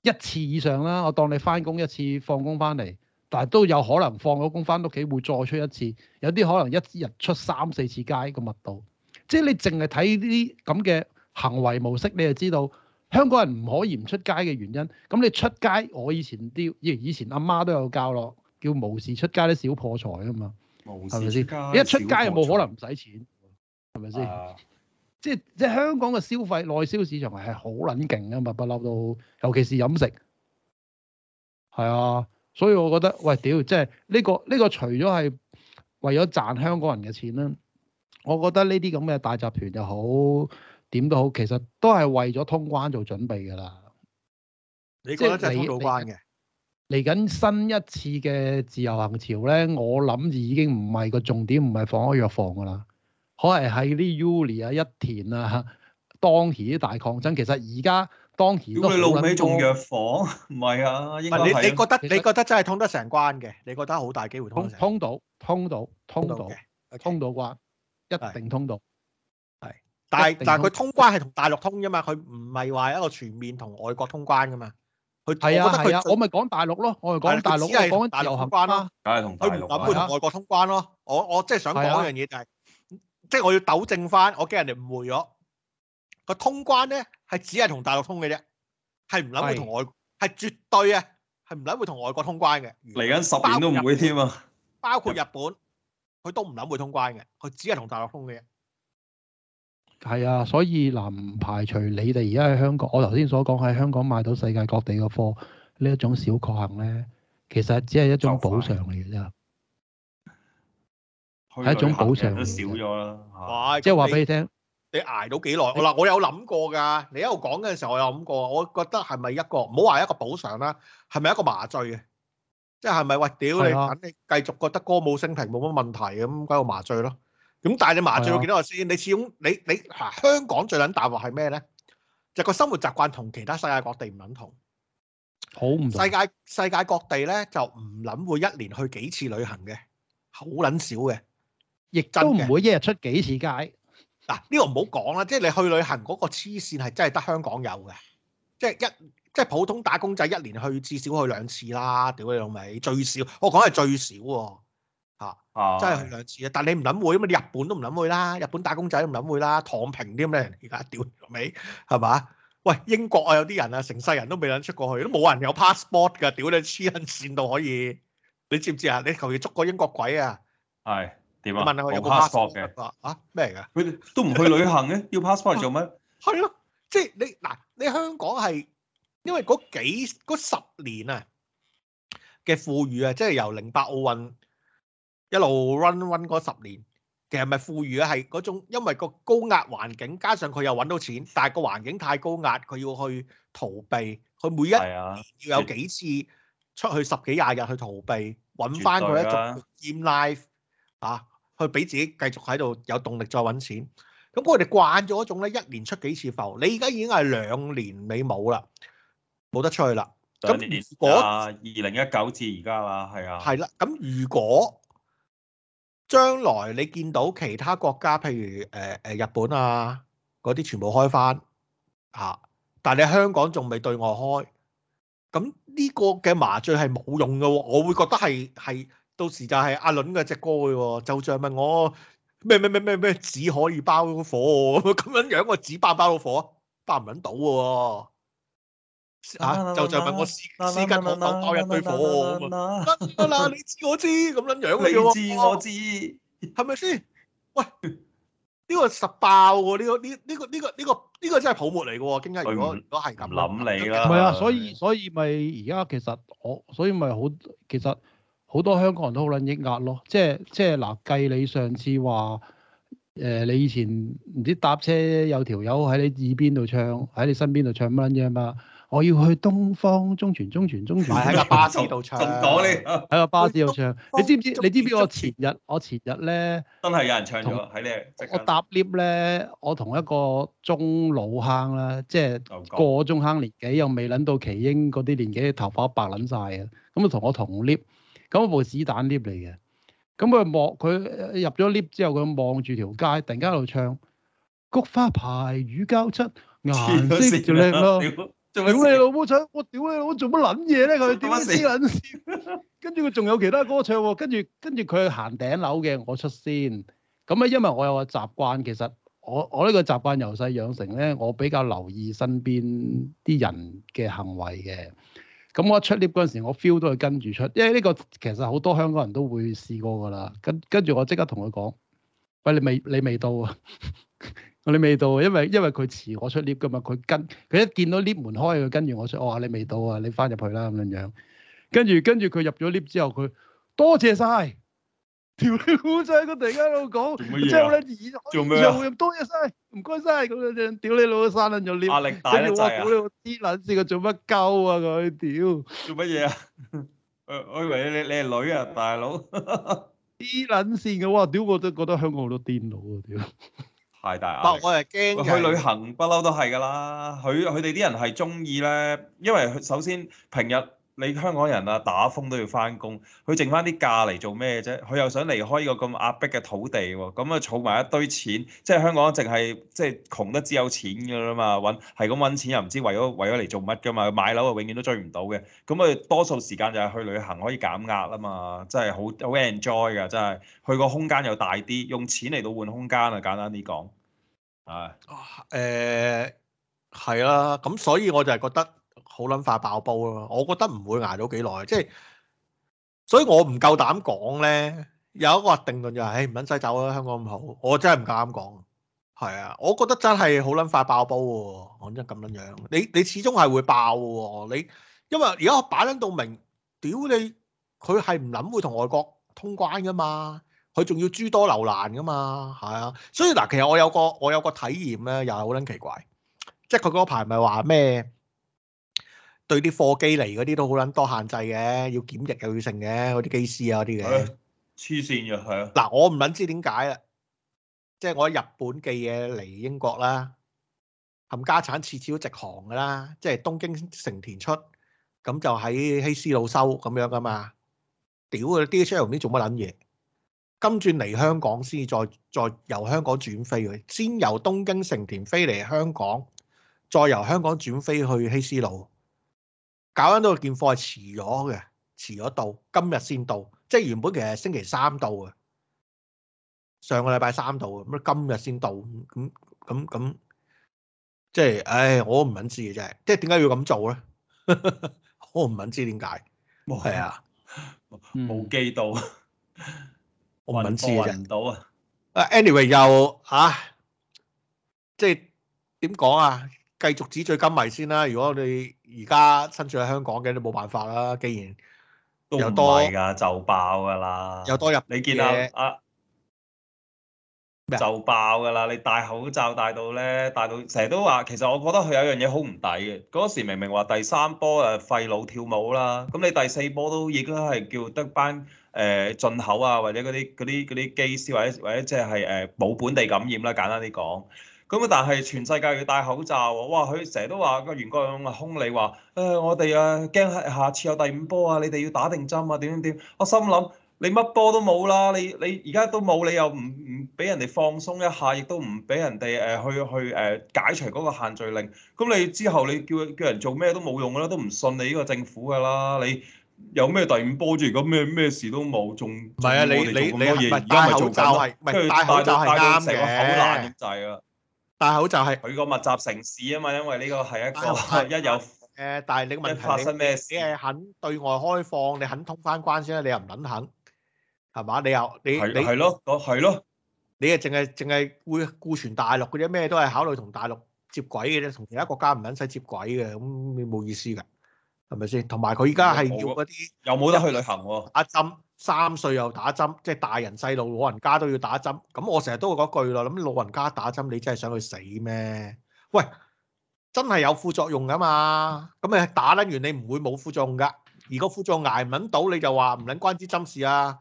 一次以上啦，我當你翻工一次，放工翻嚟，但係都有可能放咗工翻屋企會再出一次，有啲可能一日出三四次街個密度，即係你淨係睇呢啲咁嘅行為模式，你就知道香港人唔可以唔出街嘅原因。咁你出街，我以前啲，以前阿媽都有教咯，叫無事出街啲小破財啊嘛，係咪先？無事一出街又冇可能唔使錢，係咪先？啊即係即係香港嘅消費內銷市場係好撚勁嘅，密不溜到，尤其是飲食，係啊，所以我覺得喂屌，即係呢個呢個除咗係為咗賺香港人嘅錢啦，我覺得呢啲咁嘅大集團又好點都好，其實都係為咗通關做準備㗎啦。你覺得就你即係一陣通關嘅？嚟緊新一次嘅自由行潮咧，我諗已經唔係個重點，唔係放開藥房㗎啦。可能喺啲 uni 啊、一田啊、當時啲大抗爭，其實而家當時都好老尾仲藥房？唔係啊，你你覺得你覺得真係通得成關嘅？你覺得好大機會通？通到通到通到嘅，通到關一定通到。係，但係但係佢通關係同大陸通啫嘛，佢唔係話一個全面同外國通關噶嘛。佢係啊係我咪講大陸咯，我咪講大陸，因係講喺大陸關啦。梗係同大陸關啦，佢唔會同外國通關咯。我我即係想講一樣嘢就係。即係我要糾正翻，我驚人哋誤會咗個通關咧，係只係同大陸通嘅啫，係唔諗會同外，係絕對啊，係唔諗會同外國通關嘅。嚟緊十年都唔會添啊！包括日本，佢都唔諗會通關嘅，佢只係同大陸通嘅啫。係啊，所以嗱，唔排除你哋而家喺香港，我頭先所講喺香港買到世界各地嘅貨呢，一種小確幸咧，其實只係一種補償嚟嘅啫。係一種補償，少咗啦。唔係，即係話俾你聽，你挨到幾耐？嗱，我有諗過㗎。你喺度講嗰陣時候，我有諗過。我覺得係咪一個唔好話一個補償啦，係咪一個麻醉嘅？即係係咪話屌你，等你繼續覺得歌舞升平冇乜問題咁，嗰個麻醉咯？咁但係你麻醉到幾多個先？你始終你你嗱，香港最撚大鑊係咩咧？就個生活習慣同其他世界各地唔撚同，好唔同，世界世界各地咧就唔撚會一年去幾次旅行嘅，好撚少嘅。亦都唔會一日出幾次街嗱？呢個唔好講啦，即係你去旅行嗰個黐線係真係得香港有嘅，即係一即係普通打工仔一年去至少去兩次啦。屌你老味，最少，我講係最少喎嚇，真係去兩次啊！啊啊次但係你唔諗會啊嘛？你日本都唔諗去啦，日本打工仔都唔諗去啦，躺平啲咩而家？屌你老味，係嘛？喂英國啊，有啲人啊，成世人都未撚出過去，都冇人有 passport 㗎。屌你黐撚線到可以，你知唔知啊？你求其捉個英國鬼啊？係，嗯。問我有冇 passport 嘅？啊咩嚟㗎？佢哋都唔去旅行嘅，要 passport 做乜？係咯，即係你嗱，你香港係因為嗰幾嗰十年啊嘅富裕啊，即係由零八奧運一路 run run 嗰十年，其實唔係富裕啊，係嗰種因為個高壓環境，加上佢又揾到錢，但係個環境太高壓，佢要去逃避，佢每一年要有幾次出去十幾廿日去逃避，揾翻佢一種 joy in life 啊。佢俾自己繼續喺度有動力再揾錢，咁我哋慣咗一種咧，一年出幾次浮，你而家已經係兩年尾冇啦，冇得出去啦。咁兩年啊，二零一九至而家啦，係啊，係啦。咁如果將來你見到其他國家，譬如誒誒、呃、日本啊嗰啲全部開翻啊，但係你香港仲未對外開，咁呢個嘅麻醉係冇用嘅喎。哦，我會覺得係係。到時就係阿倫嘅隻歌嘅喎，就像問我咩咩咩咩咩，只可以包火咁樣樣，我只包包到火啊？包唔撚到喎，就像問我絲絲巾可否包一堆火啊？得啦，你知我知咁樣樣你知我知，係咪先？喂，呢個實爆喎，呢個呢呢個呢個呢個呢個真係泡沫嚟嘅喎，點解如果如果係咁諗你啦？唔係啊，所以所以咪而家其實我所以咪好其實。好多香港人都好撚抑壓咯，即係即係嗱，計你上次話誒，你以前唔知搭車有條友喺你耳邊度唱，喺你身邊度唱乜撚嘢嘛？我要去東方中傳中傳中傳喺個巴士度唱，仲講呢？喺個巴士度唱，你知唔知？你知唔知我前日我前日咧真係有人唱咗喺你，我搭 lift 咧，我同一個中老坑啦，即係個中坑年紀又未撚到奇英嗰啲年紀，頭髮白撚晒。啊！咁啊，同我同 lift。咁部子彈 lift 嚟嘅，咁佢望佢入咗 lift 之後，佢望住條街，突然間喺度唱《菊花牌乳膠漆》，顏色就靚咯，仲係咁你老母唱，我屌你老母做乜撚嘢咧佢，屌、哦、死撚先， 跟住佢仲有其他歌唱喎，跟住跟住佢行頂樓嘅，我先出先，咁、嗯、咧因為我有個習慣，其實我我呢個習慣由細養成咧，我比較留意身邊啲人嘅行為嘅。咁我一出 lift 嗰陣時，我 feel 都係跟住出，因為呢個其實好多香港人都會試過㗎啦。跟跟住我即刻同佢講，喂，你未你未到啊！你未到啊， 因為因為佢遲我出 lift 㗎嘛，佢跟佢一見到 lift 門開，佢跟住我出，我、哦、話你未到啊，你翻入去啦咁樣樣。跟住跟住佢入咗 lift 之後，佢多謝晒。條女佢突然間喺度講，即係好得意，又多嘢晒，唔該晒咁樣樣，屌你老細散捻做鳥，壓力大啊！啲捻線佢做乜鳩啊佢屌？做乜嘢啊？我我以為你你係女啊大佬，啲捻線嘅話屌，我都覺得香港好多癲佬啊屌，太大啊！但係我係驚，去旅行不嬲都係噶啦，佢佢哋啲人係中意咧，因為首先平日。你香港人啊，打風都要翻工，佢剩翻啲假嚟做咩啫？佢又想離開個咁壓迫嘅土地喎，咁啊儲埋一堆錢，即係香港淨係即係窮得只有錢噶啦嘛，揾係咁揾錢又唔知為咗為咗嚟做乜噶嘛，買樓啊永遠都追唔到嘅，咁啊多數時間就係去旅行可以減壓啦嘛，真係好 enjoy 噶，真係，去個空間又大啲，用錢嚟到換空間啊簡單啲講、欸、啊，誒係啦，咁所以我就係覺得。好撚快爆煲啊，我覺得唔會挨咗幾耐，即係所以我唔夠膽講咧。有一個定論就係：唉，唔撚使走啦，香港咁好。我真係唔夠膽講，係啊！我覺得真係好撚快爆煲喎！我真係咁撚樣。你你始終係會爆喎，你因為而家我擺撚到明，屌你佢係唔撚會同外國通關嘅嘛？佢仲要諸多留難嘅嘛？係啊！所以嗱，其實我有個我有個體驗咧，又係好撚奇怪，即係佢嗰排咪話咩？對啲貨機嚟嗰啲都好撚多限制嘅，要檢疫又要剩嘅，嗰啲機師啊嗰啲嘅。黐線嘅係啊！嗱，我唔撚知點解啊？即係我喺日本寄嘢嚟英國啦，冚家產次次都直航㗎啦，即係東京成田出，咁就喺希斯路收咁樣㗎嘛。屌啊！DHL 唔知做乜撚嘢，今轉嚟香港先，再再由香港轉飛佢，先由東京成田飛嚟香港，再由香港轉飛去希斯路。搞緊嗰件貨係遲咗嘅，遲咗到，今日先到，即係原本其實星期三到嘅，上個禮拜三到嘅，今日先到？咁咁咁，即係，唉，我唔忍知嘅真係，即係點解要咁做咧？ 我唔忍知點解？冇係 啊，冇記到，我唔忍知嘅啫。到啊，anyway 又啊，即係點講啊？繼續紙醉金迷先啦！如果你而家身處喺香港嘅，你冇辦法啦。既然又多都，就爆噶啦！又多入，你見啊啊！麼就爆噶啦！你戴口罩戴到咧，戴到成日都話。其實我覺得佢有一樣嘢好唔抵嘅。嗰時明明話第三波誒廢老跳舞啦，咁你第四波都已經係叫得班誒、呃、進口啊，或者嗰啲啲啲機師，或者或者即係誒冇本地感染啦，簡單啲講。咁啊！但係全世界要戴口罩喎，哇！佢成日都話個袁國勇啊，兇你話誒，我哋啊驚係下次有第五波啊，你哋要打定針啊，點點點。我心諗你乜波都冇啦，你你而家都冇，你又唔唔俾人哋放鬆一下，亦都唔俾人哋誒去去誒解除嗰個限聚令。咁你之後你叫叫人做咩都冇用啦，都唔信你呢個政府噶啦。你有咩第五波啫？如果咩咩事都冇，仲唔係啊？你你你戴口罩係戴口罩係啱嘅，口爛熱滯啊！戴口罩就係佢個密集城市啊嘛，因為呢個係一個一有誒，但係你個問題，一發生咩事，你肯對外開放，你肯通翻關先啦，你又唔肯肯，係嘛？你又你係係咯，係咯，你啊淨係淨係會顧全大陸嗰啲咩都係考慮同大陸接軌嘅啫，同其他國家唔肯使接軌嘅，咁你冇意思㗎。係咪先？同埋佢而家係要嗰啲，又冇得去旅行喎。阿針三歲又打針，即係大人細路老人家都要打針。咁我成日都會講句咯，諗老人家打針，你真係想去死咩？喂，真係有副作用噶嘛？咁你打撚完你唔會冇副作用噶。如果副作用捱唔撚到，你就話唔撚關支針事啊？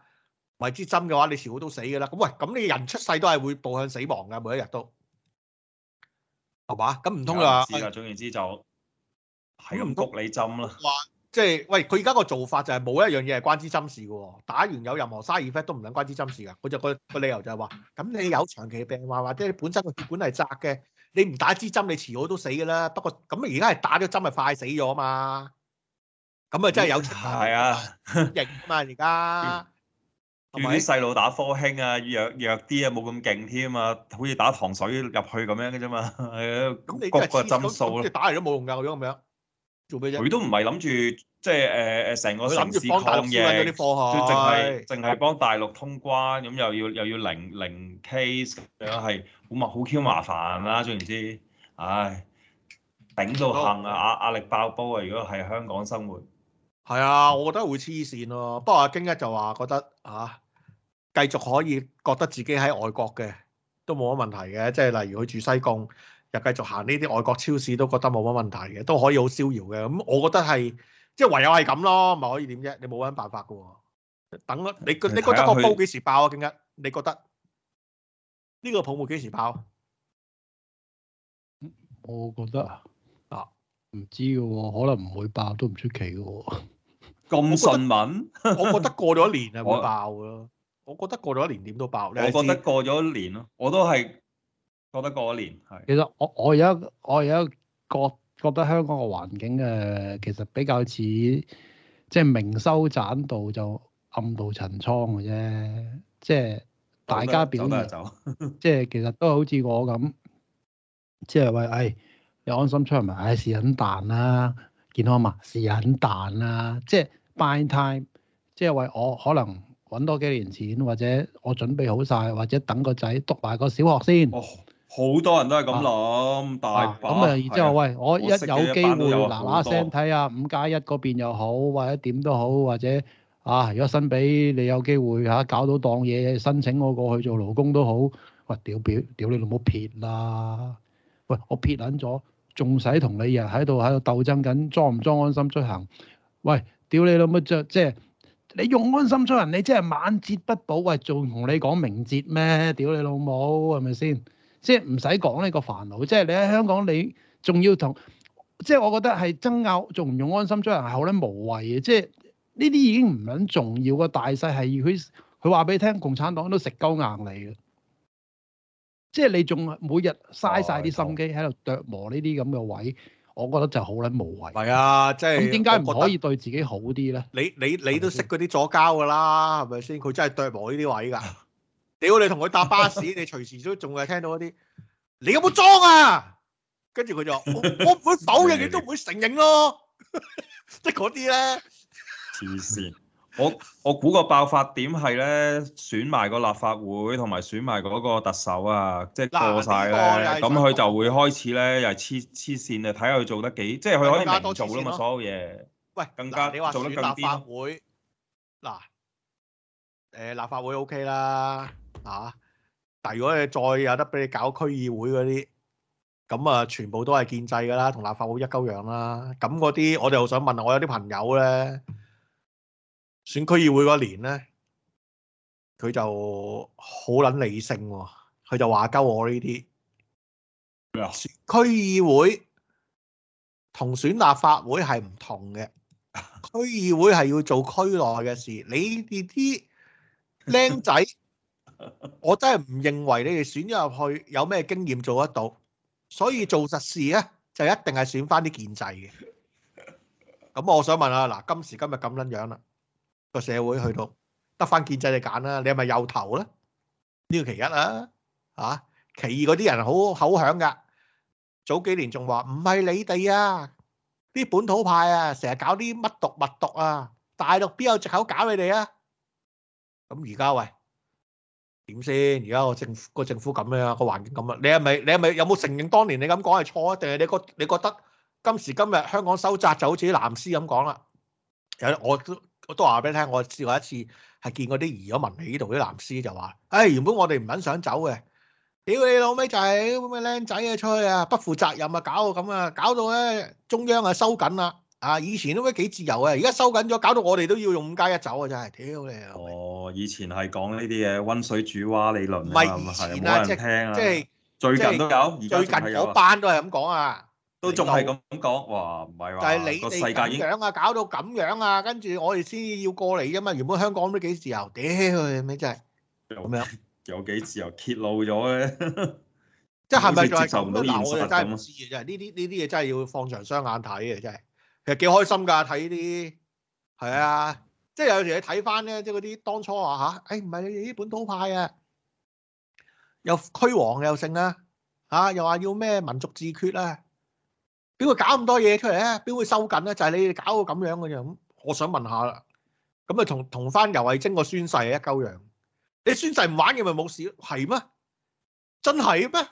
為支針嘅話，你遲早都死噶啦。咁喂，咁你人出世都係會步向死亡噶，每一日都係嘛？咁唔通啊？事啊，總言之就。係咁焗你針啦，即係道喂，佢而家個做法就係冇一樣嘢係關支針事嘅喎。哦，打完有任何 side effect 都唔想關支針事嘅，佢就個個 理由就係話，咁你有長期病患或者你本身個血管係窄嘅，你唔打支針你遲早都死嘅啦。不過咁而家係打咗針係快死咗嘛，咁啊真係有型是啊，型啊嘛而家，同埋啲細路打科興啊，弱弱啲啊，冇咁勁添啊，好似打糖水入去咁樣嘅啫嘛，啊，咁你個 針數即你 打嚟都冇用嘅，我咁樣。佢都唔係諗住，即係誒誒成個城市抗嘢，即係淨係淨係幫大陸通關，咁又要又要零零 case 咁樣係，咁咪好 Q 麻煩啦！總言之，唉，頂到行啊，壓壓力爆煲啊！如果喺香港生活，係啊，我覺得會黐線咯。不過阿、啊、京一就話覺得嚇、啊，繼續可以覺得自己喺外國嘅都冇乜問題嘅，即、就、係、是、例如佢住西貢。又繼續行呢啲外國超市都覺得冇乜問題嘅，都可以好逍遙嘅。咁我覺得係，即係唯有係咁咯，咪可以點啫？你冇揾辦法嘅喎。等啊，你覺你覺得個煲幾時爆啊？點解？你覺得呢個泡沫幾時爆？我覺得啊，唔知嘅喎，可能唔會爆都唔出奇嘅喎。咁順民，我覺得過咗一年係會爆咯。我覺得過咗一年點都爆。我覺得過咗一年咯，我都係。覺得過咗年係，其實我我而家我而家覺得覺得香港個環境誒，其實比較似即係明修棧道就暗度陳倉嘅啫。即、就、係、是、大家表面即係其實都好似我咁，即係為誒你安心出嚟，唉、哎，是忍淡啦，健康嘛、啊就是忍淡啦。即係 buy time，即係為我可能搵多幾年錢，或者我準備好晒，或者等個仔讀埋個小學先。哦好多人都係咁諗，大把咁啊！然之後，喂，我一有機會，嗱嗱聲睇下五加一嗰邊又好，或者點都好，或者啊，如果新比你有機會嚇搞到檔嘢，申請我過去做勞工都好。喂，屌表，屌你老母撇啦！喂，我撇撚咗，仲使同你日喺度喺度鬥爭緊，裝唔裝安心出行？喂，屌你老母，即即係你用安心出行，你真係晚節不保。喂，仲同你講名節咩？屌你老母，係咪先？即係唔使講呢個煩惱，即係你喺香港你仲要同，即係我覺得係爭拗，仲唔用安心將人係好撚無謂嘅。即係呢啲已經唔撚重要個大勢，係佢佢話俾你聽，共產黨都食夠硬你嘅。即係你仲每日嘥曬啲心機喺度啄磨呢啲咁嘅位，我覺得就好撚無謂。係啊，即係咁點解唔可以對自己好啲咧？你你你都識嗰啲左膠㗎啦，係咪先？佢真係啄磨呢啲位㗎。屌 你同佢搭巴士，你隨時都仲係聽到一啲，你有冇裝啊？跟住佢就我唔會否認，亦都唔會承認咯，即係嗰啲咧。黐線！我我估個爆發點係咧選埋個立法會同埋選埋嗰個特首啊，即係過晒咧，咁佢就會開始咧又係黐黐線啊！睇下佢做得幾，即係佢可以明做啦嘛，所有嘢。喂，更加做得更啲立法會。嗱。誒、呃，立法會 OK 啦，啊！但如果你再有得俾你搞區議會嗰啲，咁啊，全部都係建制噶啦，同立法會一鳩樣啦。咁嗰啲，我就想問啊，我有啲朋友咧，選區議會嗰年咧，佢就好捻理性、啊，佢就話鳩我呢啲咩啊？區議會同選立法會係唔同嘅，區議會係要做區內嘅事，你哋啲。僆仔，我真係唔認為你哋選咗入去有咩經驗做得到，所以做實事咧就一定係選翻啲建制嘅。咁我想問啊，嗱，今時今日咁撚樣啦，個社會去到得翻建制就揀啦，你係咪有頭咧？呢個其一啊，嚇。其二嗰啲人好口響噶，早幾年仲話唔係你哋啊，啲本土派啊，成日搞啲乜獨乜獨啊，大陸邊有借口搞你哋啊？咁而家喂點先？而家個政個政府咁樣，個環境咁啊！你係咪你係咪有冇承認當年你咁講係錯啊？定係你覺你覺得今時今日香港收窄就好似啲藍絲咁講啦？有我都我都話俾你聽，我試過一次係見嗰見過啲移咗民嚟呢度啲藍絲就話，唉，原本我哋唔撚想走嘅，屌你老味仔，咁嘅靚仔啊，出去啊，不負責任啊，搞到咁啊，搞到咧中央啊收緊啦！啊！以前都咩幾自由嘅，而家收緊咗，搞到我哋都要用五加一走啊！真係，屌你啊！哦，以前係講呢啲嘢，溫水煮蛙理論。唔係以前啊，即係最近都有，最近嗰班都係咁講啊，都仲係咁講。哇，唔係話個世界已經咁樣啊，搞到咁樣啊，跟住我哋先要過嚟㗎嘛。原本香港都幾自由，屌你真係咩？有幾自由揭露咗咧？即係係咪再接受唔到現實咁啊？真係呢啲呢啲嘢真係要放長雙眼睇嘅，真係。其實幾開心㗎，睇呢啲係啊，即係有時你睇翻咧，即係啲當初話嚇，誒唔係你哋啲本土派啊，又驅王又勝啦、啊，嚇、啊、又話要咩民族自決啊，邊會搞咁多嘢出嚟咧？邊會收緊咧？就係、是、你哋搞到咁樣嘅樣。我想問下啦，咁啊同同翻游蕙禎個宣誓一鳩樣，你宣誓唔玩嘅咪冇事咯，係咩？真係咩？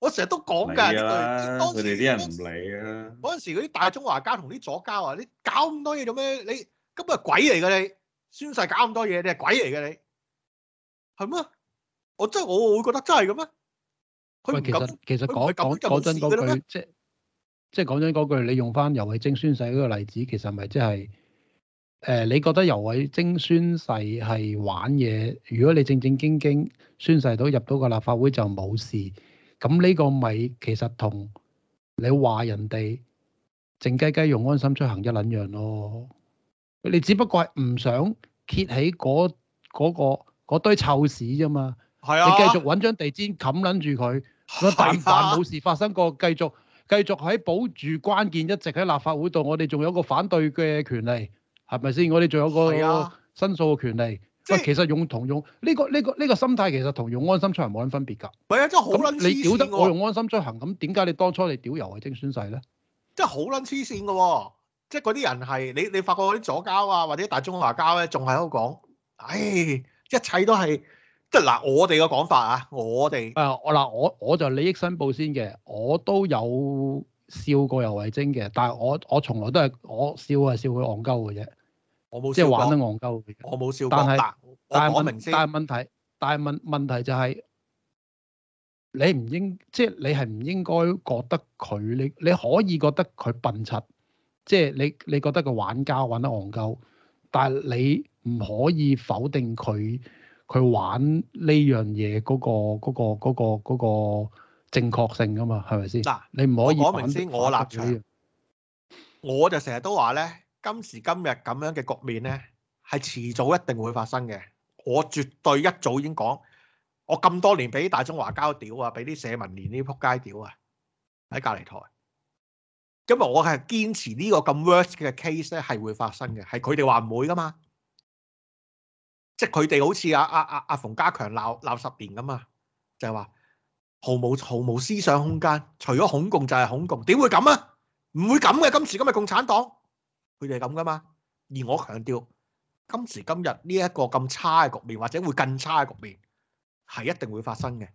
我成日都講噶，你當時啲人唔理啊。嗰陣時嗰啲大中華膠同啲左膠啊，你搞咁多嘢做咩？你今日鬼嚟噶你，宣誓搞咁多嘢，你係鬼嚟噶你，係咩？我真我會覺得真係噶咩？佢唔敢，其實講講真句，即即講真句，你用翻游蕙禎宣誓嗰個例子，其實咪即係誒？你覺得游蕙禎宣誓係玩嘢？如果你正正經經，經宣誓到入到個立法會就冇事。咁呢個咪其實同你話人哋靜雞雞用安心出行一撚樣咯，你只不過係唔想揭起嗰、嗰個嗰個、堆臭屎啫嘛。係啊，你繼續揾張地氈冚撚住佢，但係冇事發生過，繼續繼續喺保住關鍵一直喺立法會度，我哋仲有個反對嘅權利，係咪先？我哋仲有個申訴嘅權利。即其實用同用呢個呢、這個呢、這個心態其實同用安心出行冇乜分別㗎。唔啊不，嗯、真係好撚你屌得我用安心出行，咁點解你當初你屌游蕙禎宣誓咧？即係好撚黐線㗎！即係嗰啲人係你你發覺嗰啲左膠啊或者大中華膠咧、啊，仲係喺度講，唉，一切都係即係嗱，我哋嘅講法啊，我哋誒我嗱我我就利益申報先嘅，我都有笑過游蕙禎嘅，但係我我從來都係我笑係笑佢戇鳩嘅啫。我冇即係玩得戇鳩是、啊，我冇笑。但係但係但係問題，但係問問題就係、是、你唔應，即、就、係、是、你係唔應該覺得佢，你你可以覺得佢笨柒，即、就、係、是、你你覺得個玩家玩得戇鳩，但係你唔可以否定佢佢玩呢樣嘢嗰個、那個、那個、那個那個正確性噶嘛，係咪先？嗱、啊，你唔可以講明先，得我立場，樣我就成日都話咧。今時今日咁樣嘅局面呢，係遲早一定會發生嘅。我絕對一早已經講，我咁多年俾大中華交屌啊，俾啲社民連啲撲街屌啊，喺隔離台。今日我係堅持這個這呢個咁 worst 嘅 case 呢，係會發生嘅。係佢哋話唔會噶嘛，即係佢哋好似阿阿阿阿馮家強鬧鬧十年咁嘛，就係、是、話毫無毫無思想空間，除咗恐共就係恐共，點會咁啊？唔會咁嘅，今時今日共產黨。佢哋係咁噶嘛？而我強調今時今日呢一個咁差嘅局面，或者會更差嘅局面，係一定會發生嘅。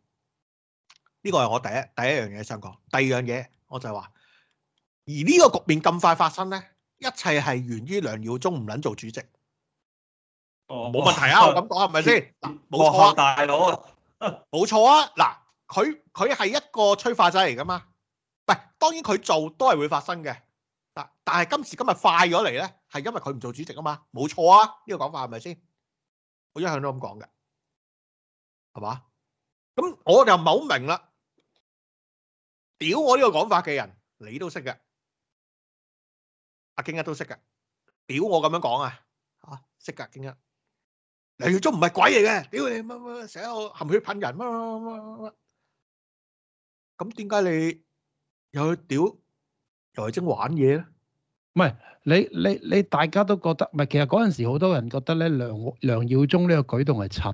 呢個係我第一第一樣嘢想講，第二樣嘢我就係話，而呢個局面咁快發生咧，一切係源於梁耀忠唔捻做主席。哦，冇問題啊，我咁講係咪先？冇錯啊，大佬，冇錯啊。嗱，佢佢係一個催化劑嚟噶嘛？唔係，當然佢做都係會發生嘅。但但係今時今日快咗嚟咧，係因為佢唔做主席啊嘛，冇錯啊，呢個講法係咪先？我一向都咁講嘅，係嘛？咁我就唔係好明啦。屌我呢個講法嘅人，你都識嘅，阿京一都識嘅。屌我咁樣講啊？吓，識噶京一。梁耀忠唔係鬼嚟嘅，屌你乜乜，成日含血噴人乜乜乜乜。咁點解你又去屌？又係正玩嘢咧，唔係你你你大家都覺得，唔係其實嗰陣時好多人覺得咧，梁梁耀忠呢個舉動係柒，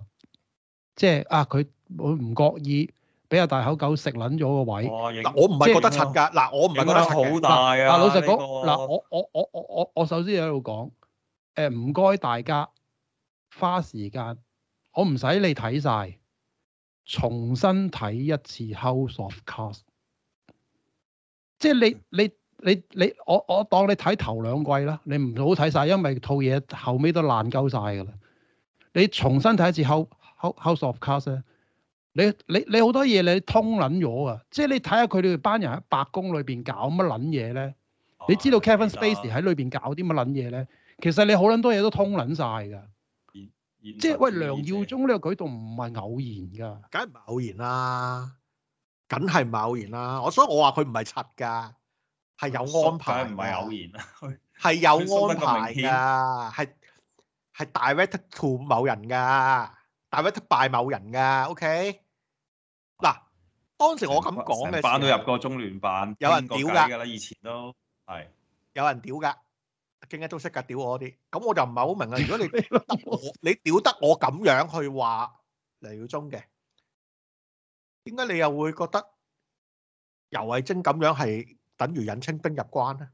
即係啊佢佢唔覺意俾阿大口狗食撚咗個位。我我唔係覺得柒㗎，嗱我唔係覺得柒嘅。好大啊！老實講，嗱、這個啊、我我我我我我，我首先喺度講，誒唔該大家花時間，我唔使你睇晒，重新睇一次 House of Cards, S, 即係你你。你你我我當你睇頭兩季啦，你唔好睇晒，因為套嘢後尾都爛鳩晒噶啦。你重新睇一次 House of Cards 咧，你你你好多嘢你通撚咗啊！即係你睇下佢哋班人喺白宮裏邊搞乜撚嘢咧？你知道 Kevin Spacey 喺裏邊搞啲乜撚嘢咧？啊、其實你好撚多嘢都通撚晒㗎，即係喂梁耀忠呢個舉動唔係偶然㗎，梗係唔係偶然啦、啊，梗係唔係偶然啦、啊。我所以我話佢唔係柒㗎。係有安排，唔係偶然啊！係有安排噶，係係 direct to 某人噶，directby 某人噶，OK？嗱，當時我咁講嘅成班都入過中聯辦，有人屌㗎啦，以前都係有人屌㗎，京一都識㗎屌我啲，咁我就唔係好明啦！如果你屌得我，你屌得我咁樣去話梁耀忠嘅，點解你又會覺得尤慧晶咁樣係？等於引清兵入關咧？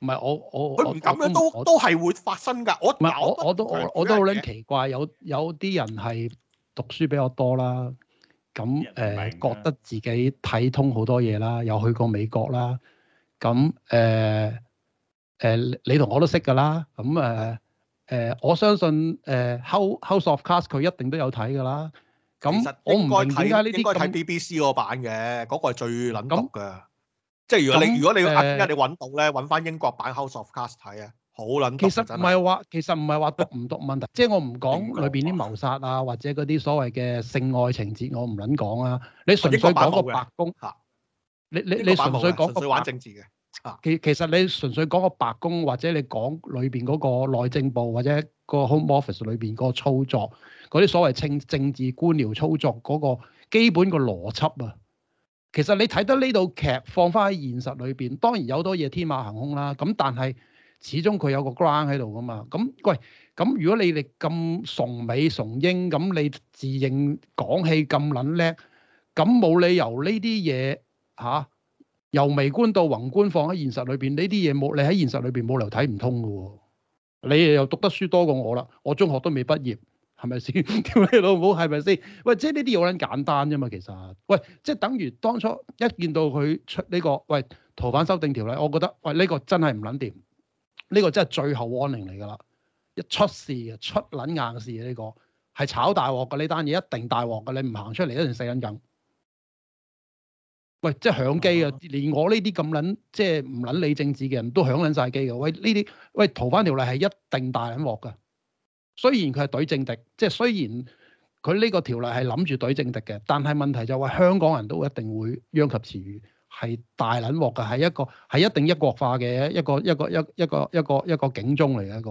唔係我我咁樣我都都係會發生㗎。是我唔係我我都我都好撚奇怪。的有有啲人係讀書比較多啦，咁、嗯、誒的、呃、覺得自己睇通好多嘢啦，又去過美國啦，咁誒誒你同我都識㗎啦。咁誒誒我相信誒 House、呃、House of Cards 佢一定都有睇㗎啦。其實我唔應該睇應該睇 BBC 嗰版嘅，嗰樣個係最撚讀嘅。即係如果你、嗯、如果你而家你揾到咧，揾翻英國版《House of Cards》睇啊，好撚。其實唔係話其實唔係話讀唔讀問題， 即係我唔講裏邊啲謀殺啊，或者嗰啲所謂嘅性愛情節，我唔撚講啊。你純粹講個白宮，啊、你你你純粹講個，啊、個白宮，或者你講裏邊嗰個內政部或者個 Home Office 裏邊個操作。嗰啲所謂政政治官僚操作嗰個基本個邏輯啊，其實你睇得呢套劇放翻喺現實裏邊，當然有好多嘢天馬行空啦。咁但係始終佢有個 ground 喺度噶嘛。咁喂，咁如果你哋咁崇美崇英，咁你自認講戲咁撚叻，咁冇理由呢啲嘢嚇由微觀到宏觀放喺現實裏邊，呢啲嘢冇你喺現實裏邊冇理由睇唔通噶。你又讀得書多過我啦，我中學都未畢業。係咪先？屌 你老母係咪先？喂，即係呢啲好撚簡單啫嘛，其實。喂，即係等於當初一見到佢出呢、這個喂逃犯修訂條例，我覺得喂呢、這個真係唔撚掂，呢、這個真係最後 warning 嚟㗎啦。一出事啊，出撚硬嘅事呢、這個係炒大鑊㗎呢單嘢，一定大鑊㗎。你唔行出嚟一定死撚緊。喂，即係響機啊！連我呢啲咁撚即係唔撚理政治嘅人都響撚晒機㗎。喂，呢啲喂逃犯條例係一定大撚鑊㗎。雖然佢係對政敵，即係雖然佢呢個條例係諗住對政敵嘅，但係問題就係香港人都一定會殃及池魚，係大撚鑊㗎，係一個係一定一國化嘅一個一個一一個一個一個，一個警鐘嚟嘅一個，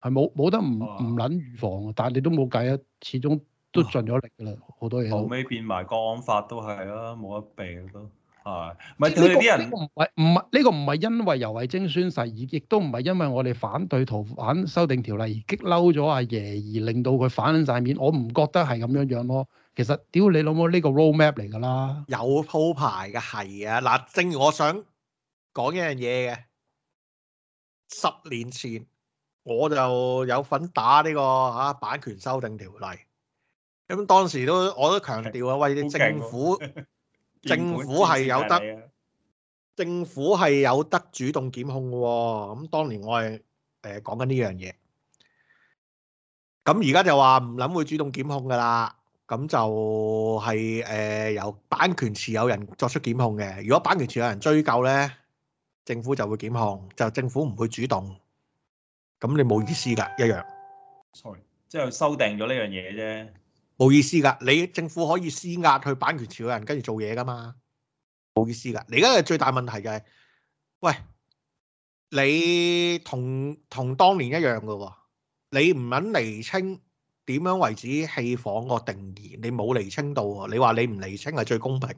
係冇冇得唔唔撚預防㗎，但係你都冇計啊，始終都盡咗力㗎啦，好多嘢後尾變埋、啊《國安法》都係啦，冇得避都。啊！唔係呢個唔係唔係呢個唔係、這個、因為游蕙禎宣誓而，亦都唔係因為我哋反對逃犯反修訂條例而激嬲咗阿爺而令到佢反晒面，我唔覺得係咁樣樣咯。其實屌你老母呢個 road map 嚟㗎啦，有鋪排嘅係啊！嗱，正如我想講一樣嘢嘅，十年前我就有份打呢、這個嚇、啊、版權修訂條例，咁、嗯、當時都我都強調啊，為政府。政府係有得，政府係有得主動檢控嘅喎。咁當年我係誒講緊呢樣嘢，咁而家就話唔諗會主動檢控㗎喇。咁就係誒由版權持有人作出檢控嘅。如果版權持有人追究呢，政府就會檢控，就政府唔會主動。咁你冇意思㗎一樣，sorry，即係修訂咗呢樣嘢啫。冇意思噶，你政府可以施壓去版權持有人跟住做嘢噶嘛？冇意思噶，你而家嘅最大問題就係，喂，你同同當年一樣噶，哦，你唔肯釐清點樣為止戲仿個定義，你冇釐清到啊！你話你唔釐清係最公平，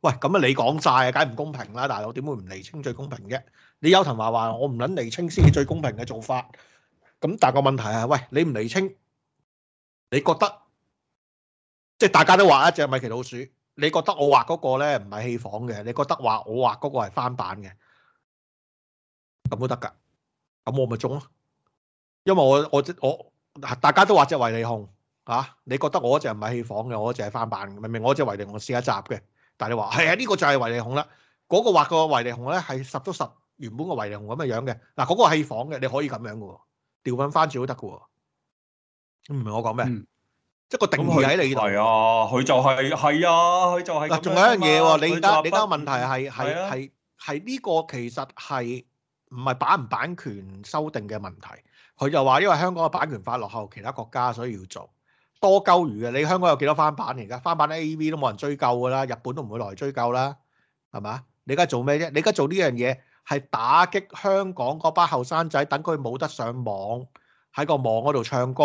喂，咁啊你講晒啊，梗唔公平啦！大佬我點會唔釐清最公平啫？你邱騰華話我唔撚釐清先至最公平嘅做法，咁但係個問題係，喂，你唔釐清，你覺得？即係大家都畫一隻米奇老鼠，你覺得我畫嗰個咧唔係戲仿嘅，你覺得話我畫嗰個係翻版嘅，咁都得噶，咁我咪中咯。因為我我我大家都畫隻維尼熊嚇，你覺得我嗰隻唔係戲仿嘅，我嗰隻係翻版，明明我隻維尼熊試一集嘅，但係你話係啊，呢、這個就係維尼熊啦。嗰、那個畫個維尼熊咧係十足十原本、啊那個維尼熊咁嘅樣嘅，嗱嗰個係戲仿嘅，你可以咁樣嘅，調翻翻轉都得嘅，唔明我講咩？嗯即係個定義喺你度。係啊，佢就係係啊，佢就係。嗱，仲有一樣嘢喎，佢就係，你而家你家問題係係係係呢個其實係唔係版唔版權修訂嘅問題。佢就話因為香港嘅版權法落後其他國家，所以要做多鳩餘嘅。你香港有幾多翻版而家？翻版 A V 都冇人追究㗎啦，日本都唔會嚟追究啦，係嘛？你而家做咩啫？你而家做呢樣嘢係打擊香港嗰班後生仔，等佢冇得上網喺個網嗰度唱歌。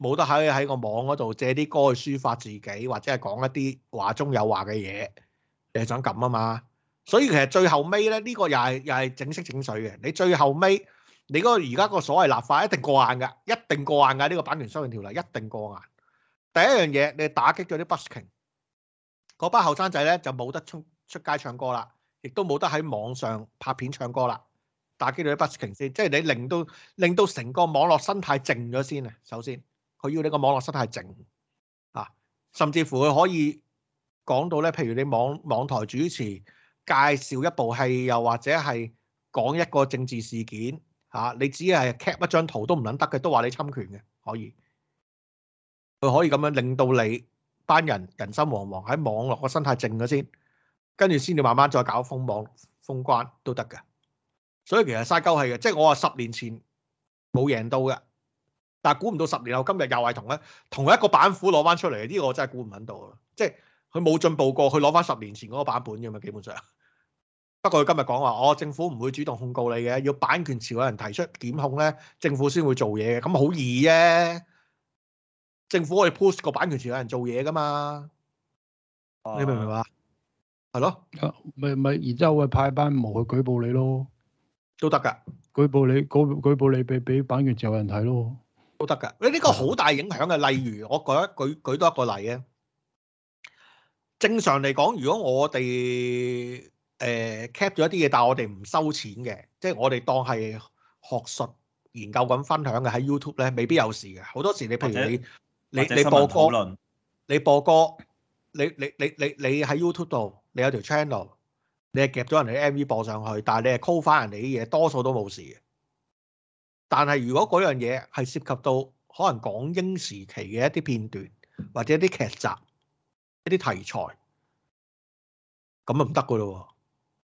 冇得喺喺個網嗰度借啲歌去抒發自己，或者係講一啲話中有話嘅嘢，你係想咁啊嘛？所以其實最後尾咧，呢個又係又係整色整水嘅。你最後尾你嗰個而家個所謂立法一定過硬嘅，一定過硬嘅呢個版權修訂條例一定過硬。第一樣嘢，你打擊咗啲 busking，嗰班後生仔咧就冇得出出街唱歌啦，亦都冇得喺網上拍片唱歌啦。打擊咗啲 busking 先，即係你令到令到成個網絡生態靜咗先啊。首先。佢要你個網絡生態靜啊，甚至乎佢可以講到咧，譬如你網網台主持介紹一部戲，又或者係講一個政治事件嚇，你只係 cap 一張圖都唔撚得嘅，都話你侵權嘅，可以。佢可以咁樣令到你班人人心惶惶，喺網絡個生態靜咗先，跟住先至慢慢再搞封網封關都得嘅。所以其實嘥鳩氣嘅，即係我話十年前冇贏到嘅。但估唔到十年後今日又係同咧，同一個板斧攞翻出嚟，呢、這個我真係估唔到。即係佢冇進步過，佢攞翻十年前嗰個版本嘅咪基本上。不過佢今日講話，我、哦、政府唔會主動控告你嘅，要版權持有人提出檢控咧，政府先會做嘢嘅。咁好易啫，政府可以 post 個版權持有人做嘢噶嘛？你明唔明啊？係咯、uh, 的，咪咪，然之後我會派班模去舉報你咯，都得噶，舉報你，舉舉報你俾俾版權持有人睇咯。都得噶，你呢個好大影響嘅。例如，我舉舉舉多一個例咧。正常嚟講，如果我哋誒 cap 咗一啲嘢，但係我哋唔收錢嘅，即係我哋當係學術研究咁分享嘅喺 YouTube 咧，未必有事嘅。好多時你譬如你你播歌，你播歌，你你你你你喺 YouTube 度，你有條 channel，你係夾咗人哋啲 MV 播上去，但係你係 call 翻人哋啲嘢，多數都冇事嘅。但係如果嗰樣嘢係涉及到可能港英時期嘅一啲片段，或者一啲劇集、一啲題材，咁 你啊唔得噶咯，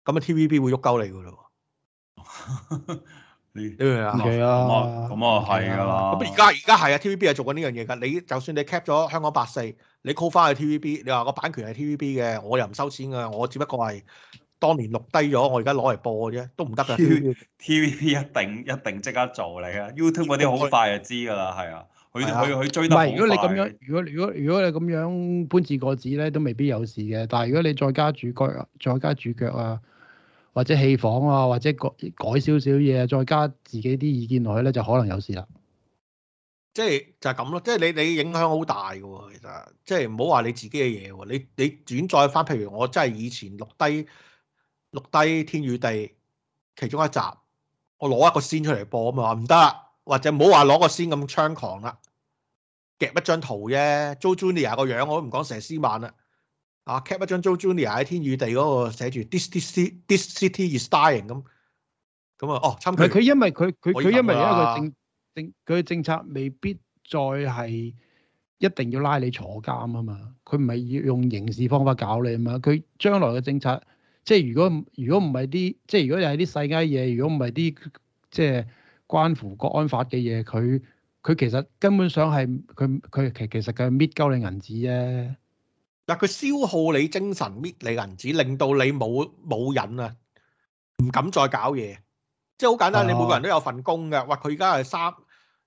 咁啊 TVB 會喐鳩你噶咯，你你咪眼佢啦，咁啊係啊，咁而家而家係啊 TVB 係做緊呢樣嘢噶，你就算你 cap 咗香港八四，你 call 翻去 TVB，你話個版權係 TVB 嘅，我又唔收錢噶，我只不過係。當年錄低咗，我而家攞嚟播嘅啫，都唔得噶。 T.V.B. 一定一定即刻做你啊！YouTube 嗰啲好快就知噶啦，係 啊，佢佢佢追得好快。如果你咁樣，如果如果如果你咁樣搬字過紙咧，都未必有事嘅。但係如果你再加主角，再加主角啊，或者戲房啊，或者改少少嘢，再加自己啲意見落去咧，就可能有事啦。即係就係咁咯，即係你你影響好大嘅喎、哦，其實即係唔好話你自己嘅嘢喎，你你轉載翻，譬如我真係以前錄低。錄低《天與地》其中一集，我攞一個先出嚟播啊嘛，唔得，或者唔好話攞個先咁猖狂啦，夾一張圖啫。Joe Junior 個樣我都唔講佘詩曼啦，啊，cap 一張 Joe Junior 喺《天與地》嗰個寫住 This this this city is dying 咁，咁啊，哦，唔係佢因為佢佢佢因為一個政政佢嘅政策未必再係一定要拉你坐監啊嘛，佢唔係要用刑事方法搞你啊嘛，佢將來嘅政策。即係如果如果唔係啲即係如果你係啲世界嘢，如果唔係啲即係關乎國安法嘅嘢，佢佢其實根本上係佢佢其其實佢搣鳩你銀紙啫。嗱，佢消耗你精神，搣你銀紙，令到你冇冇癮啊，唔敢再搞嘢。即係好簡單，你每個人都有份工㗎。哇！佢而家係三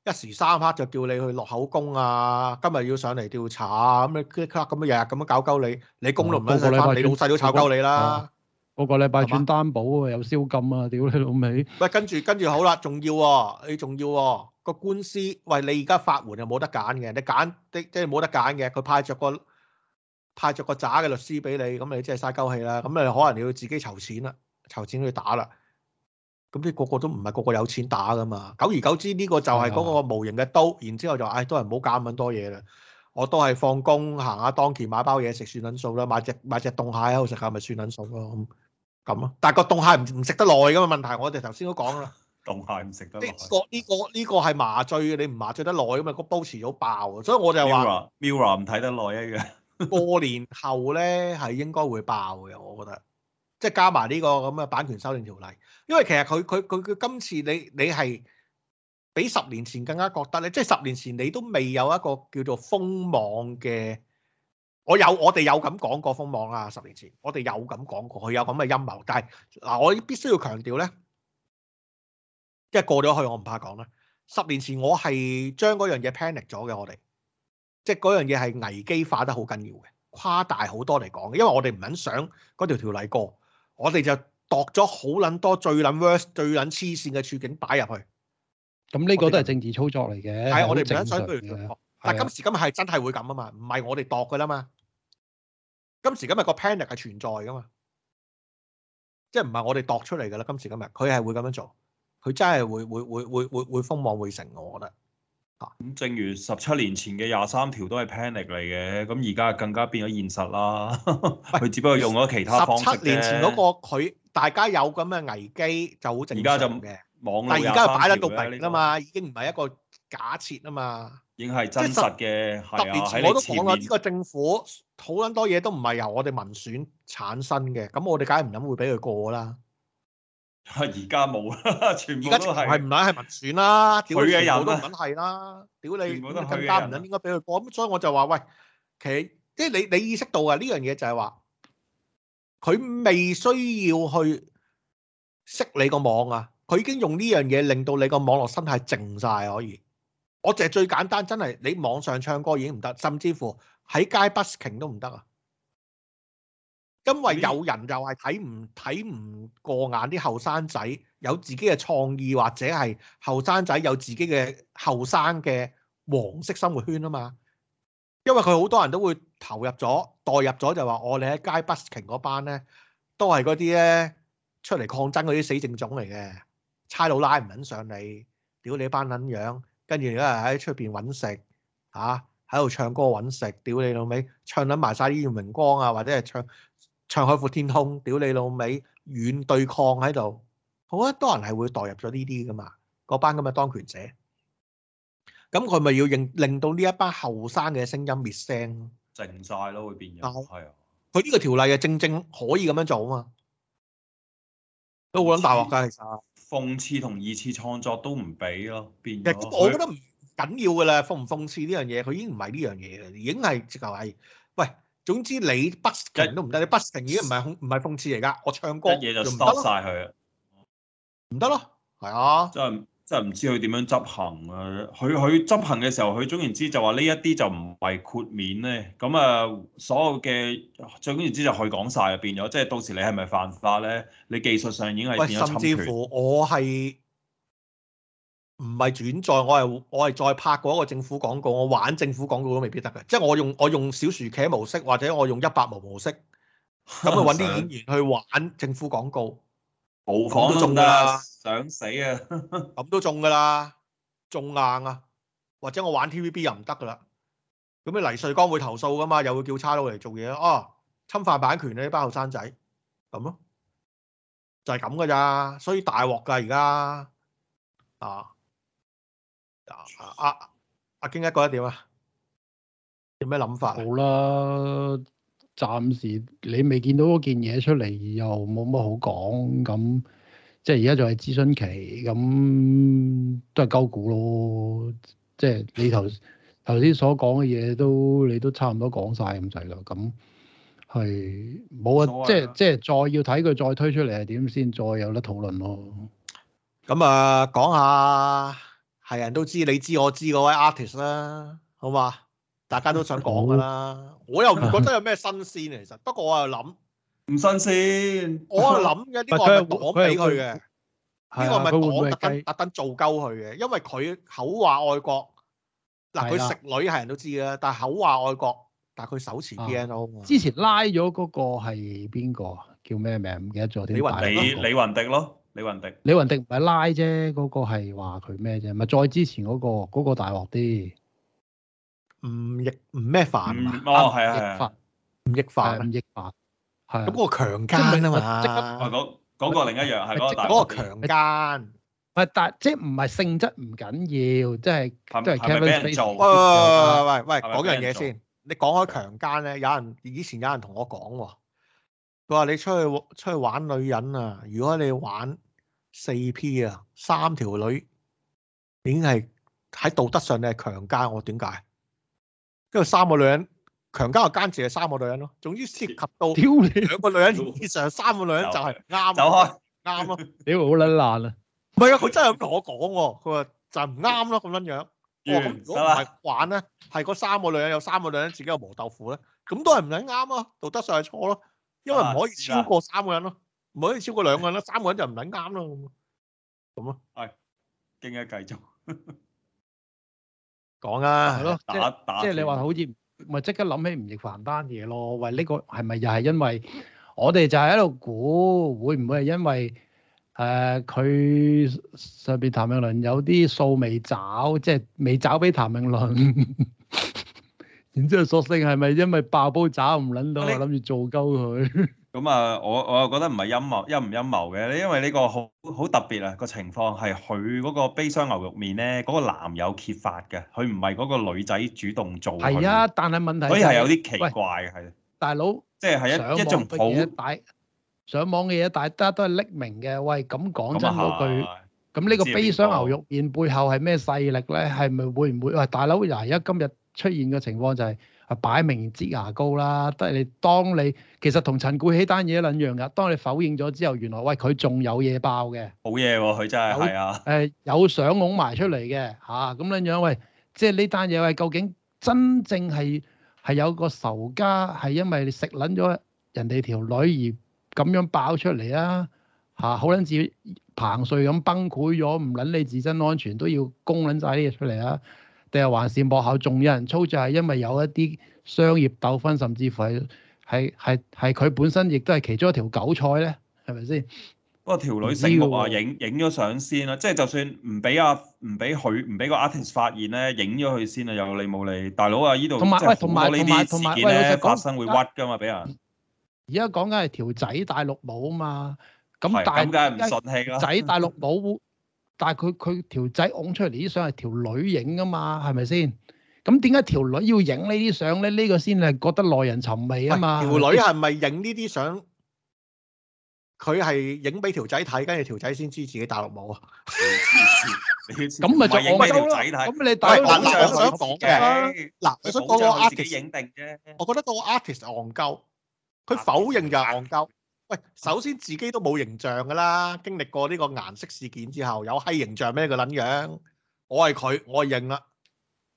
一時三刻就叫你去落口供啊，今日要上嚟調查啊，咁樣一克拉咁樣日日咁樣搞鳩你，你工都唔揾曬，你老細都炒鳩你啦。個個禮拜轉擔保喎，又燒金啊！屌你老味， 哦哎哦！喂，跟住跟住好啦，仲要喎，你仲要個官司喂，你而家法援又冇得揀嘅，你揀的即係冇得揀嘅，佢派著個派著個渣嘅律師俾你，咁你真係晒鳩氣啦！咁你可能要自己籌錢啦，籌錢去打啦。咁啲個個都唔係個個有錢打噶嘛？久而久之呢、這個就係嗰個無形嘅刀，的然後之後就唉，哎，都係唔好搞咁多嘢啦。我都係放工行下當期買包嘢食算捻數啦，買隻買隻凍蟹喺度食下咪算捻數咯咁。咁啊，但係個凍蟹唔唔食得耐，咁啊，問題我，我哋頭先都講啦，凍蟹唔食得耐。呢、呢個呢、呢個呢個係麻醉嘅，你唔麻醉得耐，咁啊個煲遲早爆啊，所以我就話 Mirror 唔睇得耐啊，依家過年後咧係應該會爆嘅，我覺得，即係加埋呢、呢個咁嘅版權修訂條例，因為其實佢佢佢佢今次你你係比十年前更加覺得咧，即係十年前你都未有一個叫做封網嘅。我有我哋有咁講過封網啊。十年前我哋有咁講過，佢有咁嘅陰謀。但係嗱，我必須要強調咧，即係過咗去我唔怕講啦。十年前我係將嗰樣嘢 panic 咗嘅。我哋即係嗰樣嘢係危機化得好緊要嘅，誇大好多嚟講嘅。因為我哋唔肯想嗰條條例過，我哋就度咗好撚多最撚 worse 最撚黐線嘅處境擺入去。咁呢個都係政治操作嚟嘅，係我哋唔肯想條。的但係今時今日係真係會咁啊嘛，唔係我哋度嘅啦嘛。今時今日個 panic 係存在噶嘛？即係唔係我哋度出嚟噶啦？今時今日佢係會咁樣做，佢真係會會會會會會封網會成，我覺得。咁正如十七年前嘅廿三條都係 panic 嚟嘅，咁而家更加變咗現實啦。佢只不過用咗其他方式。十七年前嗰個佢大家有咁嘅危機就好正常嘅。網咧又封住，但係而家擺得咁明啊嘛，這個、已經唔係一個假設啊嘛。已經係真實嘅。特別十年前我都講過，呢個政府。好撚多嘢都唔係由我哋民選產生嘅，咁我哋梗係唔撚會俾佢過啦。而家冇啦，全部都係唔撚係民選啦。佢嘅有啦。佢嘅有啦。屌你，更加唔撚應該俾佢過。咁所以我就話喂，其實即係你你意識到啊，呢樣嘢就係話佢未需要去識你個網啊，佢已經用呢樣嘢令到你個網絡生態靜晒。可以。我淨係最簡單，真係你網上唱歌已經唔得，甚至乎。喺街 busking 都唔得啊，因為有人就係睇唔睇唔過眼啲後生仔有自己嘅創意，或者係後生仔有自己嘅後生嘅黃色生活圈啊嘛。因為佢好多人都會投入咗、代入咗，就話我哋喺街 busking 嗰班咧，都係嗰啲咧出嚟抗爭嗰啲死剩種嚟嘅。差佬拉唔撚上你，屌你班撚樣，跟住而家喺出邊揾食嚇。啊喺度唱歌揾食，屌你老味，唱緊埋晒呢段榮光啊，或者係唱唱海闊天空，屌你老味，軟對抗喺度，好多人係會代入咗呢啲噶嘛，嗰班咁嘅當權者，咁佢咪要令令到呢一班後生嘅聲音滅聲咯，靜晒咯會變人，係啊的，佢呢個條例嘅正正可以咁樣做啊嘛，都好撚大鑊㗎其實，諷刺同二次創作都唔俾咯變咗，其實我覺得緊要㗎啦，諷唔諷刺呢樣嘢，佢已經唔係呢樣嘢啦，已經係直頭係，喂，總之你 busking 都唔得，你 busking 已經唔係諷唔係諷刺嚟噶，一我唱歌嘢就 stop 晒佢，唔得咯，係啊，真真係唔知佢點樣執行啊，佢佢執行嘅時候，佢總言之就話呢一啲就唔係豁免咧、啊，咁啊，所有嘅總言之就佢講晒入邊咗，即係到時你係咪犯法咧？你技術上已經係甚至乎我係。唔係轉載，我係我係再拍過一個政府廣告，我玩政府廣告都未必得嘅，即係我用我用小薯茄模式或者我用一百毛模式，咁去搵啲演員去玩政府廣告，模仿 都中噶啦，想死啊！ 咁都中噶啦，中硬啊，或者我玩 T V B 又唔得噶啦，咁你黎瑞剛會投訴噶嘛，又會叫差佬嚟做嘢啊，侵犯版權咧、啊，啲班後生仔，咁咯，就係咁噶咋，所以大鑊噶而家啊。阿阿、啊啊、京一個點啊？有咩諗法？好啦，暫時你未見到嗰件嘢出嚟，又冇乜好講。咁即係而家就係諮詢期，咁都係鳩估咯。即係你頭頭先所講嘅嘢，都你都差唔多講晒咁滯啦。咁係冇啊，即係即係再要睇佢再推出嚟係點先，再有得討論咯。咁啊，講下，係人都知，你知我知嗰位 artist 啦，好嘛？大家都想講噶啦， 我又唔覺得有咩新鮮，其實。不過我又諗唔新鮮，我係諗嘅呢話係講俾佢嘅，呢、這個係咪講特登特登做鳩佢嘅？因為佢口話愛國，嗱佢的食女係人都知嘅但係口話愛國，但係佢手持 BNO 之前拉咗嗰個係邊個？叫咩名？唔記得咗添。李雲迪李李雲迪,迪咯。李雲迪，李雲迪唔係拉啫，嗰個係話佢咩啫？咪再之前嗰個，嗰個大鑊啲，吳亦吳咩凡啊？係啊，吳亦凡，吳亦凡，係咁嗰個強姦啊嘛！哦，嗰個另一樣係嗰個嗰個強姦，唔係但即係唔係性質唔緊要，即係即係俾人做。喂喂喂，講樣嘢先，你講開強姦咧，有人以前有人同我講，佢話你出去出去玩女人啊，如果你玩。四 P 啊，三條女已經係喺道德上咧強姦我，點解？因為三個女人強姦個奸字係三個女人咯。總之涉及到兩個女人以上，三個女人就係啱。走開，啱咯。你好撚爛啊！唔係啊，佢真係咁同我講喎。佢話就唔啱咯，咁樣樣。如果唔係玩咧，係嗰三個女人有三個女人自己有磨豆腐咧，咁都係唔撚啱咯？道德上係錯咯，因為唔可以超過三個人咯。唔可以超過兩個人啦，三個人就唔撚啱咯。咁咯，係，京一繼續講啊，係咯，即係你話好似咪即刻諗起吳亦凡單嘢咯？喂，呢個係咪又係因為我哋就係喺度估會唔會係因為誒佢上邊譚詠麟有啲數未找，即係未找俾譚詠麟， 然之後索性係咪因為爆煲找唔撚到，我諗住做鳩佢？咁啊，我我又覺得唔係陰謀，陰唔陰謀嘅，因為呢個好好特別啊，個情況係佢嗰個悲傷牛肉麵咧，嗰個男友揭發嘅，佢唔係嗰個女仔主動做。係啊，但係問題就係。所以係有啲奇怪嘅，係。喂，大佬。即係係一一種普上網嘅嘢，大家都係匿名嘅。喂，咁講真嗰句，咁呢、啊、個悲傷牛肉麵背後係咩勢力咧？係咪會唔會？喂，大佬，嗱，而家今日出現嘅情況就係。擺明擠牙膏啦，得你當你其實同陳冠希單嘢一撚樣噶。當你否認咗之後，原來喂佢仲有嘢爆嘅，冇嘢喎，佢真係係有、 呃、啊誒有相攬埋出嚟嘅嚇咁撚樣喂，即係呢單嘢喂究竟真正係係有個仇家係因為你食撚咗人哋條女兒而咁樣爆出嚟啊嚇、啊、好撚似彭帥咁崩潰咗，唔撚你自身安全都要供撚晒啲嘢出嚟啊！定係還是幕後仲有人操作？係因為有一啲商業鬥爭，甚至乎係係係係佢本身亦都係其中一條韭菜咧，係咪先？不過條女醒目啊，影影咗相先啦、啊，即、就、係、是、就算唔俾阿唔俾佢唔俾個 artist 發現咧，影咗佢先啊，有理無理？大佬啊，依度有即係通過呢啲事件咧發生會屈噶、啊哎、人嘛，俾人。而家講緊係條仔大陸冇啊嘛，咁大。但係仔大陸冇。 但係佢佢條仔㧬出嚟啲相係條女影噶嘛，係咪先？咁點解條女要影呢啲相咧？呢個先係覺得耐人尋味啊嘛。條女係咪影呢啲相？佢係影俾條仔睇，跟住條仔先知自己大陸冇啊。咁咪就係影俾條仔睇。咁你大陸相係自己影定啫？我覺得個 artist 戇鳩，佢否認就戇鳩。首先自己都冇形象噶啦，經歷過呢個顏色事件之後，有閪形象咩個撚樣？我係佢，我認啦。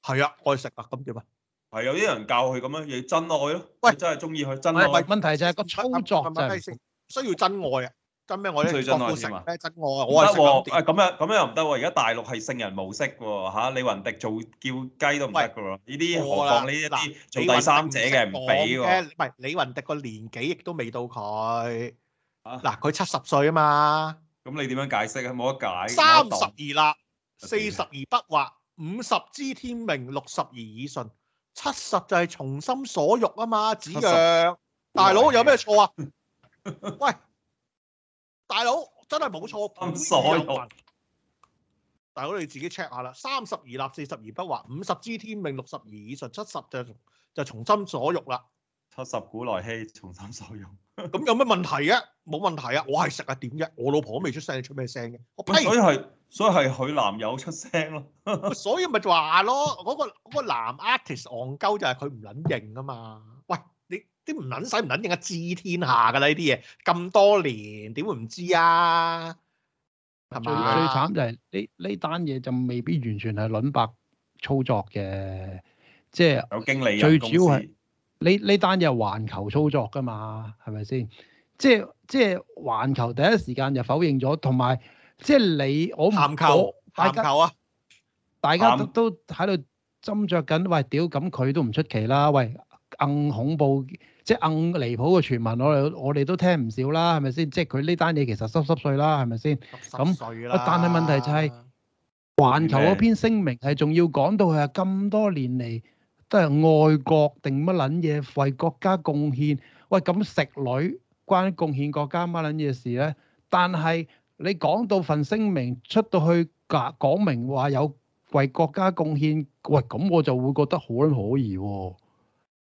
係啊，愛食啊，咁點啊？係有啲人教佢咁樣嘢喂，真愛咯。喂，真係中意佢真愛。問題就係個操作係咪需要真愛啊？爭咩？我啲港真食咩？爭我啊！我係唔咁樣咁樣又唔得喎！而家大陸係聖人模式喎，嚇李雲迪做叫雞都唔得嘅呢啲何況呢啲，做第三者嘅唔俾喎。唔係李雲迪個年紀亦都未到佢。嗱，佢七十歲啊嘛。咁你點樣解釋啊？冇得解。三十而立，四十而不惑，五十知天命，六十而耳順，七十就係從心所欲啊嘛！子曰，大佬有咩錯啊？喂！大佬真係冇錯，唔爽啊！欲大佬你自己 check 下啦，三十而立，四十而不惑，五十知天命，六十而耳順，七十就從就從、是、心所欲啦。七十古來稀，從心所欲。咁 有咩問題啊？冇問題啊！我係食係點啫？我老婆都未出聲，你出咩聲嘅？所以係所以係佢男友出聲 咯。所以咪就話咯，嗰、嗰個個男 artist 戇鳩就係佢唔撚認啊嘛。啲唔撚使唔撚，正啊知天下㗎喇呢啲嘢，咁多年點會唔知啊？係嘛？最慘就係呢呢單嘢就未必完全係卵白操作嘅，即係有經理、有公司。最主要係呢呢單嘢係環球操作㗎嘛，係咪先？即係即係環球第一時間就否認咗，同埋即係你我唔好談球，談球啊！大家都都喺度斟酌緊，喂，屌咁佢都唔出奇啦，喂，硬恐怖！即係硬離譜嘅傳聞，我哋我哋都聽唔少啦，係咪先？即係佢呢單嘢其實濕濕碎啦，係咪先？咁，但係問題就係環球嗰篇聲明係仲要講到佢係咁多年嚟都係愛國定乜撚嘢為國家貢獻，喂，咁食女關貢獻國家乜撚嘢事咧？但係你講到份聲明出到去講講明話有為國家貢獻，喂，咁我就會覺得好可疑喎？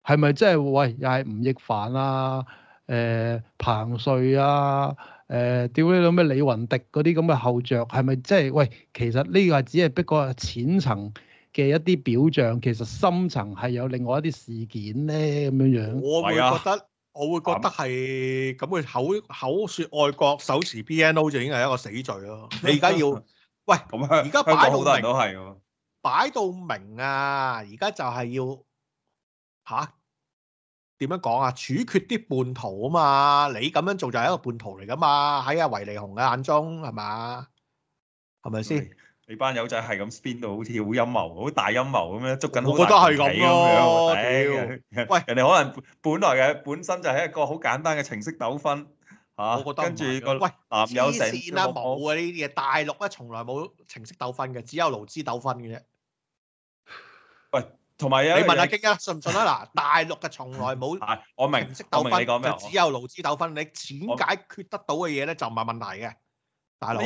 係咪真係喂？又係吳亦凡啊、誒、呃、彭帥啊、誒屌你老味李雲迪嗰啲咁嘅後著係咪即係喂？其實呢個係只係逼過淺層嘅一啲表象，其實深層係有另外一啲事件咧咁樣樣。我會覺得，我會覺得係咁嘅口口説愛國，手持 BNO 就已經係一個死罪咯。你而家要 喂，而家樣擺好多人都係喎，擺到明啊！而家就係要。吓，點樣講啊？處決啲叛徒啊嘛，你咁樣做就係一個叛徒嚟噶嘛，喺阿維尼熊嘅眼中係嘛？係咪先？你班友仔係咁 spin 到好似好陰謀、好陰謀大陰謀咁樣捉緊，我覺得係咁咯。哎、喂，人哋可能本來嘅本身就係一個好簡單嘅情色糾紛，吓、啊，我覺得跟住個男友成。黐綫啦，冇啊呢啲嘢！大陸咧從來冇情色糾紛嘅，只有勞資糾紛嘅啫。喂。同埋你問啊京一啊，信唔信啊？嗱， 大陸嘅從來冇、啊、我明，形式糾紛，就只有勞資糾紛。我你錢解決得到嘅嘢咧，就唔係問題嘅。大陸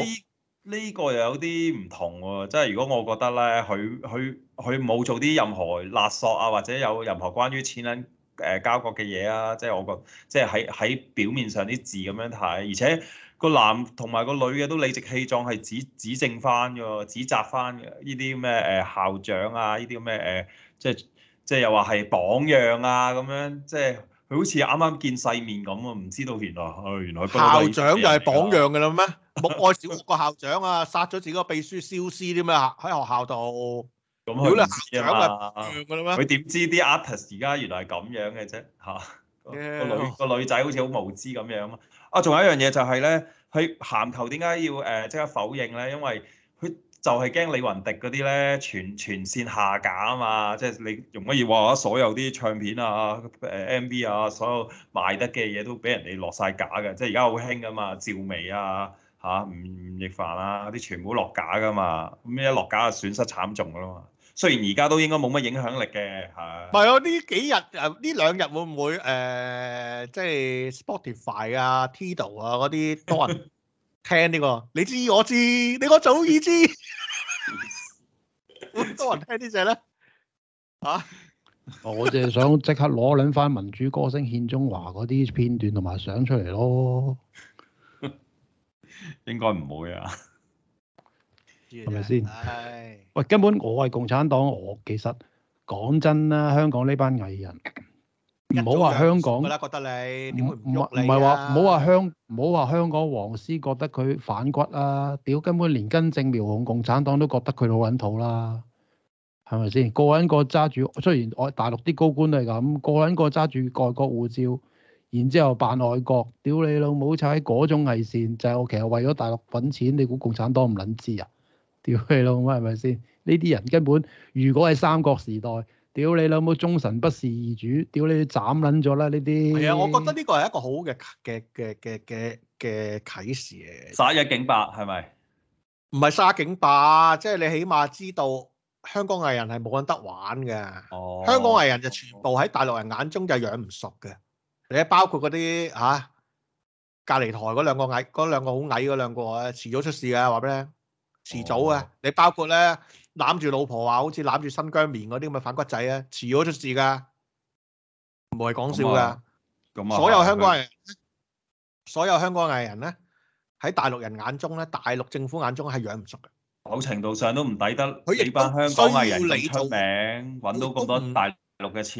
呢呢個又有啲唔同喎，即係如果我覺得咧，佢佢佢冇做啲任何勒索啊，或者有任何關於錢銀誒交割嘅嘢啊，即、就、係、是、我覺即係喺喺表面上啲字咁樣睇，而且個男同埋個女嘅都理直氣壯係指指正翻嘅，指責翻呢啲咩誒校長啊，呢啲咩誒？即即又話係榜樣啊咁樣，即係佢好似啱啱見世面咁啊，唔知道原來，哎原來校長就係榜樣嘅啦咩？木 愛小學個校，校長啊，殺咗自己個秘書消失啲咩？喺學校度，咁你校長嘅樣嘅啦咩？佢點知啲 artist 而家原來係咁樣嘅啫？嚇個女個女仔好似好無知咁樣啊！仲 Yeah.、啊、有一樣嘢就係、是、咧，佢鹹球點解要誒即刻否認咧？因為就係驚李雲迪嗰啲咧，全全線下架啊嘛！即係你容唔可以話所有啲唱片啊、誒 MV 啊、所有賣得嘅嘢都俾人哋落晒架嘅。即係而家好興啊嘛，趙薇啊、嚇、啊、吳、吳亦凡啊啲全部落架噶嘛。咁一落架就損失慘重噶咯嘛。雖然而家都應該冇乜影響力嘅，係。唔係啊！呢幾日誒呢兩日會唔會誒即係 Spotify 啊、Tidal 啊嗰啲多人？聽呢、這個，你知我知，你我早已知。 多人聽呢隻啦。啊！我淨係想即刻攞兩翻民主歌聲、獻中華嗰啲片段同埋相出嚟咯。 應該唔會啊，係咪先？喂吧，哎、根本我係共產黨，我其實講真啦，香港呢班藝人。唔好話香港啦，覺得你，唔唔唔係話唔好話香唔好話香港黃絲覺得佢反骨啦、啊，屌根本連根正苗紅共產黨都覺得佢老捻土啦、啊，係咪先？個個揸住，雖然我大陸啲高官都係咁，個個揸住外國護照，然之後扮外國，屌你老母，就喺嗰種係線就係，我其實為咗大陸搵錢，你估共產黨唔捻知啊？屌你老母，係咪先？呢啲人根本如果喺三國時代。屌你老母忠臣不事二主，屌你斬捻咗啦！呢啲係啊，我覺得呢個係一個好嘅嘅嘅嘅嘅嘅啟示嘅。殺一儆百係咪？唔係殺警霸，即係你起碼知道香港藝人係冇人得玩嘅。哦，香港藝人就全部喺大陸人眼中就係養唔熟嘅。你包括嗰啲吓，隔離台嗰兩個矮，嗰兩個好矮嗰兩個啊，遲早出事㗎，話畀你聽，遲早啊。哦，你包括咧，攬住老婆啊，好似攬住新疆棉嗰啲咁啊，反骨仔啊，遲早出事噶，唔係講笑噶咁啊，所有香港人，所有香港藝人咧，喺大陸人眼中咧，大陸政府眼中係養唔熟嘅。某程度上都唔抵得你班香港藝人出名，搵到咁多大陸嘅錢。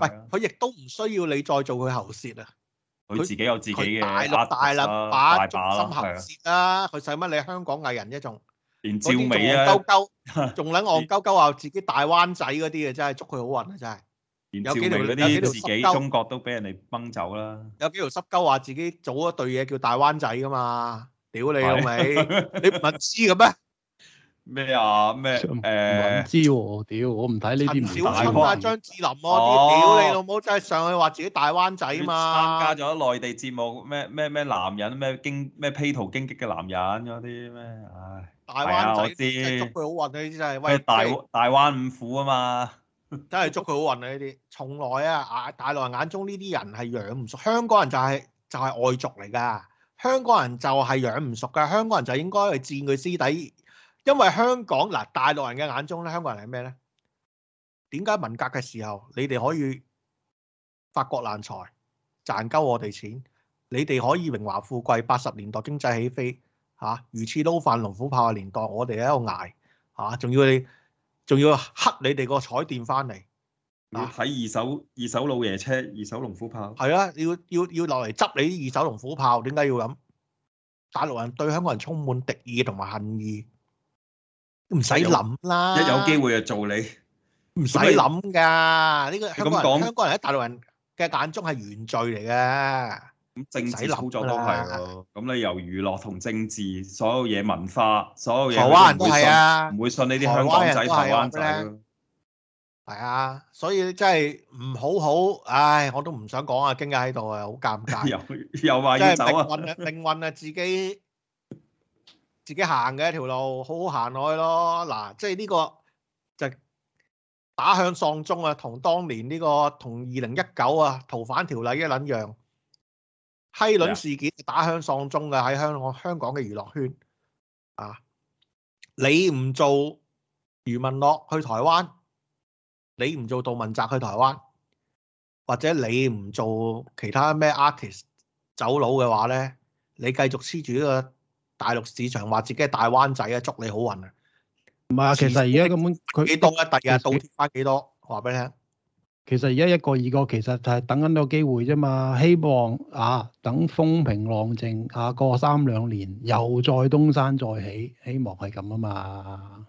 喂，佢亦都唔需要你再做佢喉舌啊。佢自己有自己嘅大陸大把大把心喉舌啦，佢使乜你香港藝人啫仲？連趙薇啊，仲諗戇鳩鳩話自己大灣仔嗰啲嘅，真係祝佢好運啊，真係。連趙薇嗰啲自己中國都俾人哋崩走啦。有幾條濕鳩話自己組一對嘢叫大灣仔噶嘛？屌你老味，你唔係知嘅咩？咩啊？咩？誒，唔知喎。屌，我唔睇呢啲。陳小春啊，張智霖嗰啲，屌你老母，真係上去話自己大灣仔嘛？參加咗內地節目咩咩咩男人咩經咩披荊斬棘嘅男人嗰啲咩唉。大灣仔，我知，祝佢好運啊！呢啲真係，喂，大大灣五虎啊嘛，真係祝佢好運啊！呢啲，從來啊，眼大陸人眼中呢啲人係養唔熟，香港人就係就係外族嚟噶，香港人就係養唔熟噶，香港人就應該去佔佢師弟，因為香港嗱大陸人嘅眼中咧，香港人係咩咧？點解文革嘅時候你哋可以發國難財，賺鳩我哋錢？你哋可以榮華富貴，八十年代經濟起飛。嚇，魚翅撈飯、龍虎炮嘅年代，我哋喺度捱嚇，仲要你，仲要黑你哋個彩電翻嚟。嗱，睇二手二手老爺車、二手龍虎炮。係啊，要要要落嚟執你啲二手龍虎炮。點解要咁？大陸人對香港人充滿敵意同埋恨意，唔使諗啦。一有機會就做你，唔使諗㗎。呢個香港香港人喺大陸人嘅眼中係原罪嚟嘅。咁政治操作都係咯，咁咧由娛樂同政治，所有嘢、文化，所有嘢，台灣人都係啊，唔會信你啲香港仔、台灣仔。係啊，所以真係唔好好，唉，我都唔想講啊，今日喺度啊，好尷尬。又又話要走啊！命運啊，自己自己行嘅一條路，好好行落去咯。嗱，即係呢個就打向喪鐘啊，同當年呢個同二零一九啊逃犯條例一撚樣。閪卵事件打響喪鐘嘅喺香我香港嘅娛樂圈啊！你唔做余文樂去台灣，你唔做杜汶澤去台灣，或者你唔做其他咩 artist 走佬嘅話咧，你繼續黐住呢個大陸市場，話自己係大灣仔啊！祝你好運啊！唔係啊，其實而家根本佢幾多一第日倒貼翻幾多話俾你聽？其實而家一個二個，其實就係等緊個機會啫嘛。希望啊，等風平浪靜啊，過三兩年又再東山再起。希望係咁啊嘛，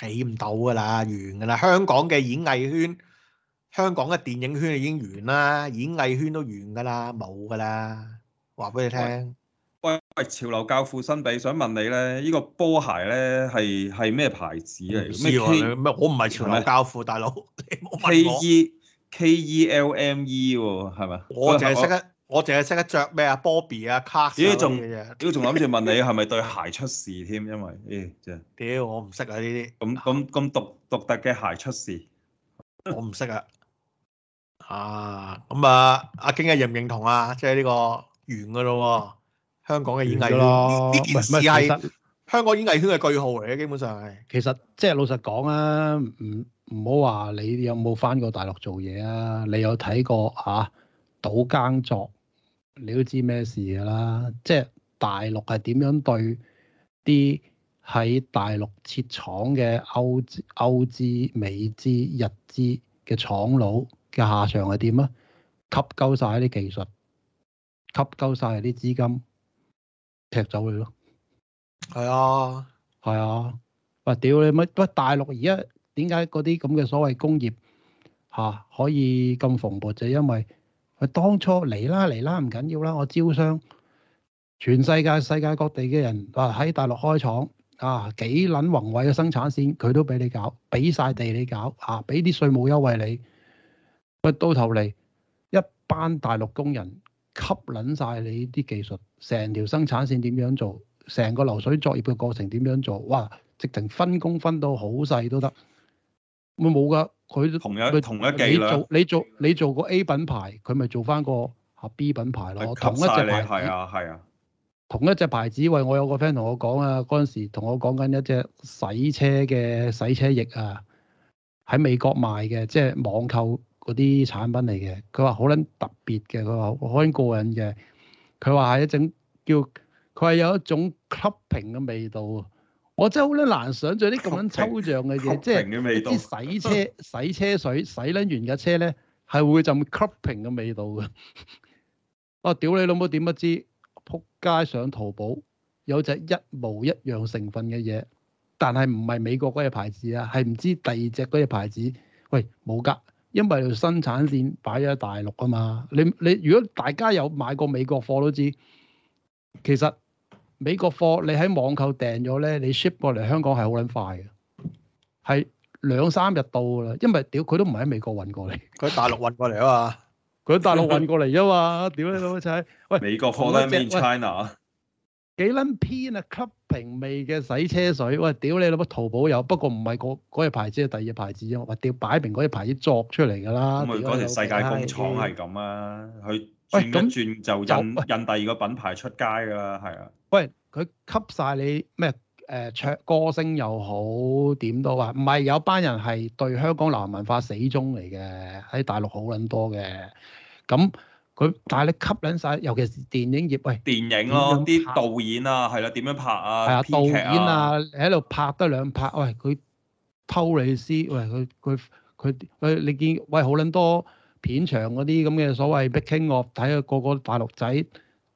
起唔到噶啦，完噶啦。香港嘅演藝圈，香港嘅電影圈已經完啦，演藝圈都完噶啦，冇噶啦。話俾你聽。喂喂，潮流教父幸比想問你咧，這個，呢個波鞋咧係係咩牌子嚟？唔知喎，啊，我唔係潮流教父是大佬。K E。K E L M E 喎，係咪？我淨係識得，我淨係識得著咩 啊？Bobby 啊 c a s t 啲仲，屌仲諗住問你係咪對鞋出事添？因為誒、哎、真。屌，我唔識啊呢啲。咁咁咁獨獨特嘅鞋出事， 我唔識啊。啊，咁啊，阿京啊認唔認同啊？即係呢個完㗎咯，香港嘅演藝咯。香港演藝圈嘅句號嚟嘅，基本上係。其實即係老實講啊，唔唔好話你有冇翻過大陸做嘢啊？你有睇過嚇賭耕作，你都知咩事㗎啦。即係大陸係點樣對啲喺大陸設廠嘅歐資、歐資、美資、日資嘅廠佬嘅下場係點啊？吸鳩晒啲技術，吸鳩晒啲資金，踢走佢咯。係啊，係啊，哇！屌你乜喂，大陸而家點解嗰啲咁嘅所謂工業嚇、啊、可以咁蓬勃就係，因為佢當初嚟啦嚟啦，唔緊要啦，我招商全世界世界各地嘅人話喺，啊、大陸開廠啊，幾撚宏偉嘅生產線佢都俾你搞，俾晒地你搞啊，俾啲稅務優惠你。喂、啊，到頭嚟一班大陸工人吸撚晒你啲技術，成條生產線點樣做？成個流水作業嘅過程點樣做？哇！直情分工分到好細都得，會冇㗎。佢同有佢同一計做你做你做個 A 品牌，佢咪做翻個合 B 品牌咯。同一隻牌，係啊，係啊，同一隻牌子。喂，啊啊、我有個 friend 同我講啊，嗰陣時同我講緊一隻洗車嘅洗車液啊，喺美國賣嘅，即係網購嗰啲產品嚟嘅。佢話好撚特別嘅，佢話好撚過癮嘅。佢話係一整叫。叫佢係有一種吸瓶嘅味道啊！我真係好咧難想象啲咁樣抽象嘅嘢，味道即係唔知洗車洗車水洗甩完嘅車咧，係會浸吸瓶嘅味道嘅。 我屌你老母點不想知，撲街上淘寶有隻一,一模一樣成分嘅嘢，但係唔係美國嗰隻牌子啊，係唔知第二隻嗰隻牌子。喂，冇㗎，因為生產線擺咗喺大陸啊嘛。你你如果大家有買過美國貨都知，其實。美國貨你喺網購訂咗咧，你 ship 過嚟香港係好撚快嘅，係兩三日到噶啦。因為屌佢都唔係喺美國運過嚟，佢喺大陸運過嚟啊嘛。佢喺 大陸運過嚟啊嘛。屌你老母仔，喂！美國貨咧咪喺 China 啊？幾撚偏啊？吸瓶味嘅洗車水，喂！屌你老母，淘寶有，不過唔係嗰隻牌子，係第二隻牌子啫。我屌擺明嗰隻牌子作出嚟㗎啦。咁佢嗰條世界工廠係咁啊，佢 Hey. 轉一轉就印印、欸嗯、第二個品牌出街㗎啦，係啊。喂，佢吸晒你咩？誒，唱、呃、歌聲又好點都話，唔係有班人係對香港流行文化死忠嚟嘅，喺大陸好撚多嘅。咁佢但係你吸引晒，尤其是電影業，喂，電影咯，啲導演啊，係啦、啊，點樣拍啊？係啊，啊導演啊，喺度拍得兩拍，喂，佢偷你師？喂，佢佢佢佢，你見喂好撚多片場嗰啲咁嘅所謂 making of，睇個個大陸仔。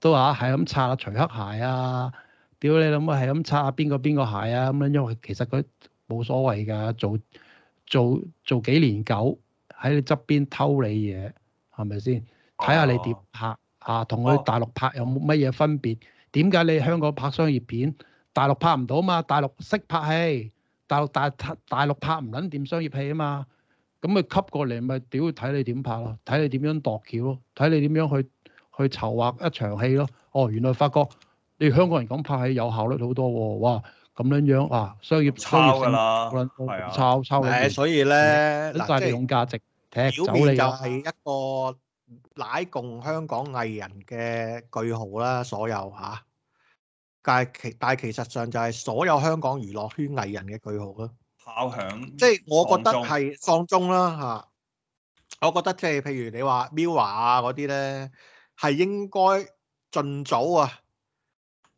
都話係咁擦除黑鞋啊！屌你老母係咁擦下邊個邊個鞋啊！咁樣因為其實佢冇所謂㗎，做做做幾年狗喺你側邊偷你嘢係咪先？睇下你點拍啊！同佢大陸拍有冇乜嘢分別？點解你香港拍商業片，大陸拍唔到嘛？大陸識拍戲，大陸大大陸拍唔撚掂商業戲啊嘛！咁咪吸過嚟咪屌睇你點拍咯，睇你點樣度橋咯，睇你點樣去。去籌劃一場戲咯，哦，原來發覺你香港人咁拍戲有效率好多喎，哇！咁樣樣啊，商業抄商業性咁樣都炒炒、啊、所以咧嗱，嗯、即係用價值踢就係一個乃共香港藝人嘅句號啦，啊、所有嚇、啊，但係其但係其實上就係所有香港娛樂圈藝人嘅句號咯。炮響，即係我覺得係喪鐘啦嚇、啊。我覺得即係譬如你話 Mirror 啊嗰啲咧。係應該盡早啊，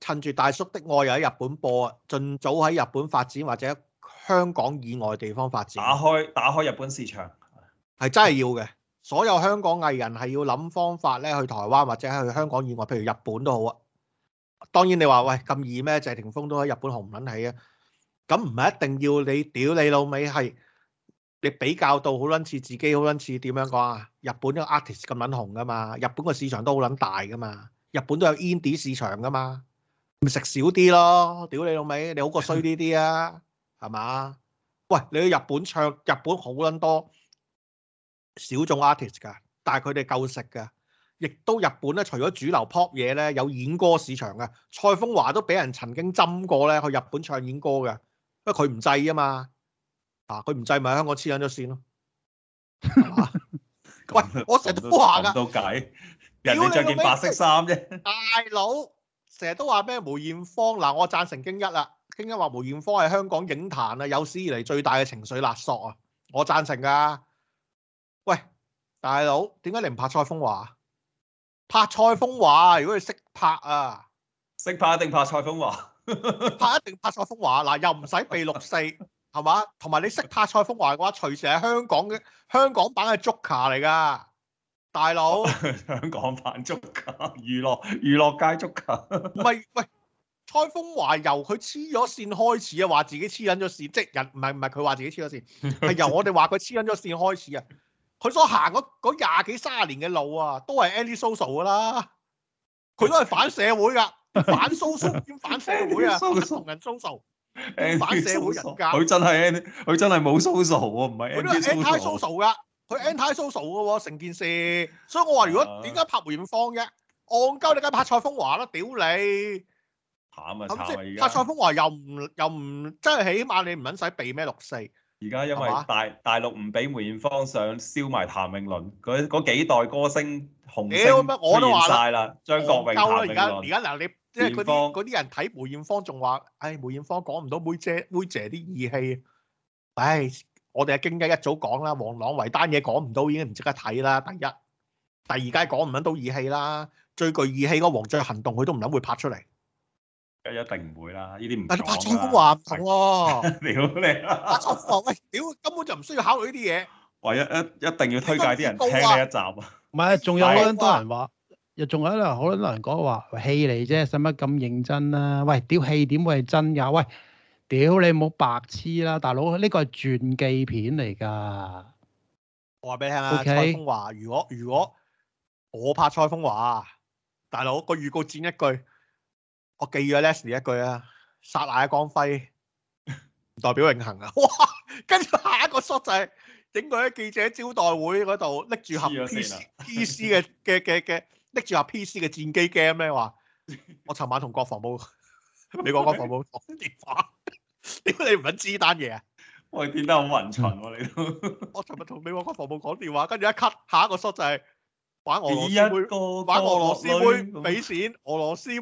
趁住大叔的愛又喺日本播啊，盡早喺日本發展或者香港以外地方發展。打開打開日本市場，係真係要嘅。所有香港藝人係要諗方法咧，去台灣或者去香港以外，譬如日本都好啊。當然你話喂咁易咩？謝霆鋒都喺日本紅撚起啊。咁唔係一定要你屌你老尾係。你比較到好撚似自己，好撚似點樣講啊？日本個 artist 咁撚紅噶嘛，日本個市場都好撚大噶嘛，日本都有 indie 市場噶嘛，咪食少啲咯。屌你老味，你好過衰呢啲啊，係嘛？ 喂，你去日本唱，日本好撚多小眾 artist 㗎，但係佢哋夠食㗎。亦都日本咧，除咗主流 pop 嘢咧，有演歌市場嘅。蔡楓華都俾人曾經針過咧，去日本唱演歌嘅，因為佢唔制啊嘛。啊！佢唔制咪喺香港黐緊咗線咯，啊。喂， 到我成日都話噶，講到人哋着件白色衫啫。 大佬成日都話咩？梅艷芳嗱，我贊成京一啦。京一話梅艷芳係香港影壇啊有史以嚟最大嘅情緒勒索啊！我贊成噶。喂，大佬，點解你唔拍《蔡楓華》？拍《蔡楓華》如果你識拍啊，識拍一定拍《蔡楓華》。拍 一定拍《蔡楓華》嗱，又唔使被六四。係嘛？同埋你識拍蔡楓華嘅話，隨時係香港嘅香港版嘅 Joker 嚟噶，大佬。香港版 香港 Joker，娛樂娛樂界 Joker。唔係喂，蔡楓華由佢黐咗線開始啊，話自己黐緊咗線，即係人唔係唔係佢話自己黐咗線，係 由我哋話佢黐緊咗線開始啊。佢所行嗰嗰廿幾卅年嘅路啊，都係 anti-social 噶啦，佢都係反社會噶， 反 social 兼反社會啊，同人 social。反社會人格，佢真係 anti，佢真係冇 social 喎，唔係 anti social 噶，佢 anti social 噶喎，成件事，所以我話如果點解拍梅艷芳啫，戇鳩你梗係拍蔡楓華啦，屌你，慘啊慘啊，而家拍蔡楓華又唔又唔真係，起碼你唔撚使避咩六四，而家因為大大陸唔俾梅艷芳上，燒埋譚詠麟，嗰嗰幾代歌星紅星完曬啦，張國榮、譚詠麟。夠啦，而家而家嗱你。即係嗰啲啲人睇梅艷芳仲話，唉、哎，梅艷芳講唔到妹姐妹姐啲義氣，唉、哎，我哋阿經一早講啦，黃朗維單嘢講唔到已經唔值得睇啦。第一，第二階講唔到義氣啦，最具義氣嗰個黃雀行動佢都唔諗會拍出嚟，一定唔會啦。呢啲唔，拍阿周話唔同喎，屌 你、啊，阿周話喂，屌根本就唔需要考慮呢啲嘢，唯一一一定要推介啲人聽呢一集啊，唔係仲有好多人話。 又仲喺度好多人講話戲嚟啫，使乜咁認真啦、啊？喂，屌戲點會係真㗎、啊？喂，屌你唔好白痴啦，大佬呢個係傳記片嚟㗎。我話俾你聽啊，Okay? 蔡楓華，如果如果我拍蔡楓華，大佬個預告剪一句，我記咗 Leslie 一句啊，剎那光輝， 唔代表永恆啊！哇，跟住下一個 shot 就係整佢喺記者招待會嗰度拎住盒 PC 嘅嘅嘅嘅。拎住阿 PC 嘅戰機 game 咩話我尋晚同國防部美國國防部講電話，點解 你唔揾知呢單嘢啊？我哋變得好雲層喎，你都。 我尋日同美國國防部講電話，跟住一 cut，下一個 shot 就係玩俄羅斯妹，個個玩俄羅斯妹俾錢，俄羅斯妹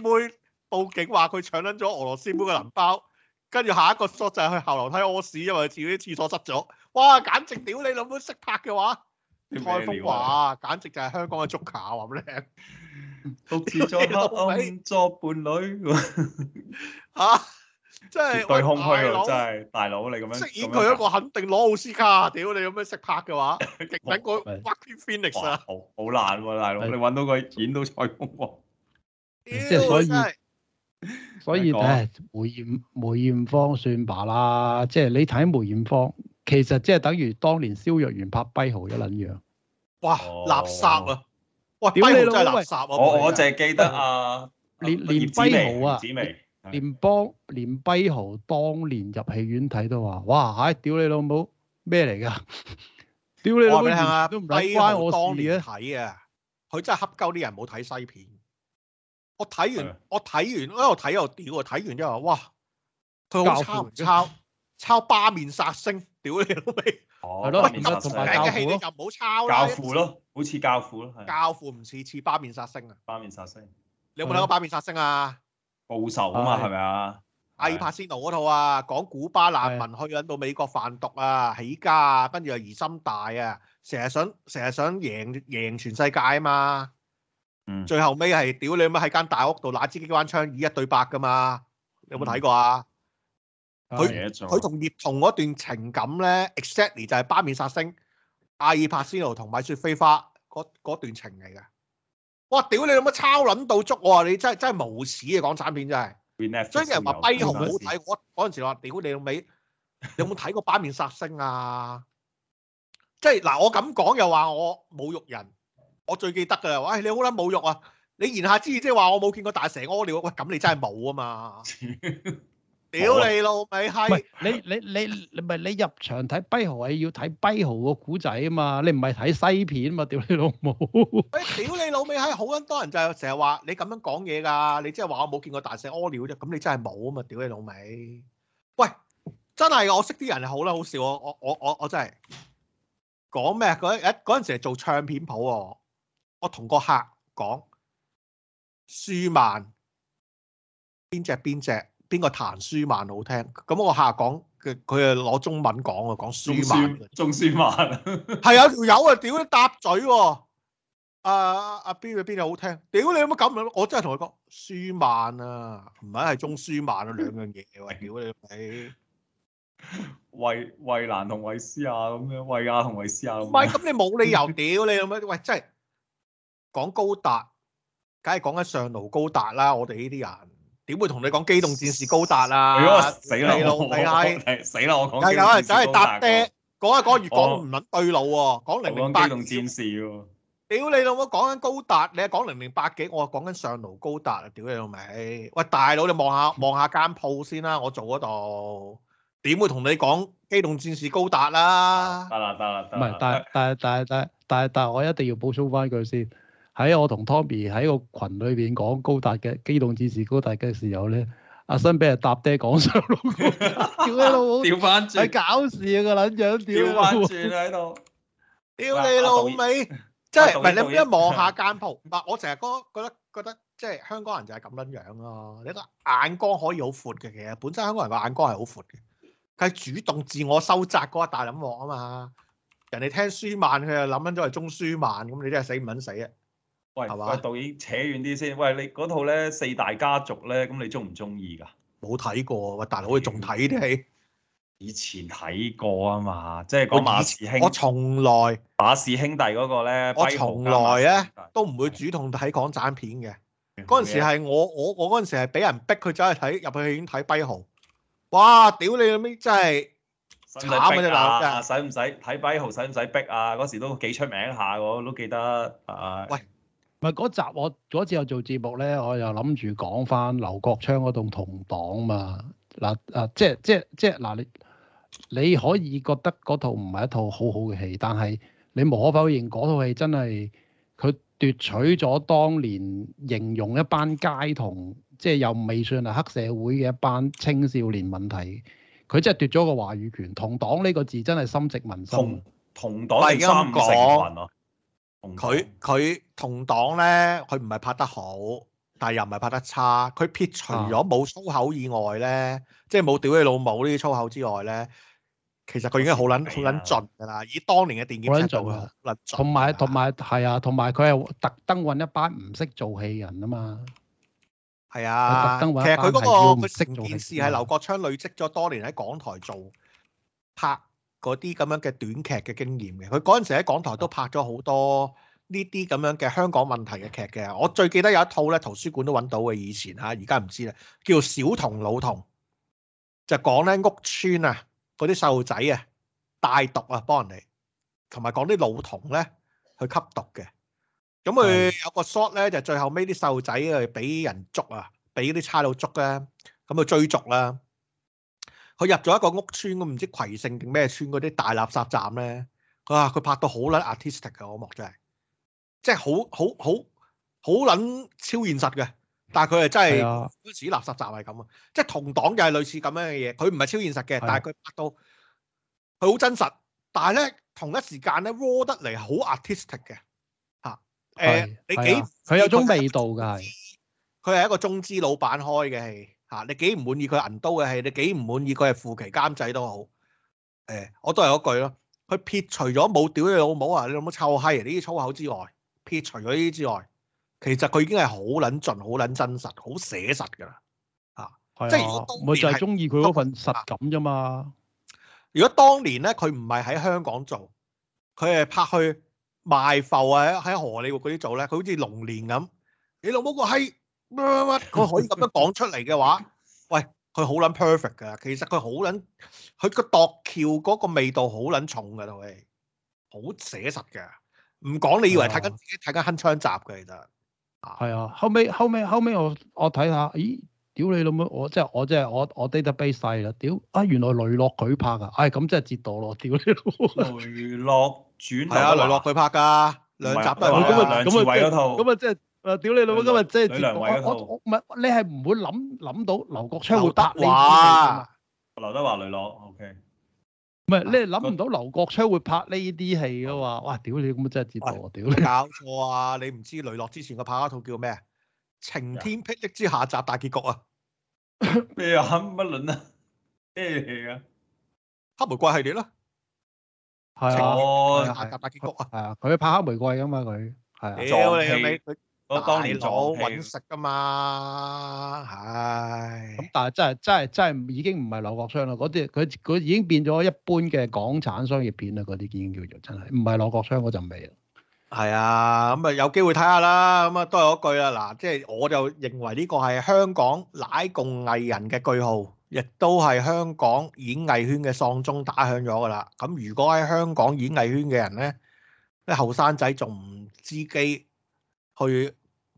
報警話佢搶撚咗俄羅斯妹嘅銀包，跟住下一個 shot 就係去後樓梯屙屎，因為自己廁所塞咗。哇！簡直屌你老母識拍嘅話。蔡楓華簡直就係香港嘅 Joker 咁叻，獨自在黑暗作伴侶 啊！即係對空虛，真係大佬你咁樣，飾演佢一個肯定攞奧斯卡。屌、啊、你咁樣識拍嘅話，等佢。Joaquin Phoenix 啊，好難喎、啊，大佬你揾到佢演到蔡楓華。屌， 所以所以咧 梅艷梅艷芳算罷啦，即係你睇梅艷芳。其實即係等於當年蕭若元拍《跛豪》一捻樣，哇！垃圾啊！哇！跛豪真係垃圾啊！我我淨係記得啊，連連跛豪啊，連邦，連跛豪當年入戲院睇都話：哇！吓，屌你老母咩嚟噶？屌你老母！你聽下，關我當年睇啊，佢真係恰鳩啲人冇睇西片。我睇完，我睇完，我睇又屌，我睇完之後哇，佢好抄。抄《疤面煞星》，屌你老味！哦，疤面煞星嘅戲你就唔好抄教父咯。教父咯，好似教父咯，係。教父唔似似《疤面煞星》啊。疤面煞星，你有冇睇過《疤面煞星》啊？報仇啊嘛，係咪啊？阿爾柏仙奴嗰套啊，講古巴難民去引到美國販毒啊，起家啊，跟住又疑心大啊，成日想成日想贏贏全世界啊嘛。最後尾係屌你咪喺間大屋度揦支機關槍，以一對八噶嘛？你有冇睇過啊？佢佢同葉童嗰段情感咧，exactly 就係《疤面煞星》、《阿爾帕斯奴》同《米雪菲花》嗰段情嚟嘅。哇！屌你老母抄捻到捉我啊！你真係真係無恥嘅港產片真係。所以啲人話《跛豪》好睇，我嗰陣時話，屌你老味，你有冇睇過《疤面煞星》啊？即係嗱，我咁講又話我侮辱人，我最記得嘅。喂、哎，你好撚侮辱啊！你言下之意即係話我冇見過大蛇屙尿，喂咁你真係冇啊嘛。 屌你老味，閪！唔係你你你你咪你入場睇《跛豪》要睇《跛豪》個古仔啊嘛！你唔係睇西片啊嘛！屌你老母！哎，屌你老味閪！好多人就係成日話你咁樣講嘢㗎，你即係話我冇見過大細屙尿啫。咁、啊、你真係冇啊嘛！屌你老味，喂，真係我識啲人係好啦，好笑！我我我我真係講咩？嗰一嗰陣時係做唱片鋪喎，我同個客講舒曼邊隻邊隻。邊個彈舒曼好聽？咁我下講嘅佢啊攞中文講 啊，講舒曼，鍾舒漫係有條友啊，屌你搭嘴喎！阿 Bill 邊又好聽？屌、啊、你有乜咁樣？我真係同佢講舒曼啊，唔係係鍾舒漫啊，兩樣嘢喂！屌你，喂， 衛蘭同衛詩啊咁樣，衛亞同衛詩啊唔係咁，你冇理由屌、嗯、你咁樣！喂，真係講高達，梗係講緊上路高達啦！我哋呢啲人。點會同你講機動戰士高達啊？如果死啦！我死啦！我講機動係啊，走去搭嗲，講下講月講唔撚對路喎，講零零八。講機動戰士喎！屌你老母，講緊高達，你又講零零八幾？我講緊上路高達啊！屌你老味！喂，大佬你望下望下間鋪先啦，我做嗰度點會同你講機動戰士高達啦？得啦得啦得唔係，但但但但但但，我一定要補充翻句先。喺我同 Tommy 喺個羣裏邊講高達嘅機動戰士高達嘅時候咧，阿新俾人搭爹講上路，調喺度，調翻轉，喺搞事個撚樣，調翻轉喺度，屌你老味，即係唔係你邊一望下間鋪？唔係我成日覺得覺得覺得即係香港人就係咁撚樣咯。你個眼光可以好闊嘅，其實本身香港人個眼光係好闊嘅，佢主動自我收窄嗰一大陣鑊啊嘛。人哋聽舒曼，佢又諗緊咗係中舒曼，咁你真係死唔撚死啊！喂，係嘛吧？導演扯遠啲先。喂，你嗰套咧四大家族咧，咁你鍾唔鍾意㗎？冇睇過，喂大佬，你仲睇啲戲？以前睇過啊嘛，即係嗰個馬氏兄弟。我從來馬氏兄弟嗰個咧，我從來咧都唔會主動睇港產片嘅。嗰陣對時係我我我嗰陣時係俾人逼佢走去睇入去戲院睇《跛豪》。哇！屌你個閪真係慘啊！使唔使睇《跛豪》？使唔使逼啊？嗰、啊啊、時都幾出名下，我都記得啊。喂。唔係嗰集我嗰次又做節目咧，我又諗住講翻劉國昌嗰棟同黨嘛。嗱啊，即係即係即係嗱，你你可以覺得嗰套唔係一套好好嘅戲，但係你無可否認嗰套戲真係佢奪取咗當年形容一班街童，即係又未算係黑社會嘅一班青少年問題。佢真係奪咗個話語權。同黨呢個字真係深植民心。同同黨而家唔佢佢同黨咧，佢唔係拍得好，但係又唔係拍得差。佢撇除咗冇粗口以外咧，啊、即係冇屌你老母呢啲粗口之外咧，其實佢已經好捻好捻盡噶啦。啊、以當年嘅電檢好捻做，同埋同埋係啊，同埋佢係特登搵一班唔識做戲人啊嘛。係啊，特登搵一班係唔識做戲。成件事係劉國昌累積咗多年喺港台做拍嗰啲咁樣嘅短劇嘅經驗嘅，佢嗰陣時喺港台都拍咗好多呢啲咁樣嘅香港問題嘅劇嘅。我最記得有一套咧，圖書館都揾到嘅，以前嚇、啊，而家唔知啦，叫做《小童老童》，就講咧屋村啊嗰啲細路仔啊帶毒啊幫人哋，同埋講啲老童咧去吸毒嘅。咁佢有個 shot 咧，就是、最後尾啲細路仔去俾人捉啊，俾啲差佬捉啦、啊，咁去追逐啦、啊。佢入咗一個屋村，我唔知葵盛定咩村嗰啲大垃圾站咧，啊！佢拍到好撚 artistic 嘅嗰幕真係，即係好好好好撚超現實嘅。但係佢係真係嗰時垃圾站係咁啊！即係同黨又係類似咁樣嘅嘢。佢唔係超現實嘅，是的 但係佢拍到佢好真實。但係咧同一時間咧 raw 得嚟好 artistic 嘅嚇。誒、啊的呃，你幾佢的有種味道㗎係，佢係一個中資老闆開嘅戲。嚇！你幾唔滿意佢銀刀嘅係，你幾唔滿意佢係負期監製都好，誒、哎、我都係嗰句咯。佢撇除咗冇屌你老母啊！你老母臭閪！呢啲粗口之外，撇除咗呢啲之外，其實佢已經係好撚盡、好撚真實、好寫實㗎啦。嚇、啊！即係我果唔係就係中意佢嗰份實感啫嘛。如果當年咧，佢唔係喺香港做，佢係拍去賣埠啊，喺荷里活嗰啲做咧，佢好似龍年咁，你老母個閪！哎乜乜乜，佢可以咁樣講出嚟嘅話，喂，佢好捻 perfect 噶，其實佢好捻，佢個度橋嗰個味道好捻重噶，喂，好寫實嘅，唔講你以為睇緊自己睇緊鏗鏘集嘅，啊、其實，係啊，後尾後尾後尾我我睇下，咦，屌你老母，我即係我即係我我 database 細啦，屌，啊，原來雷洛佢拍噶，唉、哎，咁真係折墮咯，屌你老母，雷洛轉係啊，啊雷洛佢拍噶，兩是集都係，咁啊，咁啊，咁啊，即係。誒，屌你老母，今日真係接梁，唔係你係唔會諗諗到劉國昌會拍呢啲戲啊？劉德華雷洛，OK，唔係你係諗唔到劉國昌會拍呢啲戲噶嘛？哇，屌你咁啊，真係接我，屌你！搞錯啊！你唔知雷洛之前個拍一套叫咩？《晴天霹靂之下集大結局》啊！咩啊？乜卵啊？咩戲啊？黑玫瑰系列啦，係啊，《下集大結局》啊，係啊，佢拍黑玫瑰噶嘛，佢係啊，屌你當年早揾食噶嘛，係咁唉，但係真係真係真係已經唔係劉國昌啦，嗰啲佢佢已經變咗一般嘅港產商業片啦，嗰啲已經叫做真係唔係劉國昌嗰陣味啦。係啊，咁啊有機會睇下啦，咁啊都係嗰句啦，嗱，即係我就認為呢個係香港乃共藝人嘅句號，亦都係香港演藝圈嘅喪鐘打響咗噶啦。咁如果喺香港演藝圈嘅人咧，啲後生仔仲唔知機？去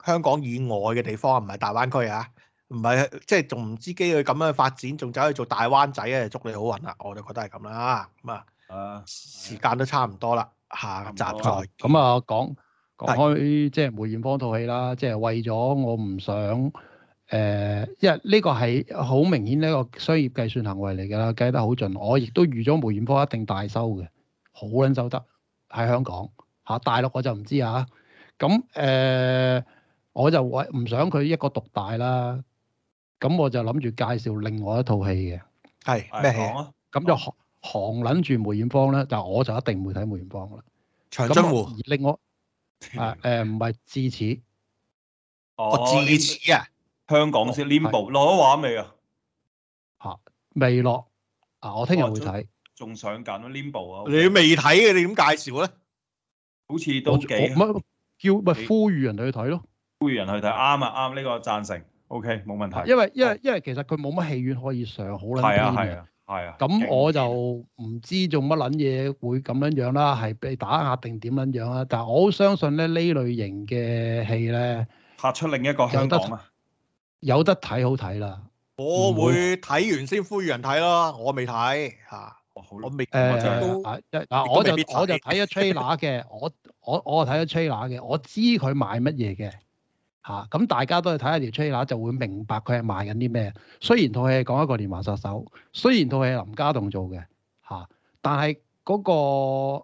香港以外嘅地方，唔係大灣區啊，唔係，即係仲唔知機會咁樣發展，仲走去做大灣仔啊！祝你好運啊。我就覺得係咁啦，啊咁啊，時間都差唔多啦，下集再。咁啊，講講、啊啊、開即係梅艷芳套戲啦，的即係為咗我唔想誒、呃，因為呢個係好明顯呢個商業計算行為嚟噶啦，計得好盡，我亦都預咗梅艷芳一定大收嘅，好捻收得喺香港吓、啊，大陸我就唔知啊。咁誒，我就唔想佢一個獨大啦。咁我就諗住介紹另外一套戲嘅。係咩戲啊？咁就行行諗住梅艷芳咧，但係我就一定唔會睇梅艷芳噶啦。長津湖。令我誒誒唔係智齒。我智齒啊！香港先。Limbo 落咗畫未啊？嚇未落啊！我聽日會睇。仲上緊啊！Limbo 啊！你未睇嘅，你點介紹咧？好似都幾～叫咪呼籲人哋去睇咯，呼籲人去睇，啱啊啱，呢、啊這個贊成，OK 冇問題因。因為因為因為其實佢冇乜戲院可以上，好啦。係啊係啊係啊。咁、啊啊、我就唔知做乜撚嘢會咁樣樣啦，係被打壓定點樣樣啦，但係我好相信咧，呢類型嘅戲咧拍出另一個香港，有得睇好睇啦。會我會睇完先呼籲人睇咯，我未睇吓。啊我未嗱、哎、呀都我就我就睇咗 trailer 嘅，我我我睇咗 trailer 嘅，我知佢賣乜嘢嘅嚇。咁、啊、大家都去睇下條 trailer，就會明白佢係賣緊啲咩。雖然套戲係講一個連環殺手，雖然套戲林家棟做嘅嚇、啊，但係嗰、那個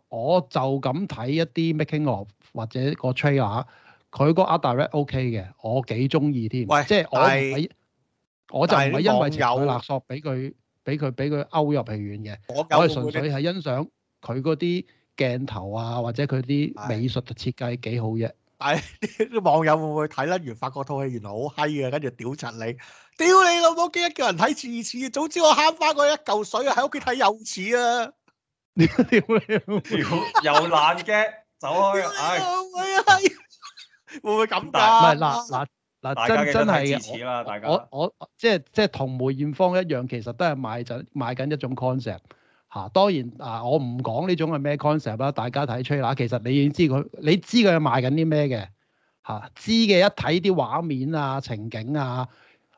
我就咁睇一啲 making of 或者個 trailer，佢個 ad direct O、okay、K 嘅，我幾中意添。喂，即係我是我就唔係因為有勒索俾佢。俾佢俾佢勾入戲院嘅，我係純粹係欣賞佢嗰啲鏡頭啊，或者佢啲美術設計幾好嘅。但係啲網友會唔會睇得完發覺套戲原來好閪嘅，跟住屌柒你，屌你老母！記得叫人睇次次，早知我慳翻個一嚿水喺屋企睇又似啊！屌你 又爛嘅，走開！唉、哎，係 會唔會咁㗎？唔係嗱嗱。嗱，真真係是嘅家，我我即係即係同梅艷芳一樣，其實都係賣緊賣緊一種 concept 嚇、啊。當然嗱、啊，我唔講呢種係咩 concept 啦。大家睇吹喇，其實你已經知佢，你知佢賣緊啲咩嘅嚇。知嘅一睇啲畫面啊、情景啊，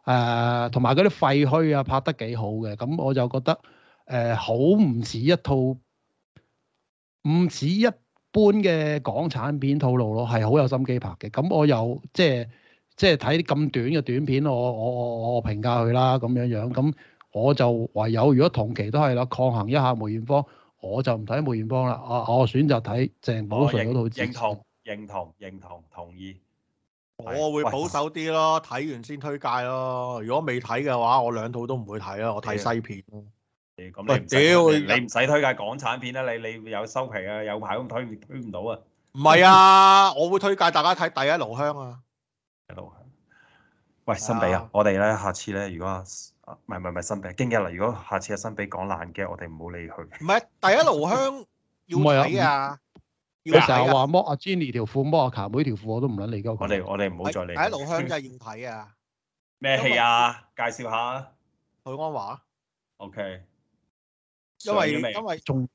誒同埋嗰啲廢墟啊，拍得幾好嘅。咁我就覺得誒，好唔似一套唔似一般嘅港產片套路咯，係好有心機拍嘅。咁我又即係。嗯即係睇啲咁短嘅短片，我我我我評價佢啦咁樣樣，咁我就唯有如果同期都係啦，抗衡一下梅艷芳，我就唔睇梅艷芳啦。啊，我選擇睇鄭寶瑞嗰套。認同，認同，認同，同意。我會保守啲咯，睇完先推介咯。如果未睇嘅話，我兩套都唔會睇啦，我睇西片咯。誒，咁你唔，屌，你唔使推介港產片啦，你你有收皮啊，有排咁推推唔到啊？唔係啊，我會推介大家睇《第一爐香》啊。一路喂新比啊！我哋咧下次咧，如果唔係唔係唔係新比，京一啦，如果下次阿新比講爛嘅，我哋唔好理佢。唔係第一爐香要睇啊！你成日話剝阿 Jenny 條褲，摸阿卡每條褲我都唔捻理。我哋我哋唔好再理。第一爐香真係要睇啊！咩戲啊？介紹下許鞍華。OK，因為因為仲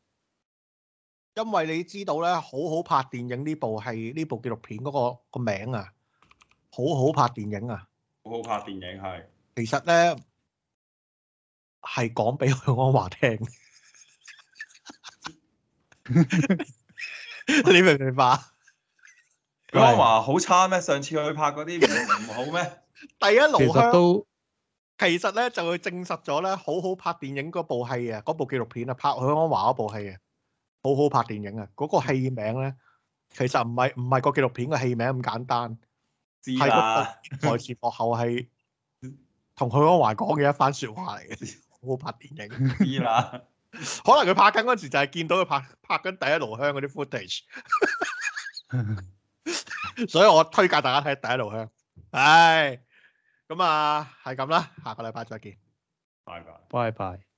因為你知道咧，好好拍電影呢部係呢部紀錄片嗰個個名啊。好好拍電影啊！好好拍電影係，其實咧係講俾許鞍華聽。 你明唔明白？許鞍華好差咩？上次去拍嗰啲唔好咩？ 第一爐香都其實咧就去證實咗咧，好好拍電影嗰部戲啊，嗰部紀錄片啊，拍許鞍華嗰部戲啊，好好拍電影啊，嗰、嗰個戲名咧其實唔係唔係個紀錄片嘅戲名咁簡單。知啦，台前幕後係同許鞍華講嘅一番說話嚟嘅，好拍電影啦，可能佢拍緊嗰時就係見到佢拍拍緊第一爐香嗰啲 footage，所以我推介大家睇第一爐香。唉、哎，咁啊，係咁啦，下個禮拜再見。拜拜，拜拜。